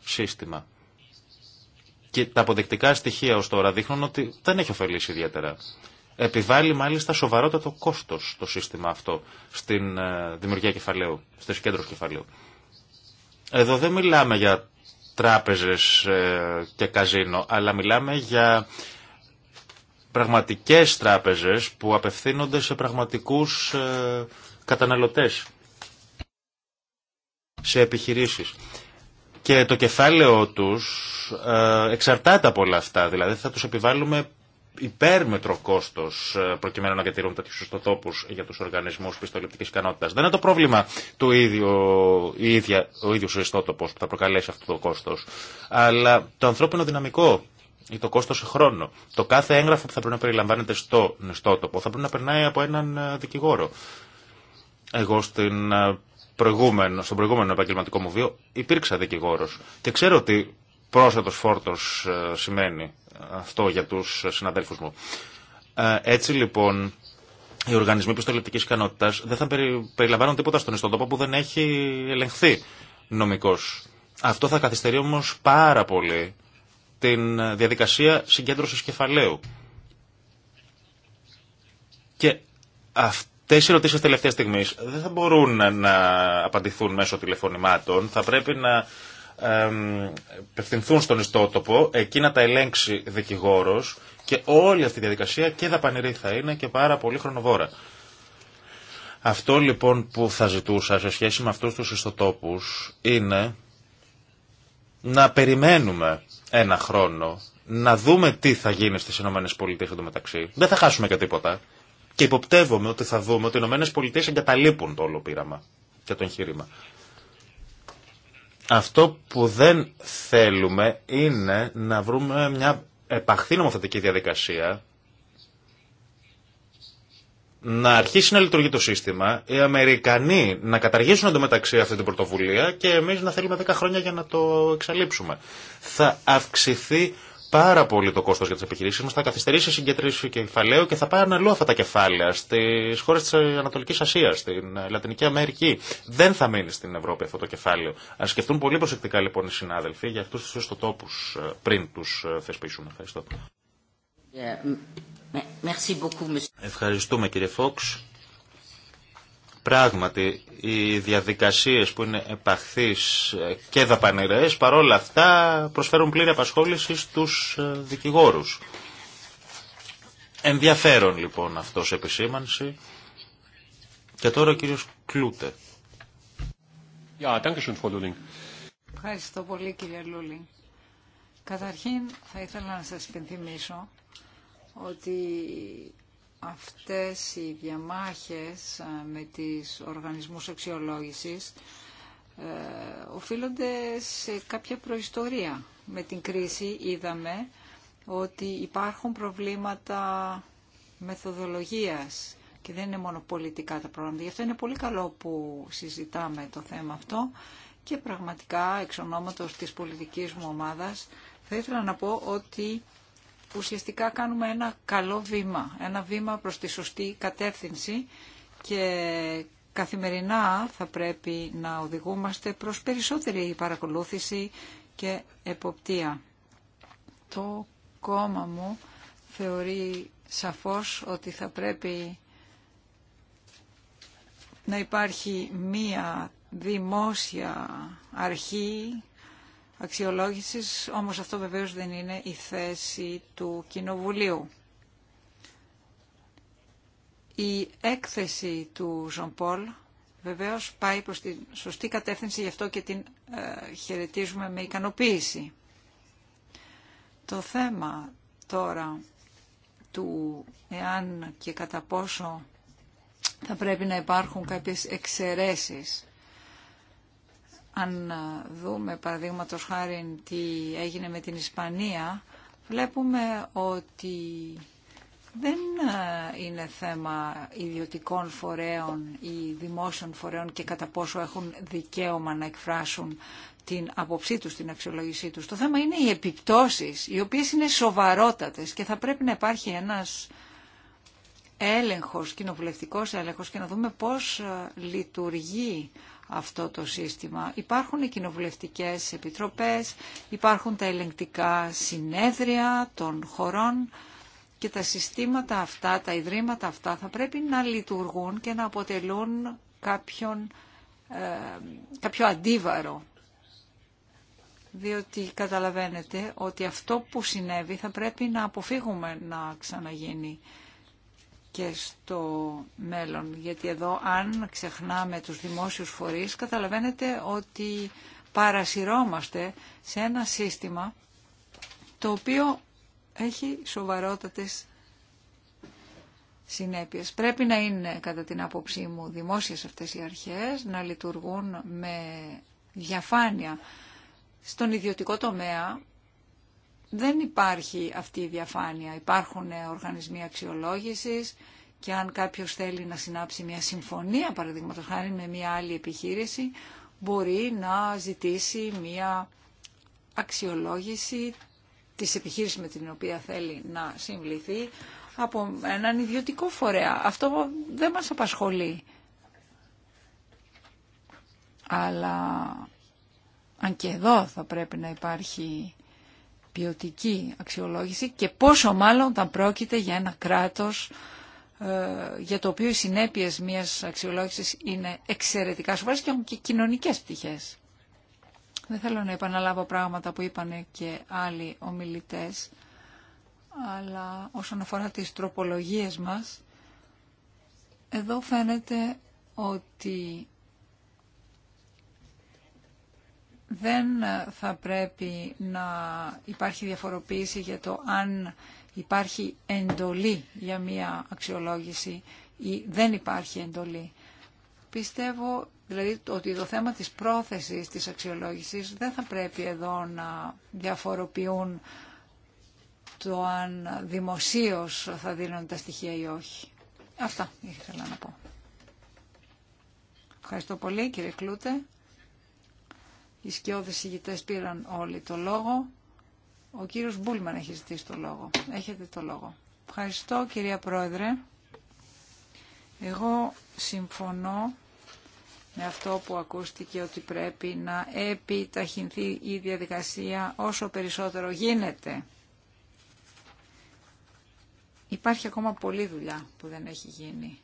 σύστημα. Και τα αποδεικτικά στοιχεία ως τώρα δείχνουν ότι δεν έχει ωφελήσει ιδιαίτερα. Επιβάλλει μάλιστα σοβαρότατο κόστος το σύστημα αυτό στην ε, δημιουργία κεφαλαίου, στις κέντρους κεφαλαίου. Εδώ δεν μιλάμε για τράπεζες ε, και καζίνο, αλλά μιλάμε για πραγματικές τράπεζες που απευθύνονται σε πραγματικούς ε, καταναλωτές, σε επιχειρήσεις. Και το κεφάλαιο τους ε, εξαρτάται από όλα αυτά, δηλαδή θα τους επιβάλλουμε υπέρμετρο κόστο ε, προκειμένου να διατηρούν τέτοιου ιστοτόπου για του οργανισμού πιστοληπτική ικανότητα. Δεν είναι το πρόβλημα του ίδιου, η ίδια, ο ίδιο ο ιστότοπο που θα προκαλέσει αυτό το κόστο, αλλά το ανθρώπινο δυναμικό ή το κόστο σε χρόνο. Το κάθε έγγραφο που θα πρέπει να περιλαμβάνεται στο ιστότοπο θα πρέπει να περνάει από έναν ε, δικηγόρο. Εγώ στην ε, προηγούμενο, στον προηγούμενο επαγγελματικό μου βίο υπήρξα δικηγόρο και ξέρω ότι πρόσθετος φόρτος ε, σημαίνει αυτό για τους συναδέλφους μου. Ε, έτσι λοιπόν οι οργανισμοί πιστοληπτικής ικανότητας δεν θα περιλαμβάνουν τίποτα στον ιστοτόπο που δεν έχει ελεγχθεί νομικώς. Αυτό θα καθυστερεί όμως πάρα πολύ την διαδικασία συγκέντρωσης κεφαλαίου. Και αυτές οι ερωτήσεις τελευταίας στιγμής δεν θα μπορούν να απαντηθούν μέσω τηλεφωνημάτων. Θα πρέπει να πευθυνθούν στον ιστότοπο, εκεί να τα ελέγξει δικηγόρο και όλη αυτή η διαδικασία και δαπανηρή θα είναι και πάρα πολύ χρονοβόρα. Αυτό λοιπόν που θα ζητούσα σε σχέση με αυτούς τους ιστοτόπους είναι να περιμένουμε ένα χρόνο, να δούμε τι θα γίνει στις Ηνωμένες Πολιτείες εντωμεταξύ. Δεν θα χάσουμε και τίποτα. Και υποπτεύομαι ότι θα δούμε ότι οι Ηνωμένες Πολιτείες εγκαταλείπουν το όλο πείραμα και το εγχείρημα. Αυτό που δεν θέλουμε είναι να βρούμε μια επαχθή νομοθετική διαδικασία, να αρχίσει να λειτουργεί το σύστημα, οι Αμερικανοί να καταργήσουν εντωμεταξύ αυτή την πρωτοβουλία και εμείς να θέλουμε 10 χρόνια για να το εξαλείψουμε. Θα αυξηθεί πάρα πολύ το κόστο για τι επιχειρήσει μα, θα καθυστερήσει η συγκέντρωση κεφαλαίου και θα πάρουν αλλού αυτά τα κεφάλαια στι χώρε τη Ανατολική Ασία, στην Λατινική Αμερική. Δεν θα μείνει στην Ευρώπη αυτό το κεφάλαιο. Α σκεφτούν πολύ προσεκτικά λοιπόν οι συνάδελφοι για αυτού του ιστοτόπου ε, πριν του ε, θεσπίσουμε. Ευχαριστώ. Ευχαριστούμε κύριε Φόξ. Πράγματι, οι διαδικασίες που είναι επαχθείς και δαπανηρές, παρόλα αυτά προσφέρουν πλήρη απασχόληση στους ε, δικηγόρους. Ενδιαφέρον λοιπόν αυτό σε επισήμανση. Και τώρα ο κύριος Κλούτε. Ευχαριστώ πολύ κύριε Λούλη. Καταρχήν θα ήθελα να σας πενθυμίσω ότι αυτές οι διαμάχες με τις οργανισμούς αξιολόγησης ε, οφείλονται σε κάποια προϊστορία. Με την κρίση είδαμε ότι υπάρχουν προβλήματα μεθοδολογίας και δεν είναι μόνο πολιτικά τα προγράμματα. Γι' αυτό είναι πολύ καλό που συζητάμε το θέμα αυτό και πραγματικά εξ ονόματος της πολιτικής μου ομάδας θα ήθελα να πω ότι ουσιαστικά κάνουμε ένα καλό βήμα, ένα βήμα προς τη σωστή κατεύθυνση και καθημερινά θα πρέπει να οδηγούμαστε προς περισσότερη παρακολούθηση και εποπτεία. Το κόμμα μου θεωρεί σαφώς ότι θα πρέπει να υπάρχει μία δημόσια αρχή αξιολόγησης, όμως αυτό βεβαίως δεν είναι η θέση του Κοινοβουλίου. Η έκθεση του Ζων Πολ βεβαίως πάει προς τη σωστή κατεύθυνση, γι' αυτό και την ε, χαιρετίζουμε με ικανοποίηση. Το θέμα τώρα του εάν και κατά πόσο θα πρέπει να υπάρχουν κάποιες εξαιρέσεις αν δούμε παραδείγματος χάρη τι έγινε με την Ισπανία, βλέπουμε ότι δεν είναι θέμα ιδιωτικών φορέων ή δημόσιων φορέων και κατά πόσο έχουν δικαίωμα να εκφράσουν την άποψή τους, την αξιολόγησή τους. Το θέμα είναι οι επιπτώσεις, οι οποίες είναι σοβαρότατες και θα πρέπει να υπάρχει ένας έλεγχος, κοινοβουλευτικός έλεγχος και να δούμε πώς λειτουργεί αυτό το σύστημα. Υπάρχουν οι κοινοβουλευτικές επιτροπές, υπάρχουν τα ελεγκτικά συνέδρια των χωρών και τα συστήματα αυτά, τα ιδρύματα αυτά θα πρέπει να λειτουργούν και να αποτελούν κάποιον, ε, κάποιο αντίβαρο. Διότι καταλαβαίνετε ότι αυτό που συνέβη θα πρέπει να αποφύγουμε να ξαναγίνει και στο μέλλον. Γιατί εδώ αν ξεχνάμε τους δημόσιους φορείς καταλαβαίνετε ότι παρασυρώμαστε σε ένα σύστημα το οποίο έχει σοβαρότατες συνέπειες. Πρέπει να είναι κατά την άποψή μου δημόσιες αυτές οι αρχές, να λειτουργούν με διαφάνεια. Στον ιδιωτικό τομέα δεν υπάρχει αυτή η διαφάνεια. Υπάρχουν οργανισμοί αξιολόγησης και αν κάποιος θέλει να συνάψει μια συμφωνία, παραδείγματος χάρη με μια άλλη επιχείρηση, μπορεί να ζητήσει μια αξιολόγηση της επιχείρησης με την οποία θέλει να συμβληθεί από έναν ιδιωτικό φορέα. Αυτό δεν μας απασχολεί. Αλλά αν και εδώ θα πρέπει να υπάρχει ποιοτική αξιολόγηση και πόσο μάλλον όταν πρόκειται για ένα κράτος ε, για το οποίο οι συνέπειες μιας αξιολόγησης είναι εξαιρετικά σοβαρές και έχουν και κοινωνικές πτυχές. Δεν θέλω να επαναλάβω πράγματα που είπαν και άλλοι ομιλητές, αλλά όσον αφορά τις τροπολογίες μας, εδώ φαίνεται ότι δεν ε, θα πρέπει να υπάρχει διαφοροποίηση για το αν υπάρχει εντολή για μία αξιολόγηση ή δεν υπάρχει εντολή. Πιστεύω δηλαδή ότι το θέμα της πρόθεσης της αξιολόγησης δεν θα πρέπει εδώ να διαφοροποιούν το αν δημοσίως θα δίνονται τα στοιχεία ή όχι. Αυτά ήθελα να πω. Ευχαριστώ πολύ κύριε Κλούτε. Οι σκιώδες ηγητές πήραν όλοι το λόγο. Ο κύριος Μπούλμαν έχει ζητήσει το λόγο. Έχετε το λόγο. Ευχαριστώ κυρία Πρόεδρε. Εγώ συμφωνώ με αυτό που ακούστηκε ότι πρέπει να επιταχυνθεί η διαδικασία όσο περισσότερο γίνεται. Υπάρχει ακόμα πολλή δουλειά που δεν έχει γίνει.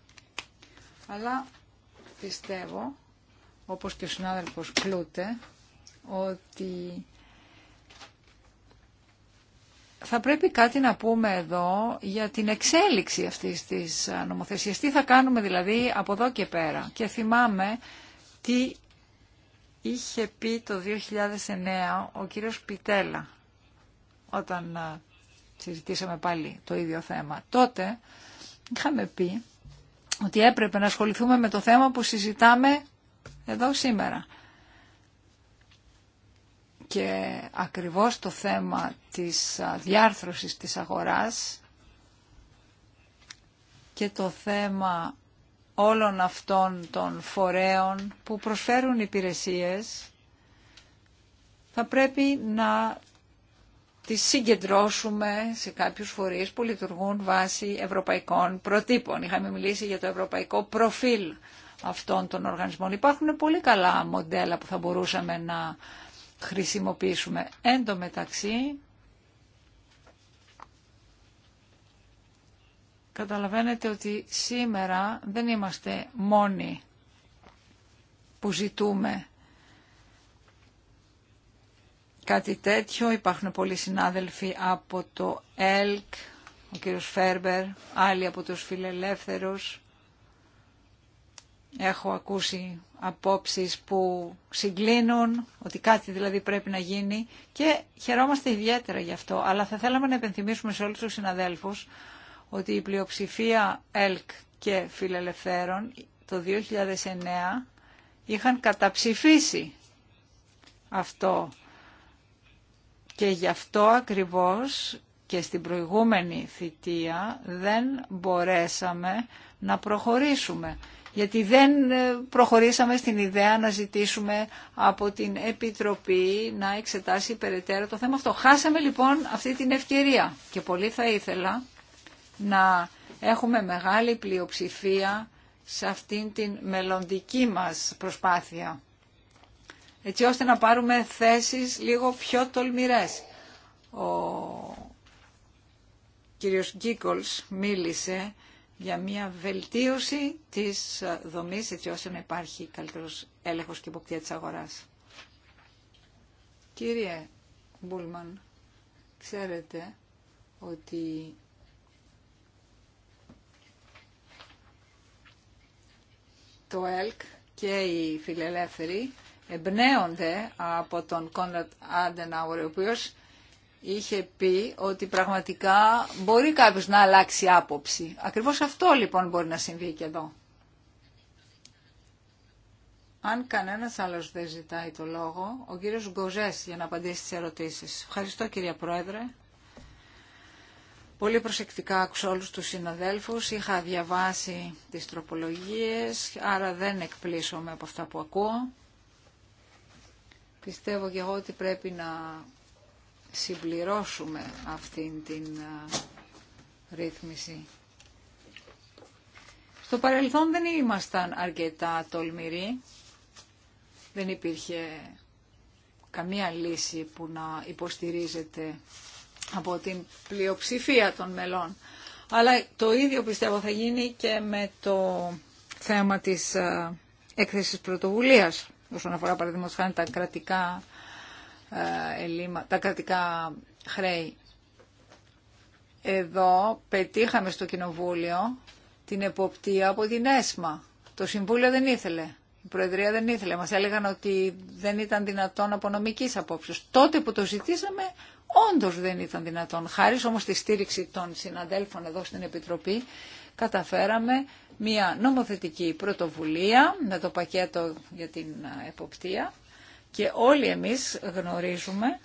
Αλλά πιστεύω, όπως και ο συνάδελφος Κλούτε, ότι θα πρέπει κάτι να πούμε εδώ για την εξέλιξη αυτής της ε, νομοθεσίας. Τι θα κάνουμε δηλαδή από εδώ και πέρα. Και θυμάμαι τι είχε πει το 2009 ο κύριος Πιτέλα όταν ε, συζητήσαμε πάλι το ίδιο θέμα. Τότε είχαμε πει ότι έπρεπε να ασχοληθούμε με το θέμα που συζητάμε εδώ σήμερα και ακριβώς το θέμα της διάρθρωσης της αγοράς και το θέμα όλων αυτών των φορέων που προσφέρουν υπηρεσίες θα πρέπει να τις συγκεντρώσουμε σε κάποιους φορείς που λειτουργούν βάσει ευρωπαϊκών προτύπων. Είχαμε μιλήσει για το ευρωπαϊκό προφίλ αυτών των οργανισμών. Υπάρχουν πολύ καλά μοντέλα που θα μπορούσαμε να χρησιμοποιήσουμε. εντωμεταξύ καταλαβαίνετε ότι σήμερα δεν είμαστε μόνοι που ζητούμε κάτι τέτοιο. Υπάρχουν πολλοί συνάδελφοι από το ΕΛΚ, ο κύριος Φέρμπερ, άλλοι από τους φιλελεύθερους. Έχω ακούσει απόψεις που συγκλίνουν, ότι κάτι δηλαδή πρέπει να γίνει και χαιρόμαστε ιδιαίτερα γι' αυτό. Αλλά θα θέλαμε να επενθυμίσουμε σε όλους τους συναδέλφους ότι η πλειοψηφία ΕΛΚ και Φιλελευθέρων το 2009 είχαν καταψηφίσει αυτό. Και γι' αυτό ακριβώς και στην προηγούμενη θητεία δεν μπορέσαμε να προχωρήσουμε γιατί δεν ε, προχωρήσαμε στην ιδέα να ζητήσουμε από την Επιτροπή να εξετάσει περαιτέρω το θέμα αυτό. Χάσαμε λοιπόν αυτή την ευκαιρία και πολύ θα ήθελα να έχουμε μεγάλη πλειοψηφία σε αυτήν την μελλοντική μας προσπάθεια έτσι ώστε να πάρουμε θέσεις λίγο πιο τολμηρές. Ο κύριος Γκίκολς μίλησε για μια βελτίωση της δομής έτσι ώστε να υπάρχει καλύτερος έλεγχος και υποκτία της αγοράς. Κύριε Μπούλμαν, ξέρετε ότι το ΕΛΚ και οι φιλελεύθεροι εμπνέονται από τον Κόντρατ Άντεναουρ, ο οποίος είχε πει ότι πραγματικά μπορεί κάποιος να αλλάξει άποψη. Ακριβώς αυτό λοιπόν μπορεί να συμβεί και εδώ. Αν κανένας άλλος δεν ζητάει το λόγο, ο κύριος Γκοζές για να απαντήσει στις ερωτήσεις. Ευχαριστώ κυρία Πρόεδρε. Πολύ προσεκτικά άκουσα όλους τους συναδέλφους, είχα διαβάσει τις τροπολογίες, άρα δεν με από αυτά που ακούω. Πιστεύω και εγώ ότι πρέπει να συμπληρώσουμε αυτήν την ρύθμιση. Στο παρελθόν δεν ήμασταν αρκετά τολμηροί. Δεν υπήρχε καμία λύση που να υποστηρίζεται από την πλειοψηφία των μελών. Αλλά το ίδιο πιστεύω θα γίνει και με το θέμα της έκθεσης πρωτοβουλίας όσον αφορά παραδείγματος χάνει τα κρατικά ε, τα κρατικά χρέη. Εδώ πετύχαμε στο Κοινοβούλιο την εποπτεία από την ΕΣΜΑ. Το Συμβούλιο δεν ήθελε. Η Προεδρία δεν ήθελε. Μας έλεγαν ότι δεν ήταν δυνατόν από νομικής απόψεως. Τότε που το ζητήσαμε, όντως δεν ήταν δυνατόν. Χάρη όμως στη στήριξη των συναδέλφων εδώ στην Επιτροπή, καταφέραμε μια νομοθετική πρωτοβουλία με το πακέτο για την εποπτεία και όλοι εμείς γνωρίζουμε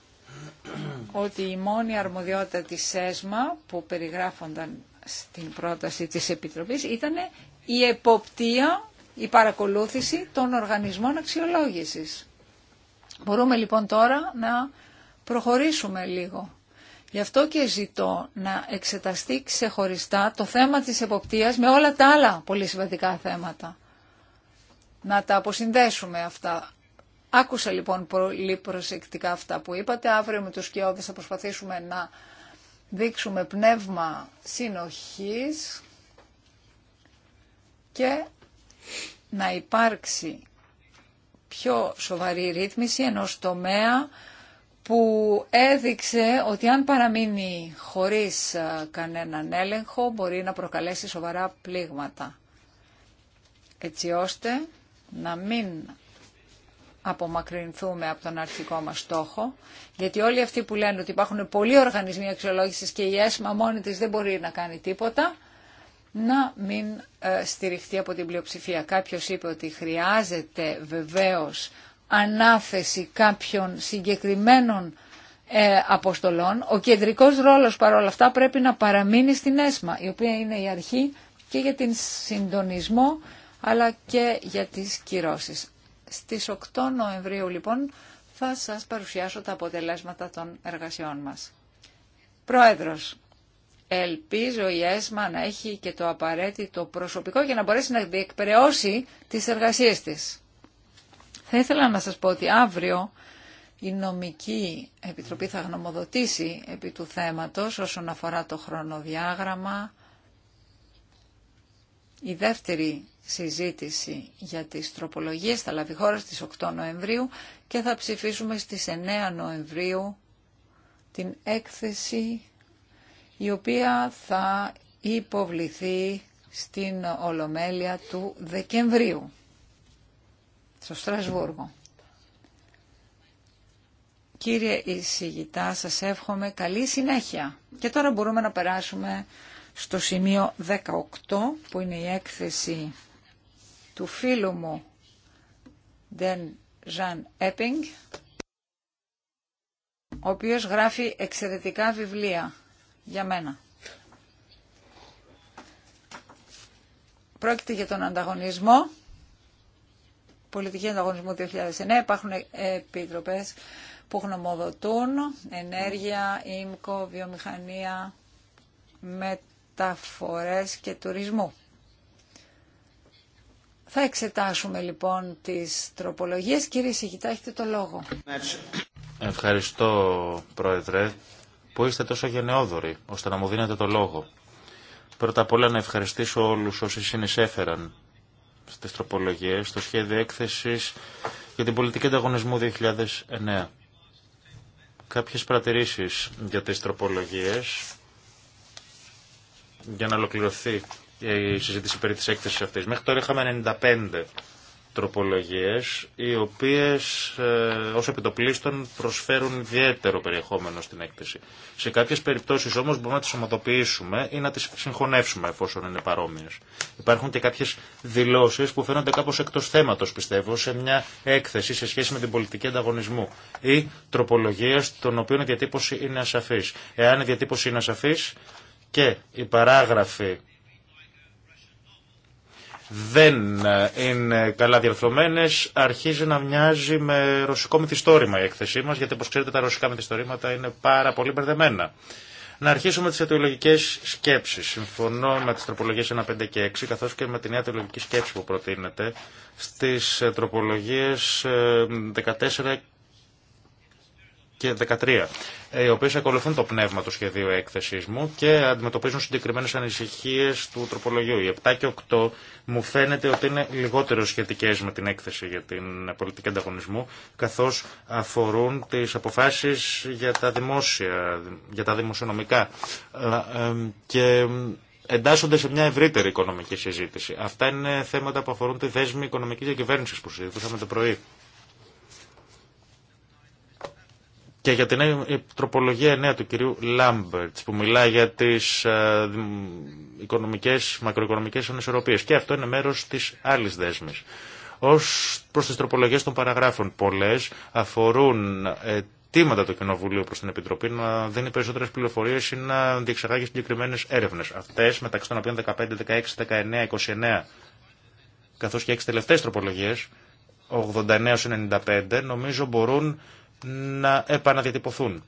ότι η μόνη αρμοδιότητα της ΕΣΜΑ που περιγράφονταν στην πρόταση της Επιτροπής ήταν η εποπτεία, η παρακολούθηση των οργανισμών αξιολόγησης. Μπορούμε λοιπόν τώρα να προχωρήσουμε λίγο. Γι' αυτό και ζητώ να εξεταστεί ξεχωριστά το θέμα της εποπτείας με όλα τα άλλα πολύ σημαντικά θέματα. Να τα αποσυνδέσουμε αυτά Άκουσα λοιπόν πολύ προσεκτικά αυτά που είπατε. Αύριο με τους Κιώδες θα προσπαθήσουμε να δείξουμε πνεύμα συνοχής και να υπάρξει πιο σοβαρή ρύθμιση ενός τομέα που έδειξε ότι αν παραμείνει χωρίς κανέναν έλεγχο μπορεί να προκαλέσει σοβαρά πλήγματα. Έτσι ώστε να μην απομακρυνθούμε από τον αρχικό μας στόχο, γιατί όλοι αυτοί που λένε ότι υπάρχουν πολλοί οργανισμοί αξιολόγησης και η ΕΣΜΑ μόνη της δεν μπορεί να κάνει τίποτα, να μην ε, στηριχτεί από την πλειοψηφία. Κάποιος είπε ότι χρειάζεται βεβαίως ανάθεση κάποιων συγκεκριμένων ε, αποστολών. Ο κεντρικός ρόλος παρόλα αυτά πρέπει να παραμείνει στην ΕΣΜΑ, η οποία είναι η αρχή και για την συντονισμό αλλά και για τις κυρώσεις. Στις 8 Νοεμβρίου λοιπόν θα σας παρουσιάσω τα αποτελέσματα των εργασιών μας. Πρόεδρος, ελπίζω η ΕΣΜΑ να έχει και το απαραίτητο προσωπικό για να μπορέσει να διεκπαιρεώσει τις εργασίες της. Θα ήθελα να σας πω ότι αύριο η νομική επιτροπή θα γνωμοδοτήσει επί του θέματος όσον αφορά το χρονοδιάγραμμα. Η δεύτερη συζήτηση για τις τροπολογίες θα λάβει χώρα στις 8 Νοεμβρίου και θα ψηφίσουμε στις 9 Νοεμβρίου την έκθεση η οποία θα υποβληθεί στην Ολομέλεια του Δεκεμβρίου στο Στρασβούργο. Κύριε Ισηγητά, σας εύχομαι καλή συνέχεια. Και τώρα μπορούμε να περάσουμε στο σημείο 18 που είναι η έκθεση του φίλου μου Ντεν Ζαν Έπινγκ, ο οποίος γράφει εξαιρετικά βιβλία για μένα. Πρόκειται για τον ανταγωνισμό, πολιτική ανταγωνισμού 2009. Υπάρχουν επιτροπές που γνωμοδοτούν, ενέργεια, ΙΜΚΟ, βιομηχανία, μεταφορές και τουρισμού. Θα εξετάσουμε λοιπόν τις τροπολογίες. Κύριε Σιγητά, έχετε το λόγο. Ευχαριστώ, Πρόεδρε, που είστε τόσο γενναιόδοροι, ώστε να μου δίνετε το λόγο. Πρώτα απ' όλα να ευχαριστήσω όλους όσοι συνεισέφεραν στις τροπολογίες, στο σχέδιο έκθεσης για την πολιτική ανταγωνισμού 2009. Κάποιες παρατηρήσεις για τις τροπολογίες, για να ολοκληρωθεί η συζήτηση περί της έκθεσης αυτής. Μέχρι τώρα είχαμε 95 τροπολογίες, οι οποίες ε, ως επιτοπλίστων προσφέρουν ιδιαίτερο περιεχόμενο στην έκθεση. Σε κάποιες περιπτώσεις όμως μπορούμε να τις ομοδοποιήσουμε ή να τις συγχωνεύσουμε εφόσον είναι παρόμοιες. Υπάρχουν και κάποιες δηλώσεις που φαίνονται κάπως εκτός θέματος πιστεύω σε μια έκθεση σε σχέση με την πολιτική ανταγωνισμού ή τροπολογίες των οποίων η διατύπωση είναι ασαφής. Εάν η διατύπωση είναι ασαφής και οι παράγραφοι δεν ε, είναι καλά διαρθρωμένε. αρχίζει να μοιάζει με ρωσικό μυθιστόρημα η έκθεσή μας, γιατί όπως ξέρετε τα ρωσικά μυθιστορήματα είναι πάρα πολύ μπερδεμένα. Να αρχίσουμε με τι αιτιολογικέ σκέψει. Συμφωνώ με τι τροπολογίε 1, 5 και 6, καθώ και με τη νέα αιτιολογική σκέψη που προτείνεται στι ε, τροπολογίε 14 ε, και 13, ε, οι οποίε ακολουθούν το πνεύμα του σχεδίου έκθεσή μου και αντιμετωπίζουν συγκεκριμένε ανησυχίες του τροπολογίου. Οι 7 και 8 μου φαίνεται ότι είναι λιγότερο σχετικέ με την έκθεση για την πολιτική ανταγωνισμού, καθώ αφορούν τι αποφάσει για τα δημόσια, για τα δημοσιονομικά ε, ε, και εντάσσονται σε μια ευρύτερη οικονομική συζήτηση. Αυτά είναι θέματα που αφορούν τη δέσμη οικονομικής διακυβέρνησης που συζητούσαμε το πρωί. Και για την ε, τροπολογία 9 του κυρίου Λάμπερτ που μιλά για τι ε, οικονομικές, μακροοικονομικές ανισορροπίε. Και αυτό είναι μέρο τη άλλη δέσμης. Ω προ τι τροπολογίε των παραγράφων πολλέ, αφορούν ε, τίματα του Κοινοβουλίου προ την Επιτροπή να δίνει περισσότερε πληροφορίε ή να διεξαγάγει συγκεκριμένε έρευνε. Αυτέ, μεταξύ των οποίων 15, 16, 19, 29 καθώ και 6 τελευταίε τροπολογίε, τροπολογίες 89-95 νομίζω μπορούν να επαναδιατυπωθούν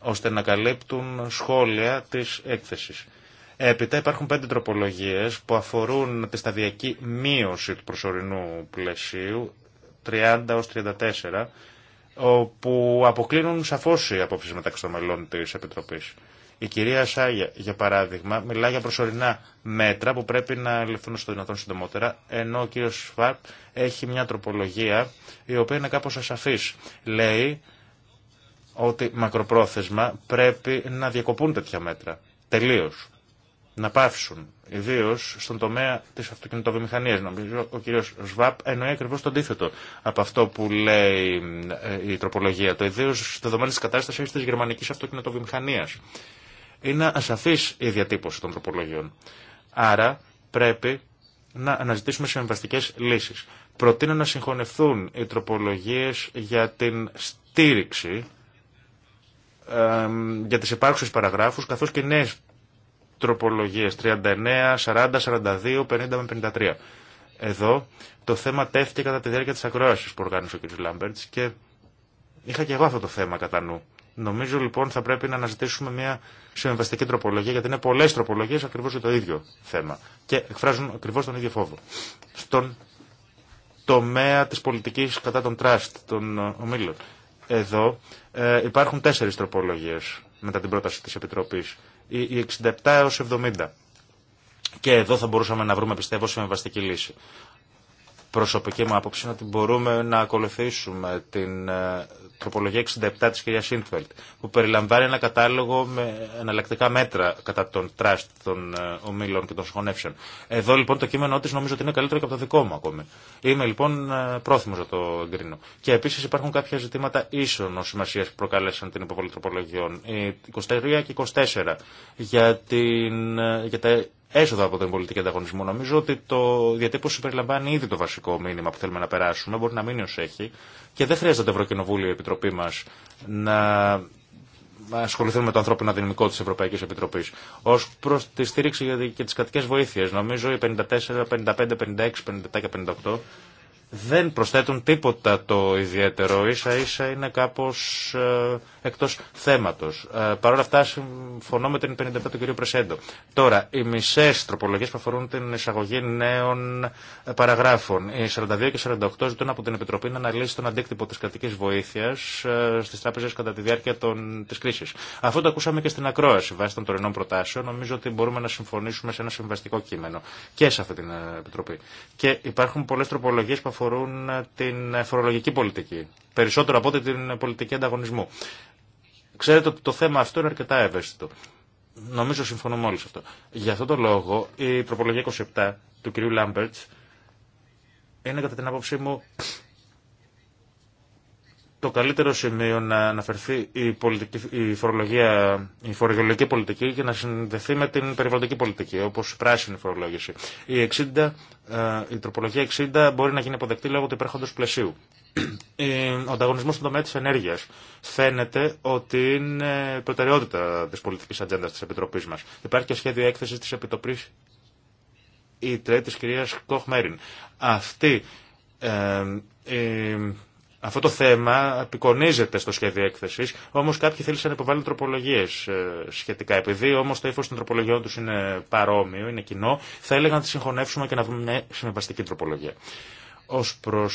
ώστε να καλύπτουν σχόλια της έκθεσης. Έπειτα υπάρχουν πέντε τροπολογίες που αφορούν τη σταδιακή μείωση του προσωρινού πλαισίου 30 ως 34 όπου αποκλίνουν σαφώς οι απόψεις μεταξύ των μελών της Επιτροπής. Η κυρία Σάγια, για παράδειγμα, μιλά για προσωρινά μέτρα που πρέπει να ληφθούν στο δυνατόν συντομότερα, ενώ ο κύριος Σφαπ έχει μια τροπολογία η οποία είναι κάπως ασαφής. Λέει ότι μακροπρόθεσμα πρέπει να διακοπούν τέτοια μέτρα. Τελείω. Να πάυσουν. Ιδίω στον τομέα τη αυτοκινητοβιομηχανία. Νομίζω ο κύριο Σβάπ εννοεί ακριβώ το αντίθετο από αυτό που λέει ε, η τροπολογία. Το ιδίω δεδομένη τη κατάσταση τη γερμανική αυτοκινητοβιομηχανία. Είναι ασαφή η διατύπωση των τροπολογιών. Άρα πρέπει να αναζητήσουμε συμβαστικέ λύσεις. Προτείνω να συγχωνευτούν οι τροπολογίες για την στήριξη για τις υπάρξεις παραγράφους καθώς και νέες τροπολογίες 39, 40, 42, 50 με 53. Εδώ το θέμα τέθηκε κατά τη διάρκεια της ακρόασης που οργάνωσε ο κ. Λάμπερτς και είχα και εγώ αυτό το θέμα κατά νου. Νομίζω λοιπόν θα πρέπει να αναζητήσουμε μια συμβαστική τροπολογία, γιατί είναι πολλέ τροπολογίε ακριβώ για το ίδιο θέμα. Και εκφράζουν ακριβώ τον ίδιο φόβο. Στον τομέα τη πολιτική κατά των τραστ, των ομίλων. Εδώ ε, υπάρχουν τέσσερι τροπολογίε μετά την πρόταση τη Επιτροπή. Οι, οι 67 έω 70. Και εδώ θα μπορούσαμε να βρούμε, πιστεύω, συμβαστική λύση προσωπική μου άποψη είναι ότι μπορούμε να ακολουθήσουμε την ε, τροπολογία 67 της κυρία Σίντφελτ που περιλαμβάνει ένα κατάλογο με εναλλακτικά μέτρα κατά των τραστ των ε, ομίλων και των συγχωνεύσεων. Εδώ λοιπόν το κείμενό της νομίζω ότι είναι καλύτερο και από το δικό μου ακόμη. Είμαι λοιπόν ε, πρόθυμος να το εγκρίνω. Και επίσης υπάρχουν κάποια ζητήματα ίσων ως σημασίας που προκάλεσαν την υποβολή τροπολογιών. 23 και 24 για, την, για τα έσοδα από τον πολιτική ανταγωνισμού. Νομίζω ότι το διατύπωση περιλαμβάνει ήδη το βασικό μήνυμα που θέλουμε να περάσουμε. Μπορεί να μείνει ω έχει και δεν χρειάζεται το Ευρωκοινοβούλιο, η Επιτροπή μα να ασχοληθούμε με το ανθρώπινο δυναμικό τη Ευρωπαϊκή Επιτροπή. Ω προ τη στήριξη και τι κρατικέ βοήθειε, νομίζω οι 54, 55, 56, 57 και 58 δεν προσθέτουν τίποτα το ιδιαίτερο, ίσα ίσα είναι κάπως ε, εκτός θέματος. Ε, Παρ' όλα αυτά συμφωνώ με την 55 του κ. Πρεσέντο. Τώρα, οι μισές τροπολογίες που αφορούν την εισαγωγή νέων ε, παραγράφων. Οι 42 και 48 ζητούν από την Επιτροπή να αναλύσει τον αντίκτυπο της κρατικής βοήθειας ε, στις τράπεζες κατά τη διάρκεια των, της κρίσης. Αυτό το ακούσαμε και στην ακρόαση βάσει των τωρινών προτάσεων. Νομίζω ότι μπορούμε να συμφωνήσουμε σε ένα συμβαστικό κείμενο και σε αυτή την ε, Επιτροπή. Και υπάρχουν πολλές τροπολογίες που αφορούν αφορούν την φορολογική πολιτική. Περισσότερο από ό,τι την πολιτική ανταγωνισμού. Ξέρετε ότι το θέμα αυτό είναι αρκετά ευαίσθητο. Νομίζω συμφωνούμε όλοι σε αυτό. Για αυτόν τον λόγο η προπολογία 27 του κυρίου Λάμπερτ είναι κατά την άποψή μου το καλύτερο σημείο να αναφερθεί η, πολιτική, η, φορολογία, η φορολογική πολιτική και να συνδεθεί με την περιβαλλοντική πολιτική, όπως η πράσινη φορολόγηση. Η, 60, ε, η τροπολογία 60 μπορεί να γίνει αποδεκτή λόγω του υπέρχοντος πλαισίου. Ο ανταγωνισμό στον τομέα τη ενέργεια φαίνεται ότι είναι προτεραιότητα τη πολιτική ατζέντα τη Επιτροπή μα. Υπάρχει και σχέδιο έκθεση τη Επιτροπή η τη κυρία Κοχ Μέριν. Αυτή ε, αυτό το θέμα απεικονίζεται στο σχέδιο έκθεση, όμω κάποιοι θέλησαν να υποβάλουν τροπολογίε ε, σχετικά. Επειδή όμω το ύφο των τροπολογιών του είναι παρόμοιο, είναι κοινό, θα έλεγα να τι συγχωνεύσουμε και να βρούμε μια συμβαστική τροπολογία. Ω προ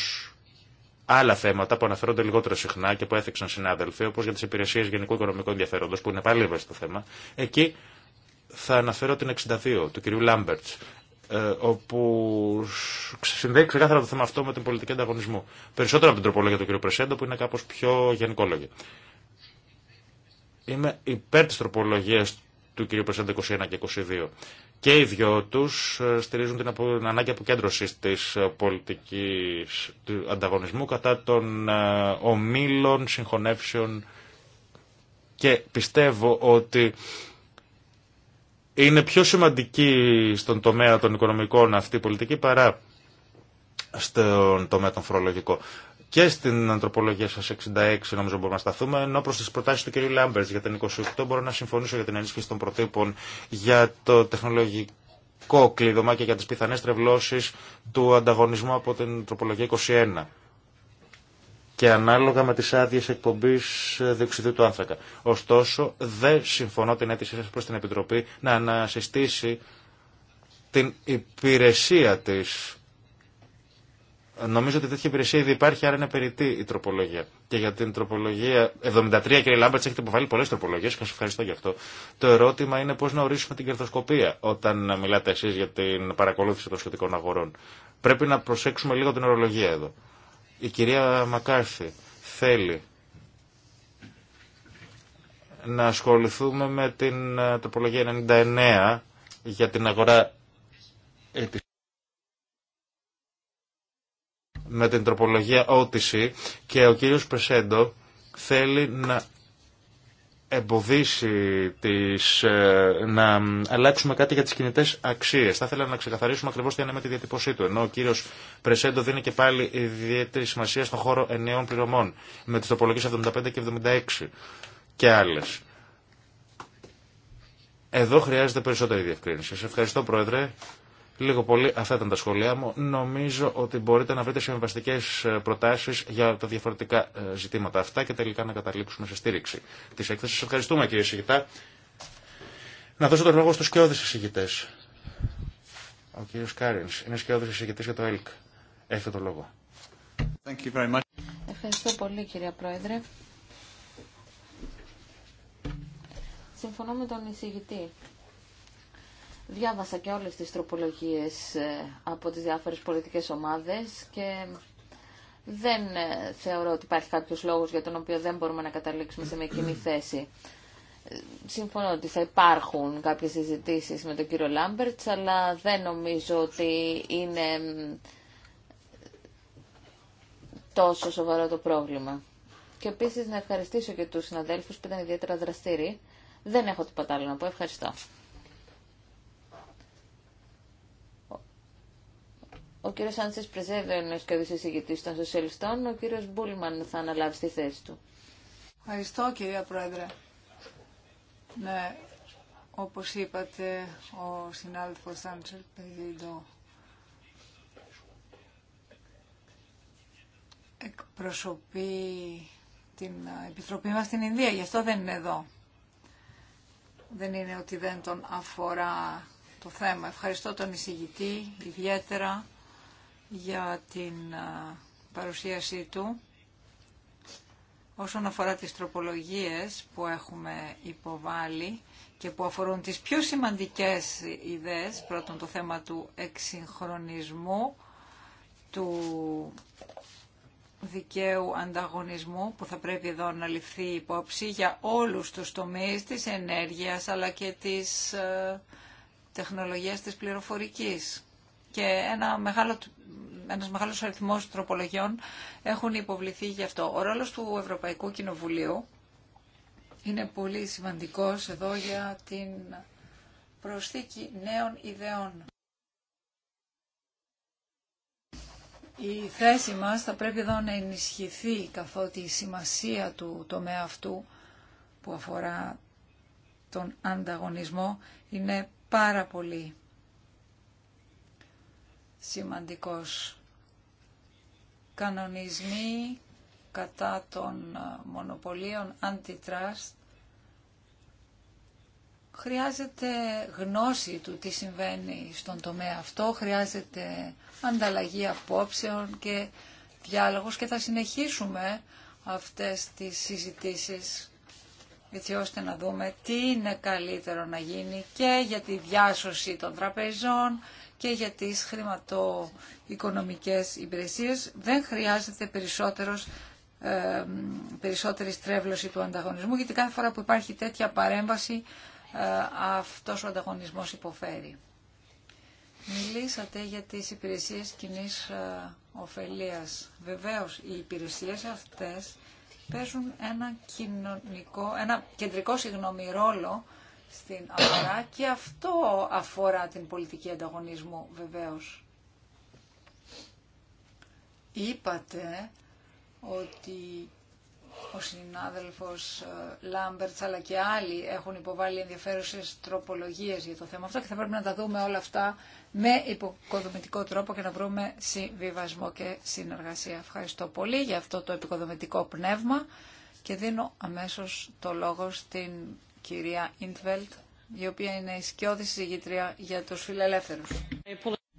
άλλα θέματα που αναφέρονται λιγότερο συχνά και που έθεξαν συνάδελφοι, όπω για τι υπηρεσίε γενικού οικονομικού ενδιαφέροντο, που είναι πάλι ευαίσθητο θέμα, εκεί θα αναφέρω την 62 του κ. Λάμπερτ. Ε, όπου συνδέει ξεκάθαρα το θέμα αυτό με την πολιτική ανταγωνισμού. Περισσότερο από την τροπολογία του κ. Πρεσέντο που είναι κάπως πιο γενικόλογη. Είμαι υπέρ της τροπολογίας του κ. Πρεσέντο 21 και 22. Και οι δυο τους ε, στηρίζουν την ανάγκη αποκέντρωσης της ε, πολιτικής του ανταγωνισμού κατά των ομίλων συγχωνεύσεων και πιστεύω ότι είναι πιο σημαντική στον τομέα των οικονομικών αυτή η πολιτική παρά στον τομέα των φορολογικών. Και στην ανθρωπολογία σα 66 νομίζω μπορούμε να σταθούμε, ενώ προ τι προτάσει του κ. Λάμπερτ για την 28 μπορώ να συμφωνήσω για την ενίσχυση των προτύπων για το τεχνολογικό κλειδωμά και για τις πιθανές τρευλώσεις του ανταγωνισμού από την τροπολογία 21 και ανάλογα με τις άδειες εκπομπής διοξιδίου του άνθρακα. Ωστόσο, δεν συμφωνώ την αίτησή σας προς την Επιτροπή να ανασυστήσει την υπηρεσία της. Νομίζω ότι τέτοια υπηρεσία ήδη υπάρχει, άρα είναι περιττή η τροπολογία. Και για την τροπολογία 73, κύριε Λάμπερτ, έχετε υποβάλει πολλέ τροπολογίε και σα ευχαριστώ για αυτό. Το ερώτημα είναι πώ να ορίσουμε την κερδοσκοπία όταν μιλάτε εσεί για την παρακολούθηση των σχετικών αγορών. Πρέπει να προσέξουμε λίγο την ορολογία εδώ. Η κυρία Μακάρθη θέλει να ασχοληθούμε με την ε, τροπολογία 99 για την αγορά με την τροπολογία OTC και ο κύριος Πεσέντο θέλει να εμποδίσει τις, ε, να αλλάξουμε κάτι για τις κινητές αξίες. Θα ήθελα να ξεκαθαρίσουμε ακριβώς τι είναι με τη διατύπωσή του. Ενώ ο κύριος Πρεσέντο δίνει και πάλι ιδιαίτερη σημασία στον χώρο ενιαίων πληρωμών με τις τοπολογίες 75 και 76 και άλλες. Εδώ χρειάζεται περισσότερη διευκρίνηση. Σας ευχαριστώ Πρόεδρε. Λίγο πολύ αυτά ήταν τα σχόλιά μου. Νομίζω ότι μπορείτε να βρείτε συμβαστικέ ε, προτάσει για τα διαφορετικά ε, ζητήματα αυτά και τελικά να καταλήξουμε σε στήριξη τη έκθεση. Σα ευχαριστούμε κύριε Σιγητά. Να δώσω τον λόγο στου σκιώδει εισηγητέ. Ο κύριο Κάριν είναι σκιώδη εισηγητή για το ΕΛΚ. Έχετε το λόγο. Ευχαριστώ πολύ κύριε Πρόεδρε. Συμφωνώ με τον εισηγητή Διάβασα και όλες τις τροπολογίες ε, από τις διάφορες πολιτικές ομάδες και δεν ε, θεωρώ ότι υπάρχει κάποιος λόγος για τον οποίο δεν μπορούμε να καταλήξουμε σε μια κοινή θέση. Ε, συμφωνώ ότι θα υπάρχουν κάποιες συζητήσεις με τον κύριο Λάμπερτς, αλλά δεν νομίζω ότι είναι τόσο σοβαρό το πρόβλημα. Και επίσης να ευχαριστήσω και τους συναδέλφους που ήταν ιδιαίτερα δραστήριοι. Δεν έχω τίποτα άλλο να πω. Ευχαριστώ. Ο κύριος Άντσες Πρεζέ δεν είναι ο εισηγητής των σοσιαλιστών. Ο κύριος Μπούλμαν θα αναλάβει στη θέση του. Ευχαριστώ κυρία Πρόεδρε. Ναι, όπως είπατε, ο συνάδελφος Άντσελ Πεδίδο εκπροσωπεί την Επιτροπή μας στην Ινδία, γι' αυτό δεν είναι εδώ. Δεν είναι ότι δεν τον αφορά το θέμα. Ευχαριστώ τον εισηγητή ιδιαίτερα για την παρουσίασή του. Όσον αφορά τις τροπολογίες που έχουμε υποβάλει και που αφορούν τις πιο σημαντικές ιδέες, πρώτον το θέμα του εξυγχρονισμού, του δικαίου ανταγωνισμού που θα πρέπει εδώ να ληφθεί υπόψη για όλους τους τομείς της ενέργειας αλλά και της τεχνολογίας της πληροφορικής και ένα μεγάλο ένας μεγάλος αριθμός τροπολογιών έχουν υποβληθεί γι' αυτό. Ο ρόλο του Ευρωπαϊκού Κοινοβουλίου είναι πολύ σημαντικό εδώ για την προσθήκη νέων ιδεών. Η θέση μας θα πρέπει εδώ να ενισχυθεί καθότι η σημασία του τομέα αυτού που αφορά τον ανταγωνισμό είναι πάρα πολύ σημαντικός. Κανονισμοί κατά των ε, μονοπωλίων αντιτράστ χρειάζεται γνώση του τι συμβαίνει στον τομέα αυτό, χρειάζεται ανταλλαγή απόψεων και διάλογος και θα συνεχίσουμε αυτές τις συζητήσεις έτσι ώστε να δούμε τι είναι καλύτερο να γίνει και για τη διάσωση των τραπεζών και για τις χρηματοοικονομικές υπηρεσίες. Δεν χρειάζεται περισσότερος ε, περισσότερη στρέβλωση του ανταγωνισμού, γιατί κάθε φορά που υπάρχει τέτοια παρέμβαση ε, αυτός ο ανταγωνισμός υποφέρει. Μιλήσατε για τις υπηρεσίες κοινή ε, Βεβαίως, οι υπηρεσίες αυτές παίζουν ένα, ένα κεντρικό συγγνώμη ρόλο στην αγορά και αυτό αφορά την πολιτική ανταγωνισμού βεβαίως. Είπατε ότι ο συνάδελφος ε, Λάμπερτς αλλά και άλλοι έχουν υποβάλει ενδιαφέρουσες τροπολογίες για το θέμα αυτό και θα πρέπει να τα δούμε όλα αυτά με υποκοδομητικό τρόπο και να βρούμε συμβιβασμό και συνεργασία. Ευχαριστώ πολύ για αυτό το υποκοδομητικό πνεύμα και δίνω αμέσως το λόγο στην κυρία Ιντβελτ, η οποία είναι η σκιώδη για τους φιλελεύθερους.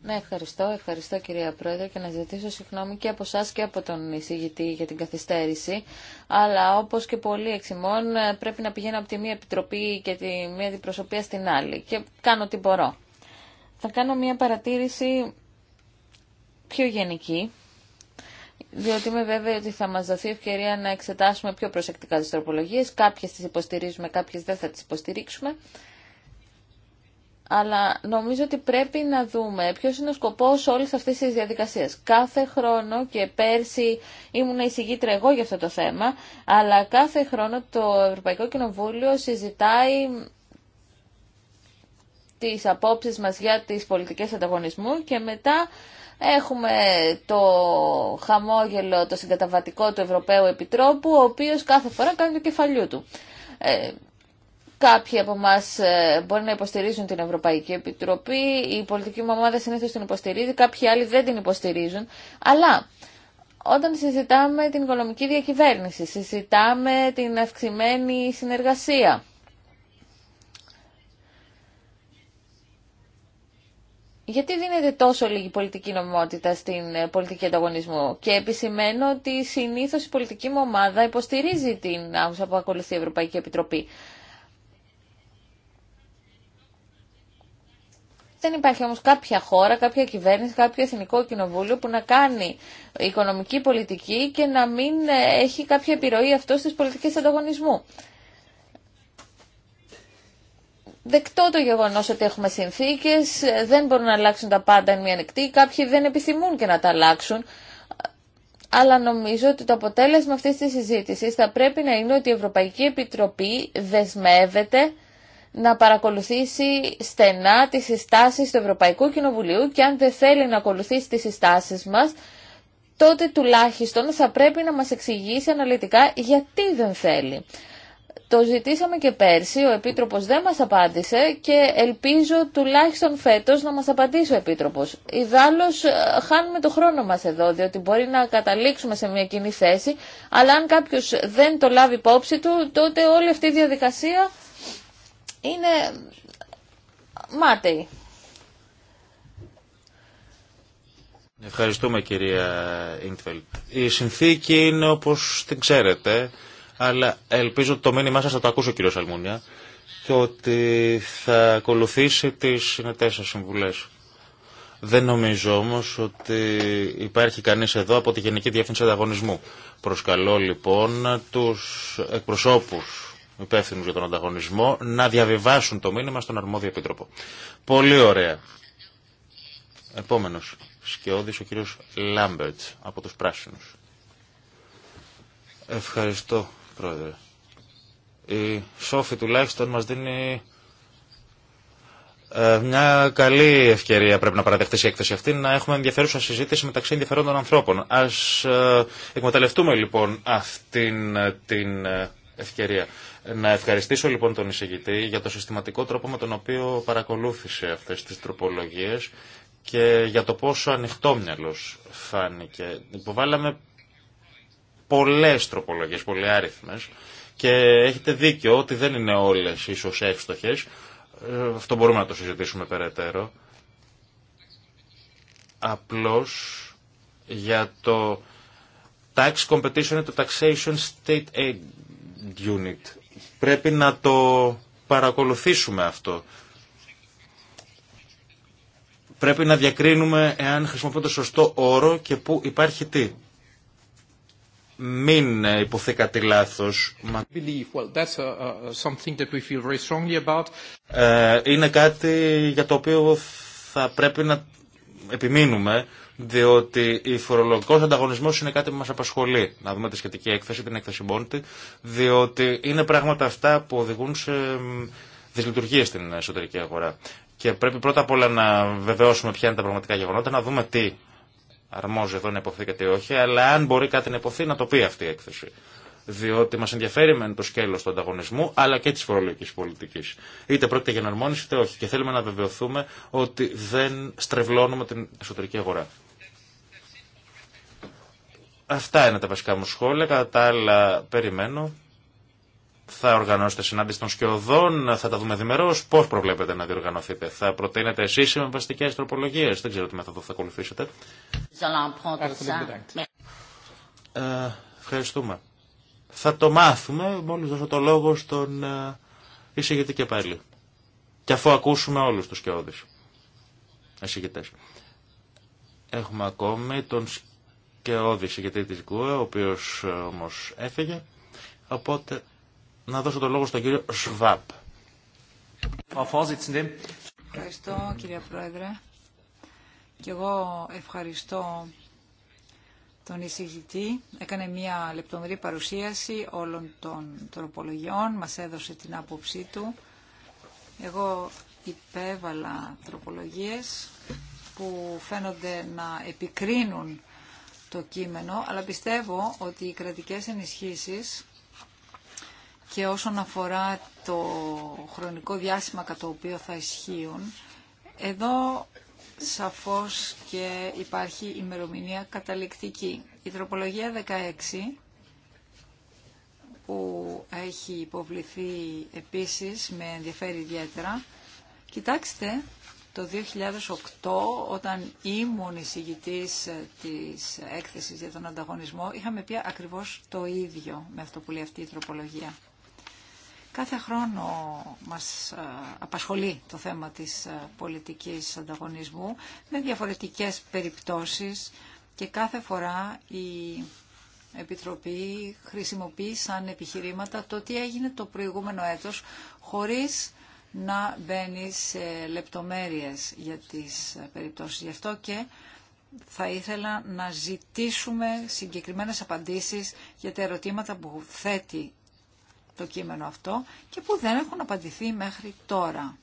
Ναι, ευχαριστώ. Ευχαριστώ κυρία Πρόεδρε και να ζητήσω συγγνώμη και από εσά και από τον εισηγητή για την καθυστέρηση. Αλλά όπω και πολλοί εξημών ε, πρέπει να πηγαίνω από τη μία επιτροπή και τη μία αντιπροσωπεία στην άλλη. Και κάνω ό,τι μπορώ. Θα κάνω μία παρατήρηση πιο γενική διότι είμαι βέβαιη ότι θα μας δοθεί ευκαιρία να εξετάσουμε πιο προσεκτικά τις τροπολογίες. Κάποιες τις υποστηρίζουμε, κάποιες δεν θα τις υποστηρίξουμε. Αλλά νομίζω ότι πρέπει να δούμε ποιος είναι ο σκοπός όλης αυτής της διαδικασίας. Κάθε χρόνο και πέρσι ήμουν εισηγήτρια εγώ για αυτό το θέμα, αλλά κάθε χρόνο το Ευρωπαϊκό Κοινοβούλιο συζητάει τις απόψεις μας για τις πολιτικές ανταγωνισμού και μετά Έχουμε το χαμόγελο, το συγκαταβατικό του Ευρωπαίου Επιτρόπου, ο οποίος κάθε φορά κάνει το κεφαλιού του. Ε, κάποιοι από εμά ε, μπορεί να υποστηρίζουν την Ευρωπαϊκή Επιτροπή, η πολιτική μου ομάδα συνήθω την υποστηρίζει, κάποιοι άλλοι δεν την υποστηρίζουν, αλλά όταν συζητάμε την οικονομική διακυβέρνηση, συζητάμε την αυξημένη συνεργασία, γιατί δίνεται τόσο λίγη πολιτική νομιμότητα στην ε, πολιτική ανταγωνισμού. Και επισημαίνω ότι συνήθω η πολιτική μου ομάδα υποστηρίζει την άγουσα που ακολουθεί η Ευρωπαϊκή Επιτροπή. Δεν υπάρχει όμως κάποια χώρα, κάποια κυβέρνηση, κάποιο εθνικό κοινοβούλιο που να κάνει οικονομική πολιτική και να μην ε, έχει κάποια επιρροή αυτό στις πολιτικές ανταγωνισμού δεκτό το γεγονός ότι έχουμε συνθήκες, δεν μπορούν να αλλάξουν τα πάντα εν μία νεκτή, κάποιοι δεν επιθυμούν και να τα αλλάξουν. Αλλά νομίζω ότι το αποτέλεσμα αυτής της συζήτησης θα πρέπει να είναι ότι η Ευρωπαϊκή Επιτροπή δεσμεύεται να παρακολουθήσει στενά τις συστάσεις του Ευρωπαϊκού Κοινοβουλίου και αν δεν θέλει να ακολουθήσει τις συστάσεις μας, τότε τουλάχιστον θα πρέπει να μας εξηγήσει αναλυτικά γιατί δεν θέλει. Το ζητήσαμε και πέρσι, ο Επίτροπος δεν μας απάντησε και ελπίζω τουλάχιστον φέτος να μας απαντήσει ο Επίτροπος. Ιδάλλως ε, χάνουμε το χρόνο μας εδώ, διότι μπορεί να καταλήξουμε σε μια κοινή θέση, αλλά αν κάποιος δεν το λάβει υπόψη του, τότε όλη αυτή η διαδικασία είναι μάταιη. Ευχαριστούμε κυρία Ιντφελτ. Η συνθήκη είναι όπως την ξέρετε αλλά ελπίζω ότι το μήνυμά σα θα το ακούσει ο κύριο Αλμούνια και ότι θα ακολουθήσει τις συνετέ σα συμβουλές. Δεν νομίζω όμω ότι υπάρχει κανεί εδώ από τη Γενική Διεύθυνση Ανταγωνισμού. Προσκαλώ λοιπόν τους εκπροσώπους υπεύθυνου για τον ανταγωνισμό να διαβιβάσουν το μήνυμα στον αρμόδιο επίτροπο. Πολύ ωραία. Επόμενος σκιώδης ο κύριος Λάμπερτ από τους Πράσινους. Ευχαριστώ Πρόεδρε. Η Σόφη τουλάχιστον μας δίνει ε, μια καλή ευκαιρία πρέπει να παραδεχτεί η έκθεση αυτή να έχουμε ενδιαφέρουσα συζήτηση μεταξύ ενδιαφερόντων ανθρώπων. Ας ε, εκμεταλλευτούμε λοιπόν αυτήν ε, την ευκαιρία. Να ευχαριστήσω λοιπόν τον εισηγητή για το συστηματικό τρόπο με τον οποίο παρακολούθησε αυτές τις τροπολογίες και για το πόσο ανοιχτόμυαλος φάνηκε. Υποβάλαμε Πολλέ τροπολογίες, πολλοί άριθμε. και έχετε δίκιο ότι δεν είναι όλες ίσως εύστοχες. Ε, αυτό μπορούμε να το συζητήσουμε περαιτέρω. Απλώς για το Tax Competition and το Taxation State Aid Unit. Πρέπει να το παρακολουθήσουμε αυτό. Πρέπει να διακρίνουμε εάν χρησιμοποιούμε το σωστό όρο και πού υπάρχει τι μην υποθεί κάτι λάθος. Uh, uh, ε, είναι κάτι για το οποίο θα πρέπει να επιμείνουμε, διότι η φορολογικό ανταγωνισμό είναι κάτι που μα απασχολεί. Να δούμε τη σχετική έκθεση, την έκθεση Μπόντι, διότι είναι πράγματα αυτά που οδηγούν σε δυσλειτουργίε στην εσωτερική αγορά. Και πρέπει πρώτα απ' όλα να βεβαιώσουμε ποια είναι τα πραγματικά γεγονότα, να δούμε τι αρμόζει εδώ να υποθεί και όχι, αλλά αν μπορεί κάτι να υποθεί να το πει αυτή η έκθεση. Διότι μα ενδιαφέρει μεν το σκέλο του ανταγωνισμού, αλλά και τη φορολογική πολιτική. Είτε πρόκειται για εναρμόνιση είτε όχι. Και θέλουμε να βεβαιωθούμε ότι δεν στρεβλώνουμε την εσωτερική αγορά. Αυτά είναι τα βασικά μου σχόλια. Κατά τα άλλα, περιμένω θα οργανώσετε συνάντηση των σκιωδών, θα τα δούμε διμερώς, πώς προβλέπετε να διοργανωθείτε. Θα προτείνετε εσείς οι βασικές τροπολογίες, δεν ξέρω τι μέθοδο θα ακολουθήσετε. Ε, ευχαριστούμε. Θα το μάθουμε, μόλις δώσω το λόγο στον ε, εισηγητή και πάλι. Και αφού ακούσουμε όλους τους σκιώδεις εισηγητές. Έχουμε ακόμη τον σκιώδη εισηγητή της ΚΟΕ, ο οποίος ε, όμως έφυγε. Οπότε να δώσω το λόγο στον κύριο Σβάπ. Ευχαριστώ κύριε Πρόεδρε. Και εγώ ευχαριστώ τον εισηγητή. Έκανε μια λεπτομερή παρουσίαση όλων των τροπολογιών, μας έδωσε την άποψή του. Εγώ υπέβαλα τροπολογίες που φαίνονται να επικρίνουν το κείμενο, αλλά πιστεύω ότι οι κρατικές ενισχύσεις και όσον αφορά το χρονικό διάστημα κατά το οποίο θα ισχύουν, εδώ σαφώς και υπάρχει ημερομηνία καταληκτική. Η τροπολογία 16 που έχει υποβληθεί επίσης με ενδιαφέρει ιδιαίτερα. Κοιτάξτε, το 2008 όταν ήμουν εισηγητής ε, της έκθεσης για τον ανταγωνισμό είχαμε πει ακριβώς το ίδιο με αυτό που λέει αυτή η τροπολογία. Κάθε χρόνο μας ε, απασχολεί το θέμα της ε, πολιτικής ανταγωνισμού με διαφορετικές περιπτώσεις και κάθε φορά η Επιτροπή χρησιμοποιεί σαν επιχειρήματα το τι έγινε το προηγούμενο έτος χωρίς να μπαίνει σε λεπτομέρειες για τις ε, περιπτώσεις. Γι' αυτό και θα ήθελα να ζητήσουμε συγκεκριμένες απαντήσεις για τα ερωτήματα που θέτει το κείμενο αυτό και που δεν έχουν απαντηθεί μέχρι τώρα.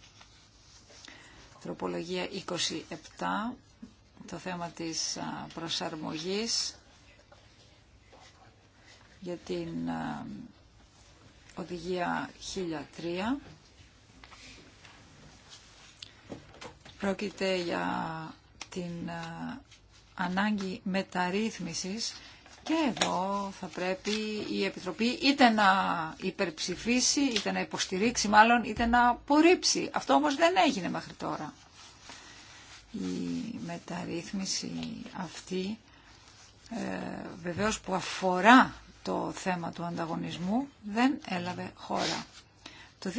Τροπολογία 27, το θέμα της προσαρμογής για την οδηγία 1003. Πρόκειται για την ανάγκη μεταρρύθμισης και εδώ θα πρέπει η Επιτροπή είτε να υπερψηφίσει, είτε να υποστηρίξει μάλλον, είτε να απορρίψει. Αυτό όμως δεν έγινε μέχρι τώρα. Η μεταρρύθμιση αυτή ε, βεβαίως που αφορά το θέμα του ανταγωνισμού δεν έλαβε χώρα. Το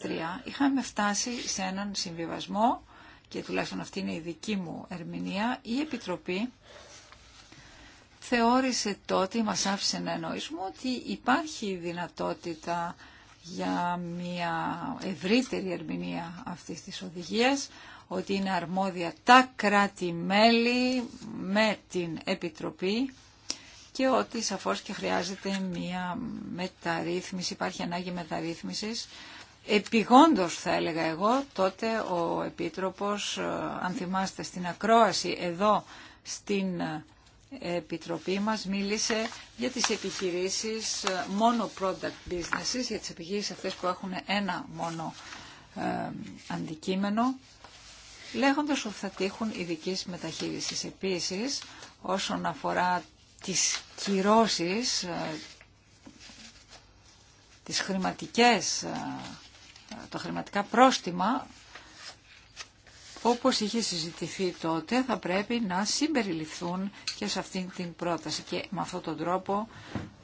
2003 είχαμε φτάσει σε έναν συμβιβασμό και τουλάχιστον αυτή είναι η δική μου ερμηνεία, η Επιτροπή θεώρησε τότε, μας άφησε να εννοήσουμε ότι υπάρχει δυνατότητα για μια ευρύτερη ερμηνεία αυτής της οδηγίας, ότι είναι αρμόδια τα κράτη-μέλη με την Επιτροπή και ότι σαφώς και χρειάζεται μια μεταρρύθμιση, υπάρχει ανάγκη μεταρρύθμισης. Επιγόντως θα έλεγα εγώ, τότε ο Επίτροπος, ε, αν θυμάστε στην ακρόαση εδώ στην ε, Επιτροπή μας μίλησε για τις επιχειρήσεις ε, μόνο product businesses, για τις επιχειρήσεις αυτές που έχουν ένα μόνο ε, αντικείμενο, λέγοντας ότι θα τύχουν ειδική μεταχείριση Επίσης, όσον αφορά τις κυρώσεις, ε, τις χρηματικές, τα χρηματικά πρόστιμα, όπως είχε συζητηθεί τότε, θα πρέπει να συμπεριληφθούν και σε αυτήν την πρόταση. Και με αυτόν τον τρόπο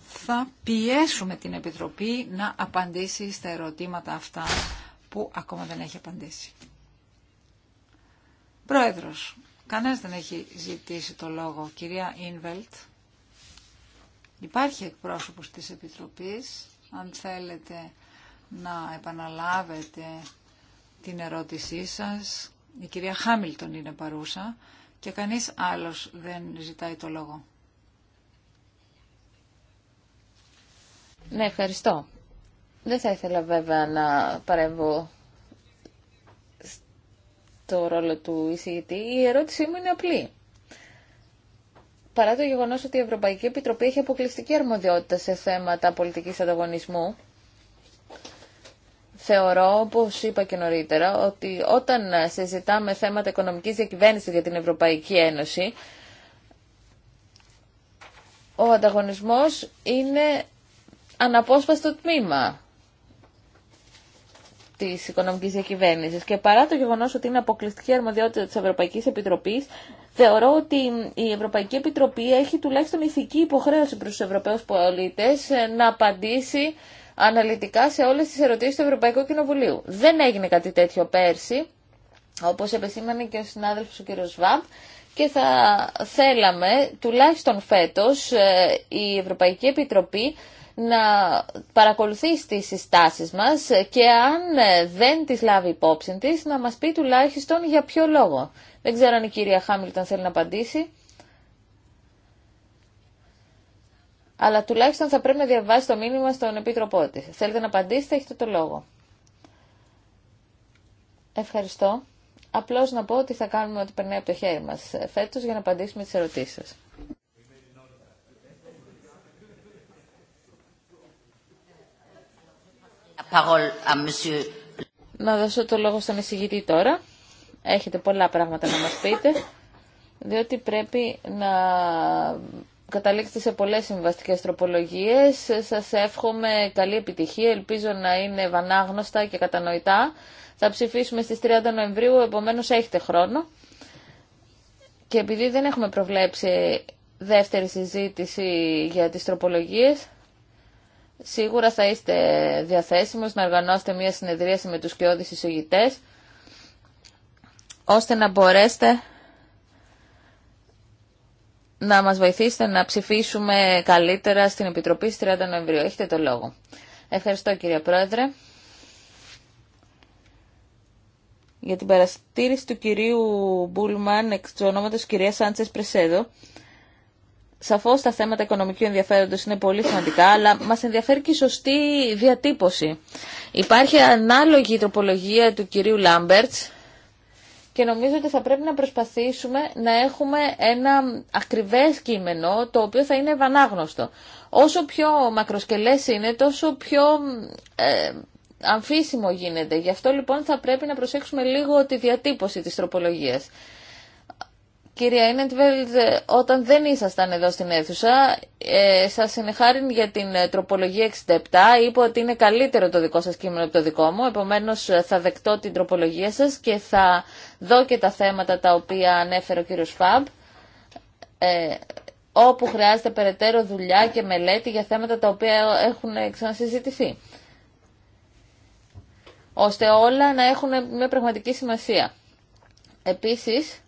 θα πιέσουμε την Επιτροπή να απαντήσει στα ερωτήματα αυτά που ακόμα δεν έχει απαντήσει. Πρόεδρος, κανένας δεν έχει ζητήσει το λόγο. Κυρία Ίνβελτ, υπάρχει εκπρόσωπος της Επιτροπής. Αν θέλετε να επαναλάβετε την ερώτησή σας, η κυρία Χάμιλτον είναι παρούσα και κανείς άλλος δεν ζητάει το λόγο. Ναι, ευχαριστώ. Δεν θα ήθελα βέβαια να παρέμβω στο ρόλο του εισηγητή. Η ερώτησή μου είναι απλή. Παρά το γεγονός ότι η Ευρωπαϊκή Επιτροπή έχει αποκλειστική αρμοδιότητα σε θέματα πολιτικής ανταγωνισμού, θεωρώ, όπως είπα και νωρίτερα, ότι όταν συζητάμε θέματα οικονομικής διακυβέρνησης για την Ευρωπαϊκή Ένωση, ο ανταγωνισμός είναι αναπόσπαστο τμήμα της οικονομικής διακυβέρνησης και παρά το γεγονός ότι είναι αποκλειστική αρμοδιότητα της Ευρωπαϊκής Επιτροπής, Θεωρώ ότι η Ευρωπαϊκή Επιτροπή έχει τουλάχιστον ηθική υποχρέωση προς τους Ευρωπαίους πολίτες να απαντήσει αναλυτικά σε όλες τις ερωτήσεις του Ευρωπαϊκού Κοινοβουλίου. Δεν έγινε κάτι τέτοιο πέρσι, όπως επεσήμανε και ο συνάδελφος ο κ. Σβάμπ, και θα θέλαμε τουλάχιστον φέτος ε, η Ευρωπαϊκή Επιτροπή να παρακολουθεί τις συστάσεις μας και αν ε, δεν τις λάβει υπόψη της να μας πει τουλάχιστον για ποιο λόγο. Δεν ξέρω αν η κυρία Χάμιλτον θέλει να απαντήσει. αλλά τουλάχιστον θα πρέπει να διαβάσει το μήνυμα στον Επίτροπό τη. Θέλετε να απαντήσετε, έχετε το λόγο. Ευχαριστώ. Απλώ να πω ότι θα κάνουμε ό,τι περνάει από το χέρι μα ε, φέτος για να απαντήσουμε τι ερωτήσει. σα. Να δώσω το λόγο στον εισηγητή τώρα. Έχετε πολλά πράγματα να μας πείτε, διότι πρέπει να καταλήξετε σε πολλές συμβαστικές τροπολογίες. Σας εύχομαι καλή επιτυχία. Ελπίζω να είναι βανάγνωστα και κατανοητά. Θα ψηφίσουμε στις 30 Νοεμβρίου, επομένως έχετε χρόνο. Και επειδή δεν έχουμε προβλέψει δεύτερη συζήτηση για τις τροπολογίες, σίγουρα θα είστε διαθέσιμος να οργανώσετε μια συνεδρίαση με τους κοιόδη εισηγητές, ώστε να μπορέσετε να μας βοηθήσετε να ψηφίσουμε καλύτερα στην Επιτροπή στις 30 Νοεμβρίου. Έχετε το λόγο. Ευχαριστώ κύριε Πρόεδρε. Για την παραστήριση του κυρίου Μπούλμαν εξ του ονόματος κυρία Σάντσες Πρεσέδο. Σαφώς τα θέματα οικονομικού ενδιαφέροντος είναι πολύ σημαντικά, αλλά μας ενδιαφέρει και η σωστή διατύπωση. Υπάρχει ανάλογη τροπολογία του κυρίου Λάμπερτς, και νομίζω ότι θα πρέπει να προσπαθήσουμε να έχουμε ένα ακριβές κείμενο το οποίο θα είναι ευανάγνωστο. Όσο πιο μακροσκελές είναι τόσο πιο ε, αμφίσιμο γίνεται. Γι' αυτό λοιπόν θα πρέπει να προσέξουμε λίγο τη διατύπωση της τροπολογίας. Κυρία Ίνεντβελτ, ε, όταν δεν ήσασταν εδώ στην αίθουσα, ε, σας συνεχάριν για την ε, τροπολογία 67. Είπα ότι είναι καλύτερο το δικό σας κείμενο από το δικό μου, επομένως ε, θα δεκτώ την τροπολογία σας και θα δω και τα θέματα τα οποία ανέφερε ο κύριος Φαμπ. Ε, όπου χρειάζεται περαιτέρω δουλειά και μελέτη για θέματα τα οποία έχουν ξανασυζητηθεί. Ώστε όλα να έχουν μια πραγματική σημασία. Επίσης,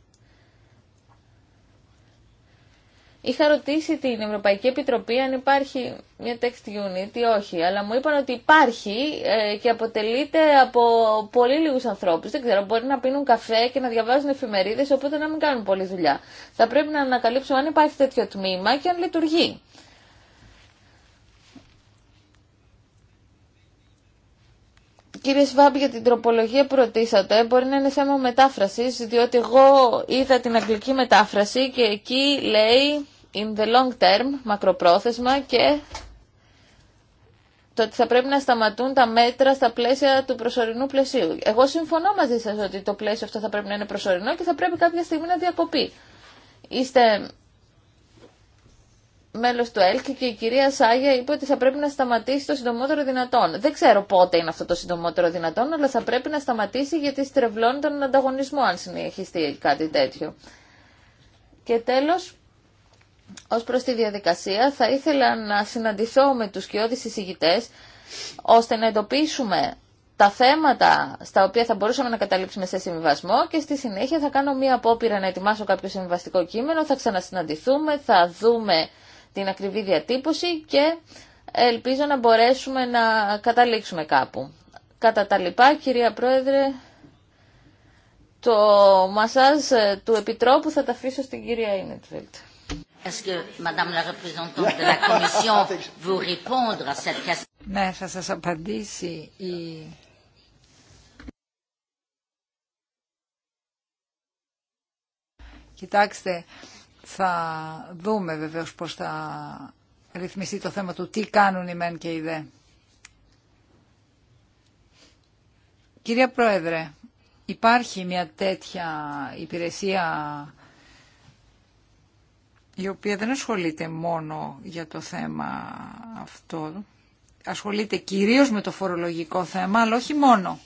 Είχα ρωτήσει την Ευρωπαϊκή Επιτροπή αν υπάρχει μια text unit ή όχι, αλλά μου είπαν ότι υπάρχει ε, και αποτελείται από πολύ λίγους ανθρώπους. Δεν ξέρω, μπορεί να πίνουν καφέ και να διαβάζουν εφημερίδες, οπότε να μην κάνουν πολλή δουλειά. Θα πρέπει να ανακαλύψουμε αν υπάρχει τέτοιο τμήμα και αν λειτουργεί. Κύριε Σβάμπ, για την τροπολογία που ρωτήσατε, ε, μπορεί να είναι θέμα μετάφρασης, διότι εγώ είδα την αγγλική μετάφραση και εκεί λέει in the long term, μακροπρόθεσμα και το ότι θα πρέπει να σταματούν τα μέτρα στα πλαίσια του προσωρινού πλαισίου. Εγώ συμφωνώ μαζί σας ότι το πλαίσιο αυτό θα πρέπει να είναι προσωρινό και θα πρέπει κάποια στιγμή να διακοπεί. Είστε μέλος του ΕΛΚ και η κυρία Σάγια είπε ότι θα πρέπει να σταματήσει το συντομότερο δυνατόν. Δεν ξέρω πότε είναι αυτό το συντομότερο δυνατόν, αλλά θα πρέπει να σταματήσει γιατί στρεβλώνει τον ανταγωνισμό αν συνεχιστεί κάτι τέτοιο. Και τέλος, ως προς τη διαδικασία θα ήθελα να συναντηθώ με τους κοιόδης εισηγητές ώστε να εντοπίσουμε τα θέματα στα οποία θα μπορούσαμε να καταλήξουμε σε συμβιβασμό και στη συνέχεια θα κάνω μία απόπειρα να ετοιμάσω κάποιο συμβιβαστικό κείμενο, θα ξανασυναντηθούμε, θα δούμε την ακριβή διατύπωση και ελπίζω να μπορέσουμε να καταλήξουμε κάπου. Κατά τα λοιπά, κυρία Πρόεδρε, το μασάζ του Επιτρόπου θα τα αφήσω στην κυρία Ίνετβιλτ. Est-ce que Madame la représentante de la Commission veut répondre à cette question Ναι, θα σας απαντήσει η Κοιτάξτε, θα δούμε βεβαίως πώς θα ρυθμιστεί το θέμα του τι κάνουν οι μεν και οι δε. Κυρία Πρόεδρε, υπάρχει μια τέτοια υπηρεσία η οποία δεν ασχολείται μόνο για το θέμα αυτό. Ασχολείται κυρίως με το φορολογικό θέμα, αλλά όχι μόνο.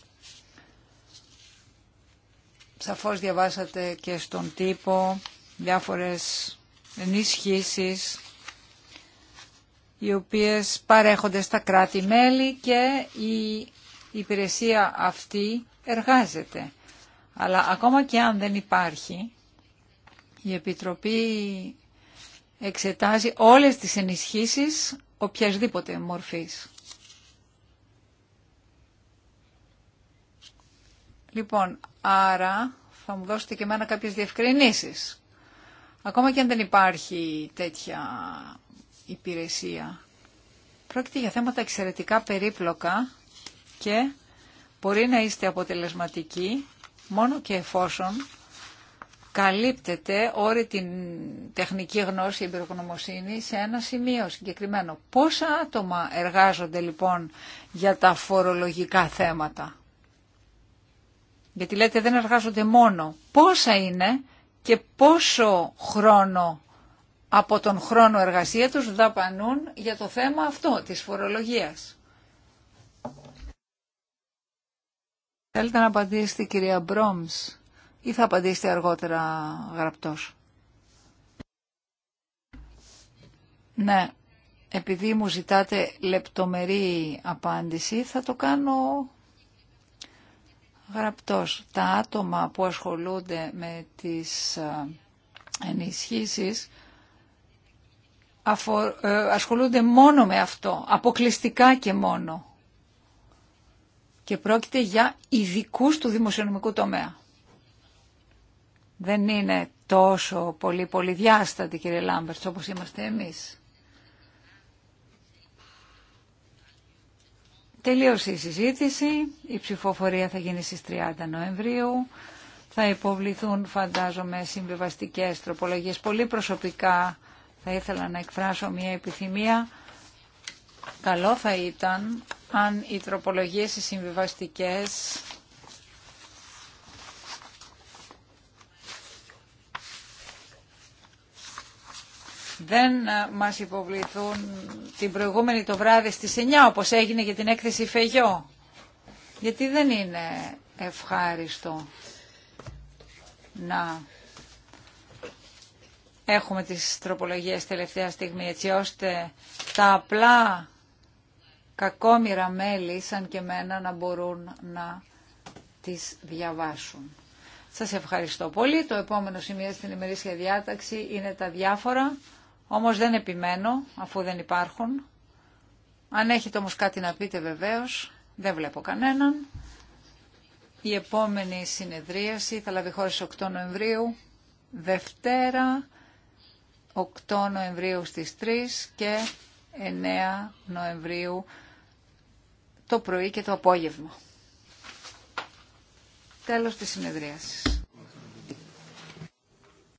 Σαφώς διαβάσατε και στον τύπο διάφορες ενισχύσεις οι οποίες παρέχονται στα κράτη-μέλη και η υπηρεσία αυτή εργάζεται. Αλλά ακόμα και αν δεν υπάρχει, η Επιτροπή εξετάζει όλες τις ενισχύσεις οποιασδήποτε μορφής. Λοιπόν, άρα θα μου δώσετε και εμένα κάποιες διευκρινήσεις. Ακόμα και αν δεν υπάρχει τέτοια υπηρεσία. Πρόκειται για θέματα εξαιρετικά περίπλοκα και μπορεί να είστε αποτελεσματικοί μόνο και εφόσον καλύπτεται όλη την τεχνική γνώση εμπειρογνωμοσύνη σε ένα σημείο συγκεκριμένο. Πόσα άτομα εργάζονται λοιπόν για τα φορολογικά θέματα. Γιατί λέτε δεν εργάζονται μόνο. Πόσα είναι και πόσο χρόνο από τον χρόνο εργασία τους δαπανούν για το θέμα αυτό της φορολογίας. Θέλετε να απαντήσετε κυρία Μπρόμς ή θα απαντήσετε αργότερα γραπτός. Ναι, επειδή μου ζητάτε λεπτομερή απάντηση θα το κάνω γραπτός. Τα άτομα που ασχολούνται με τις ε, ενισχύσεις ε, ασχολούνται μόνο με αυτό, αποκλειστικά και μόνο. Και πρόκειται για ειδικού του δημοσιονομικού τομέα δεν είναι τόσο πολύ πολυδιάστατη κύριε Λάμπερτς όπως είμαστε εμείς. Τελείωσε η συζήτηση, η ψηφοφορία θα γίνει στις 30 Νοεμβρίου. Θα υποβληθούν φαντάζομαι συμβιβαστικές τροπολογίες. Πολύ προσωπικά θα ήθελα να εκφράσω μια επιθυμία. Καλό θα ήταν αν οι τροπολογίες οι συμβιβαστικές δεν ε, μας υποβληθούν την προηγούμενη το βράδυ στις 9 όπως έγινε για την έκθεση Φεγιό. Γιατί δεν είναι ευχάριστο να έχουμε τις τροπολογίες τελευταία στιγμή έτσι ώστε τα απλά κακόμοιρα μέλη σαν και μένα να μπορούν να τις διαβάσουν. Σας ευχαριστώ πολύ. Το επόμενο σημείο στην ημερήσια διάταξη είναι τα διάφορα. Όμως δεν επιμένω, αφού δεν υπάρχουν. Αν έχετε όμως κάτι να πείτε βεβαίως, δεν βλέπω κανέναν. Η επόμενη συνεδρίαση θα λάβει χώρα 8 Νοεμβρίου, Δευτέρα, 8 Νοεμβρίου στις 3 και 9 Νοεμβρίου το πρωί και το απόγευμα. Τέλος της συνεδρίασης.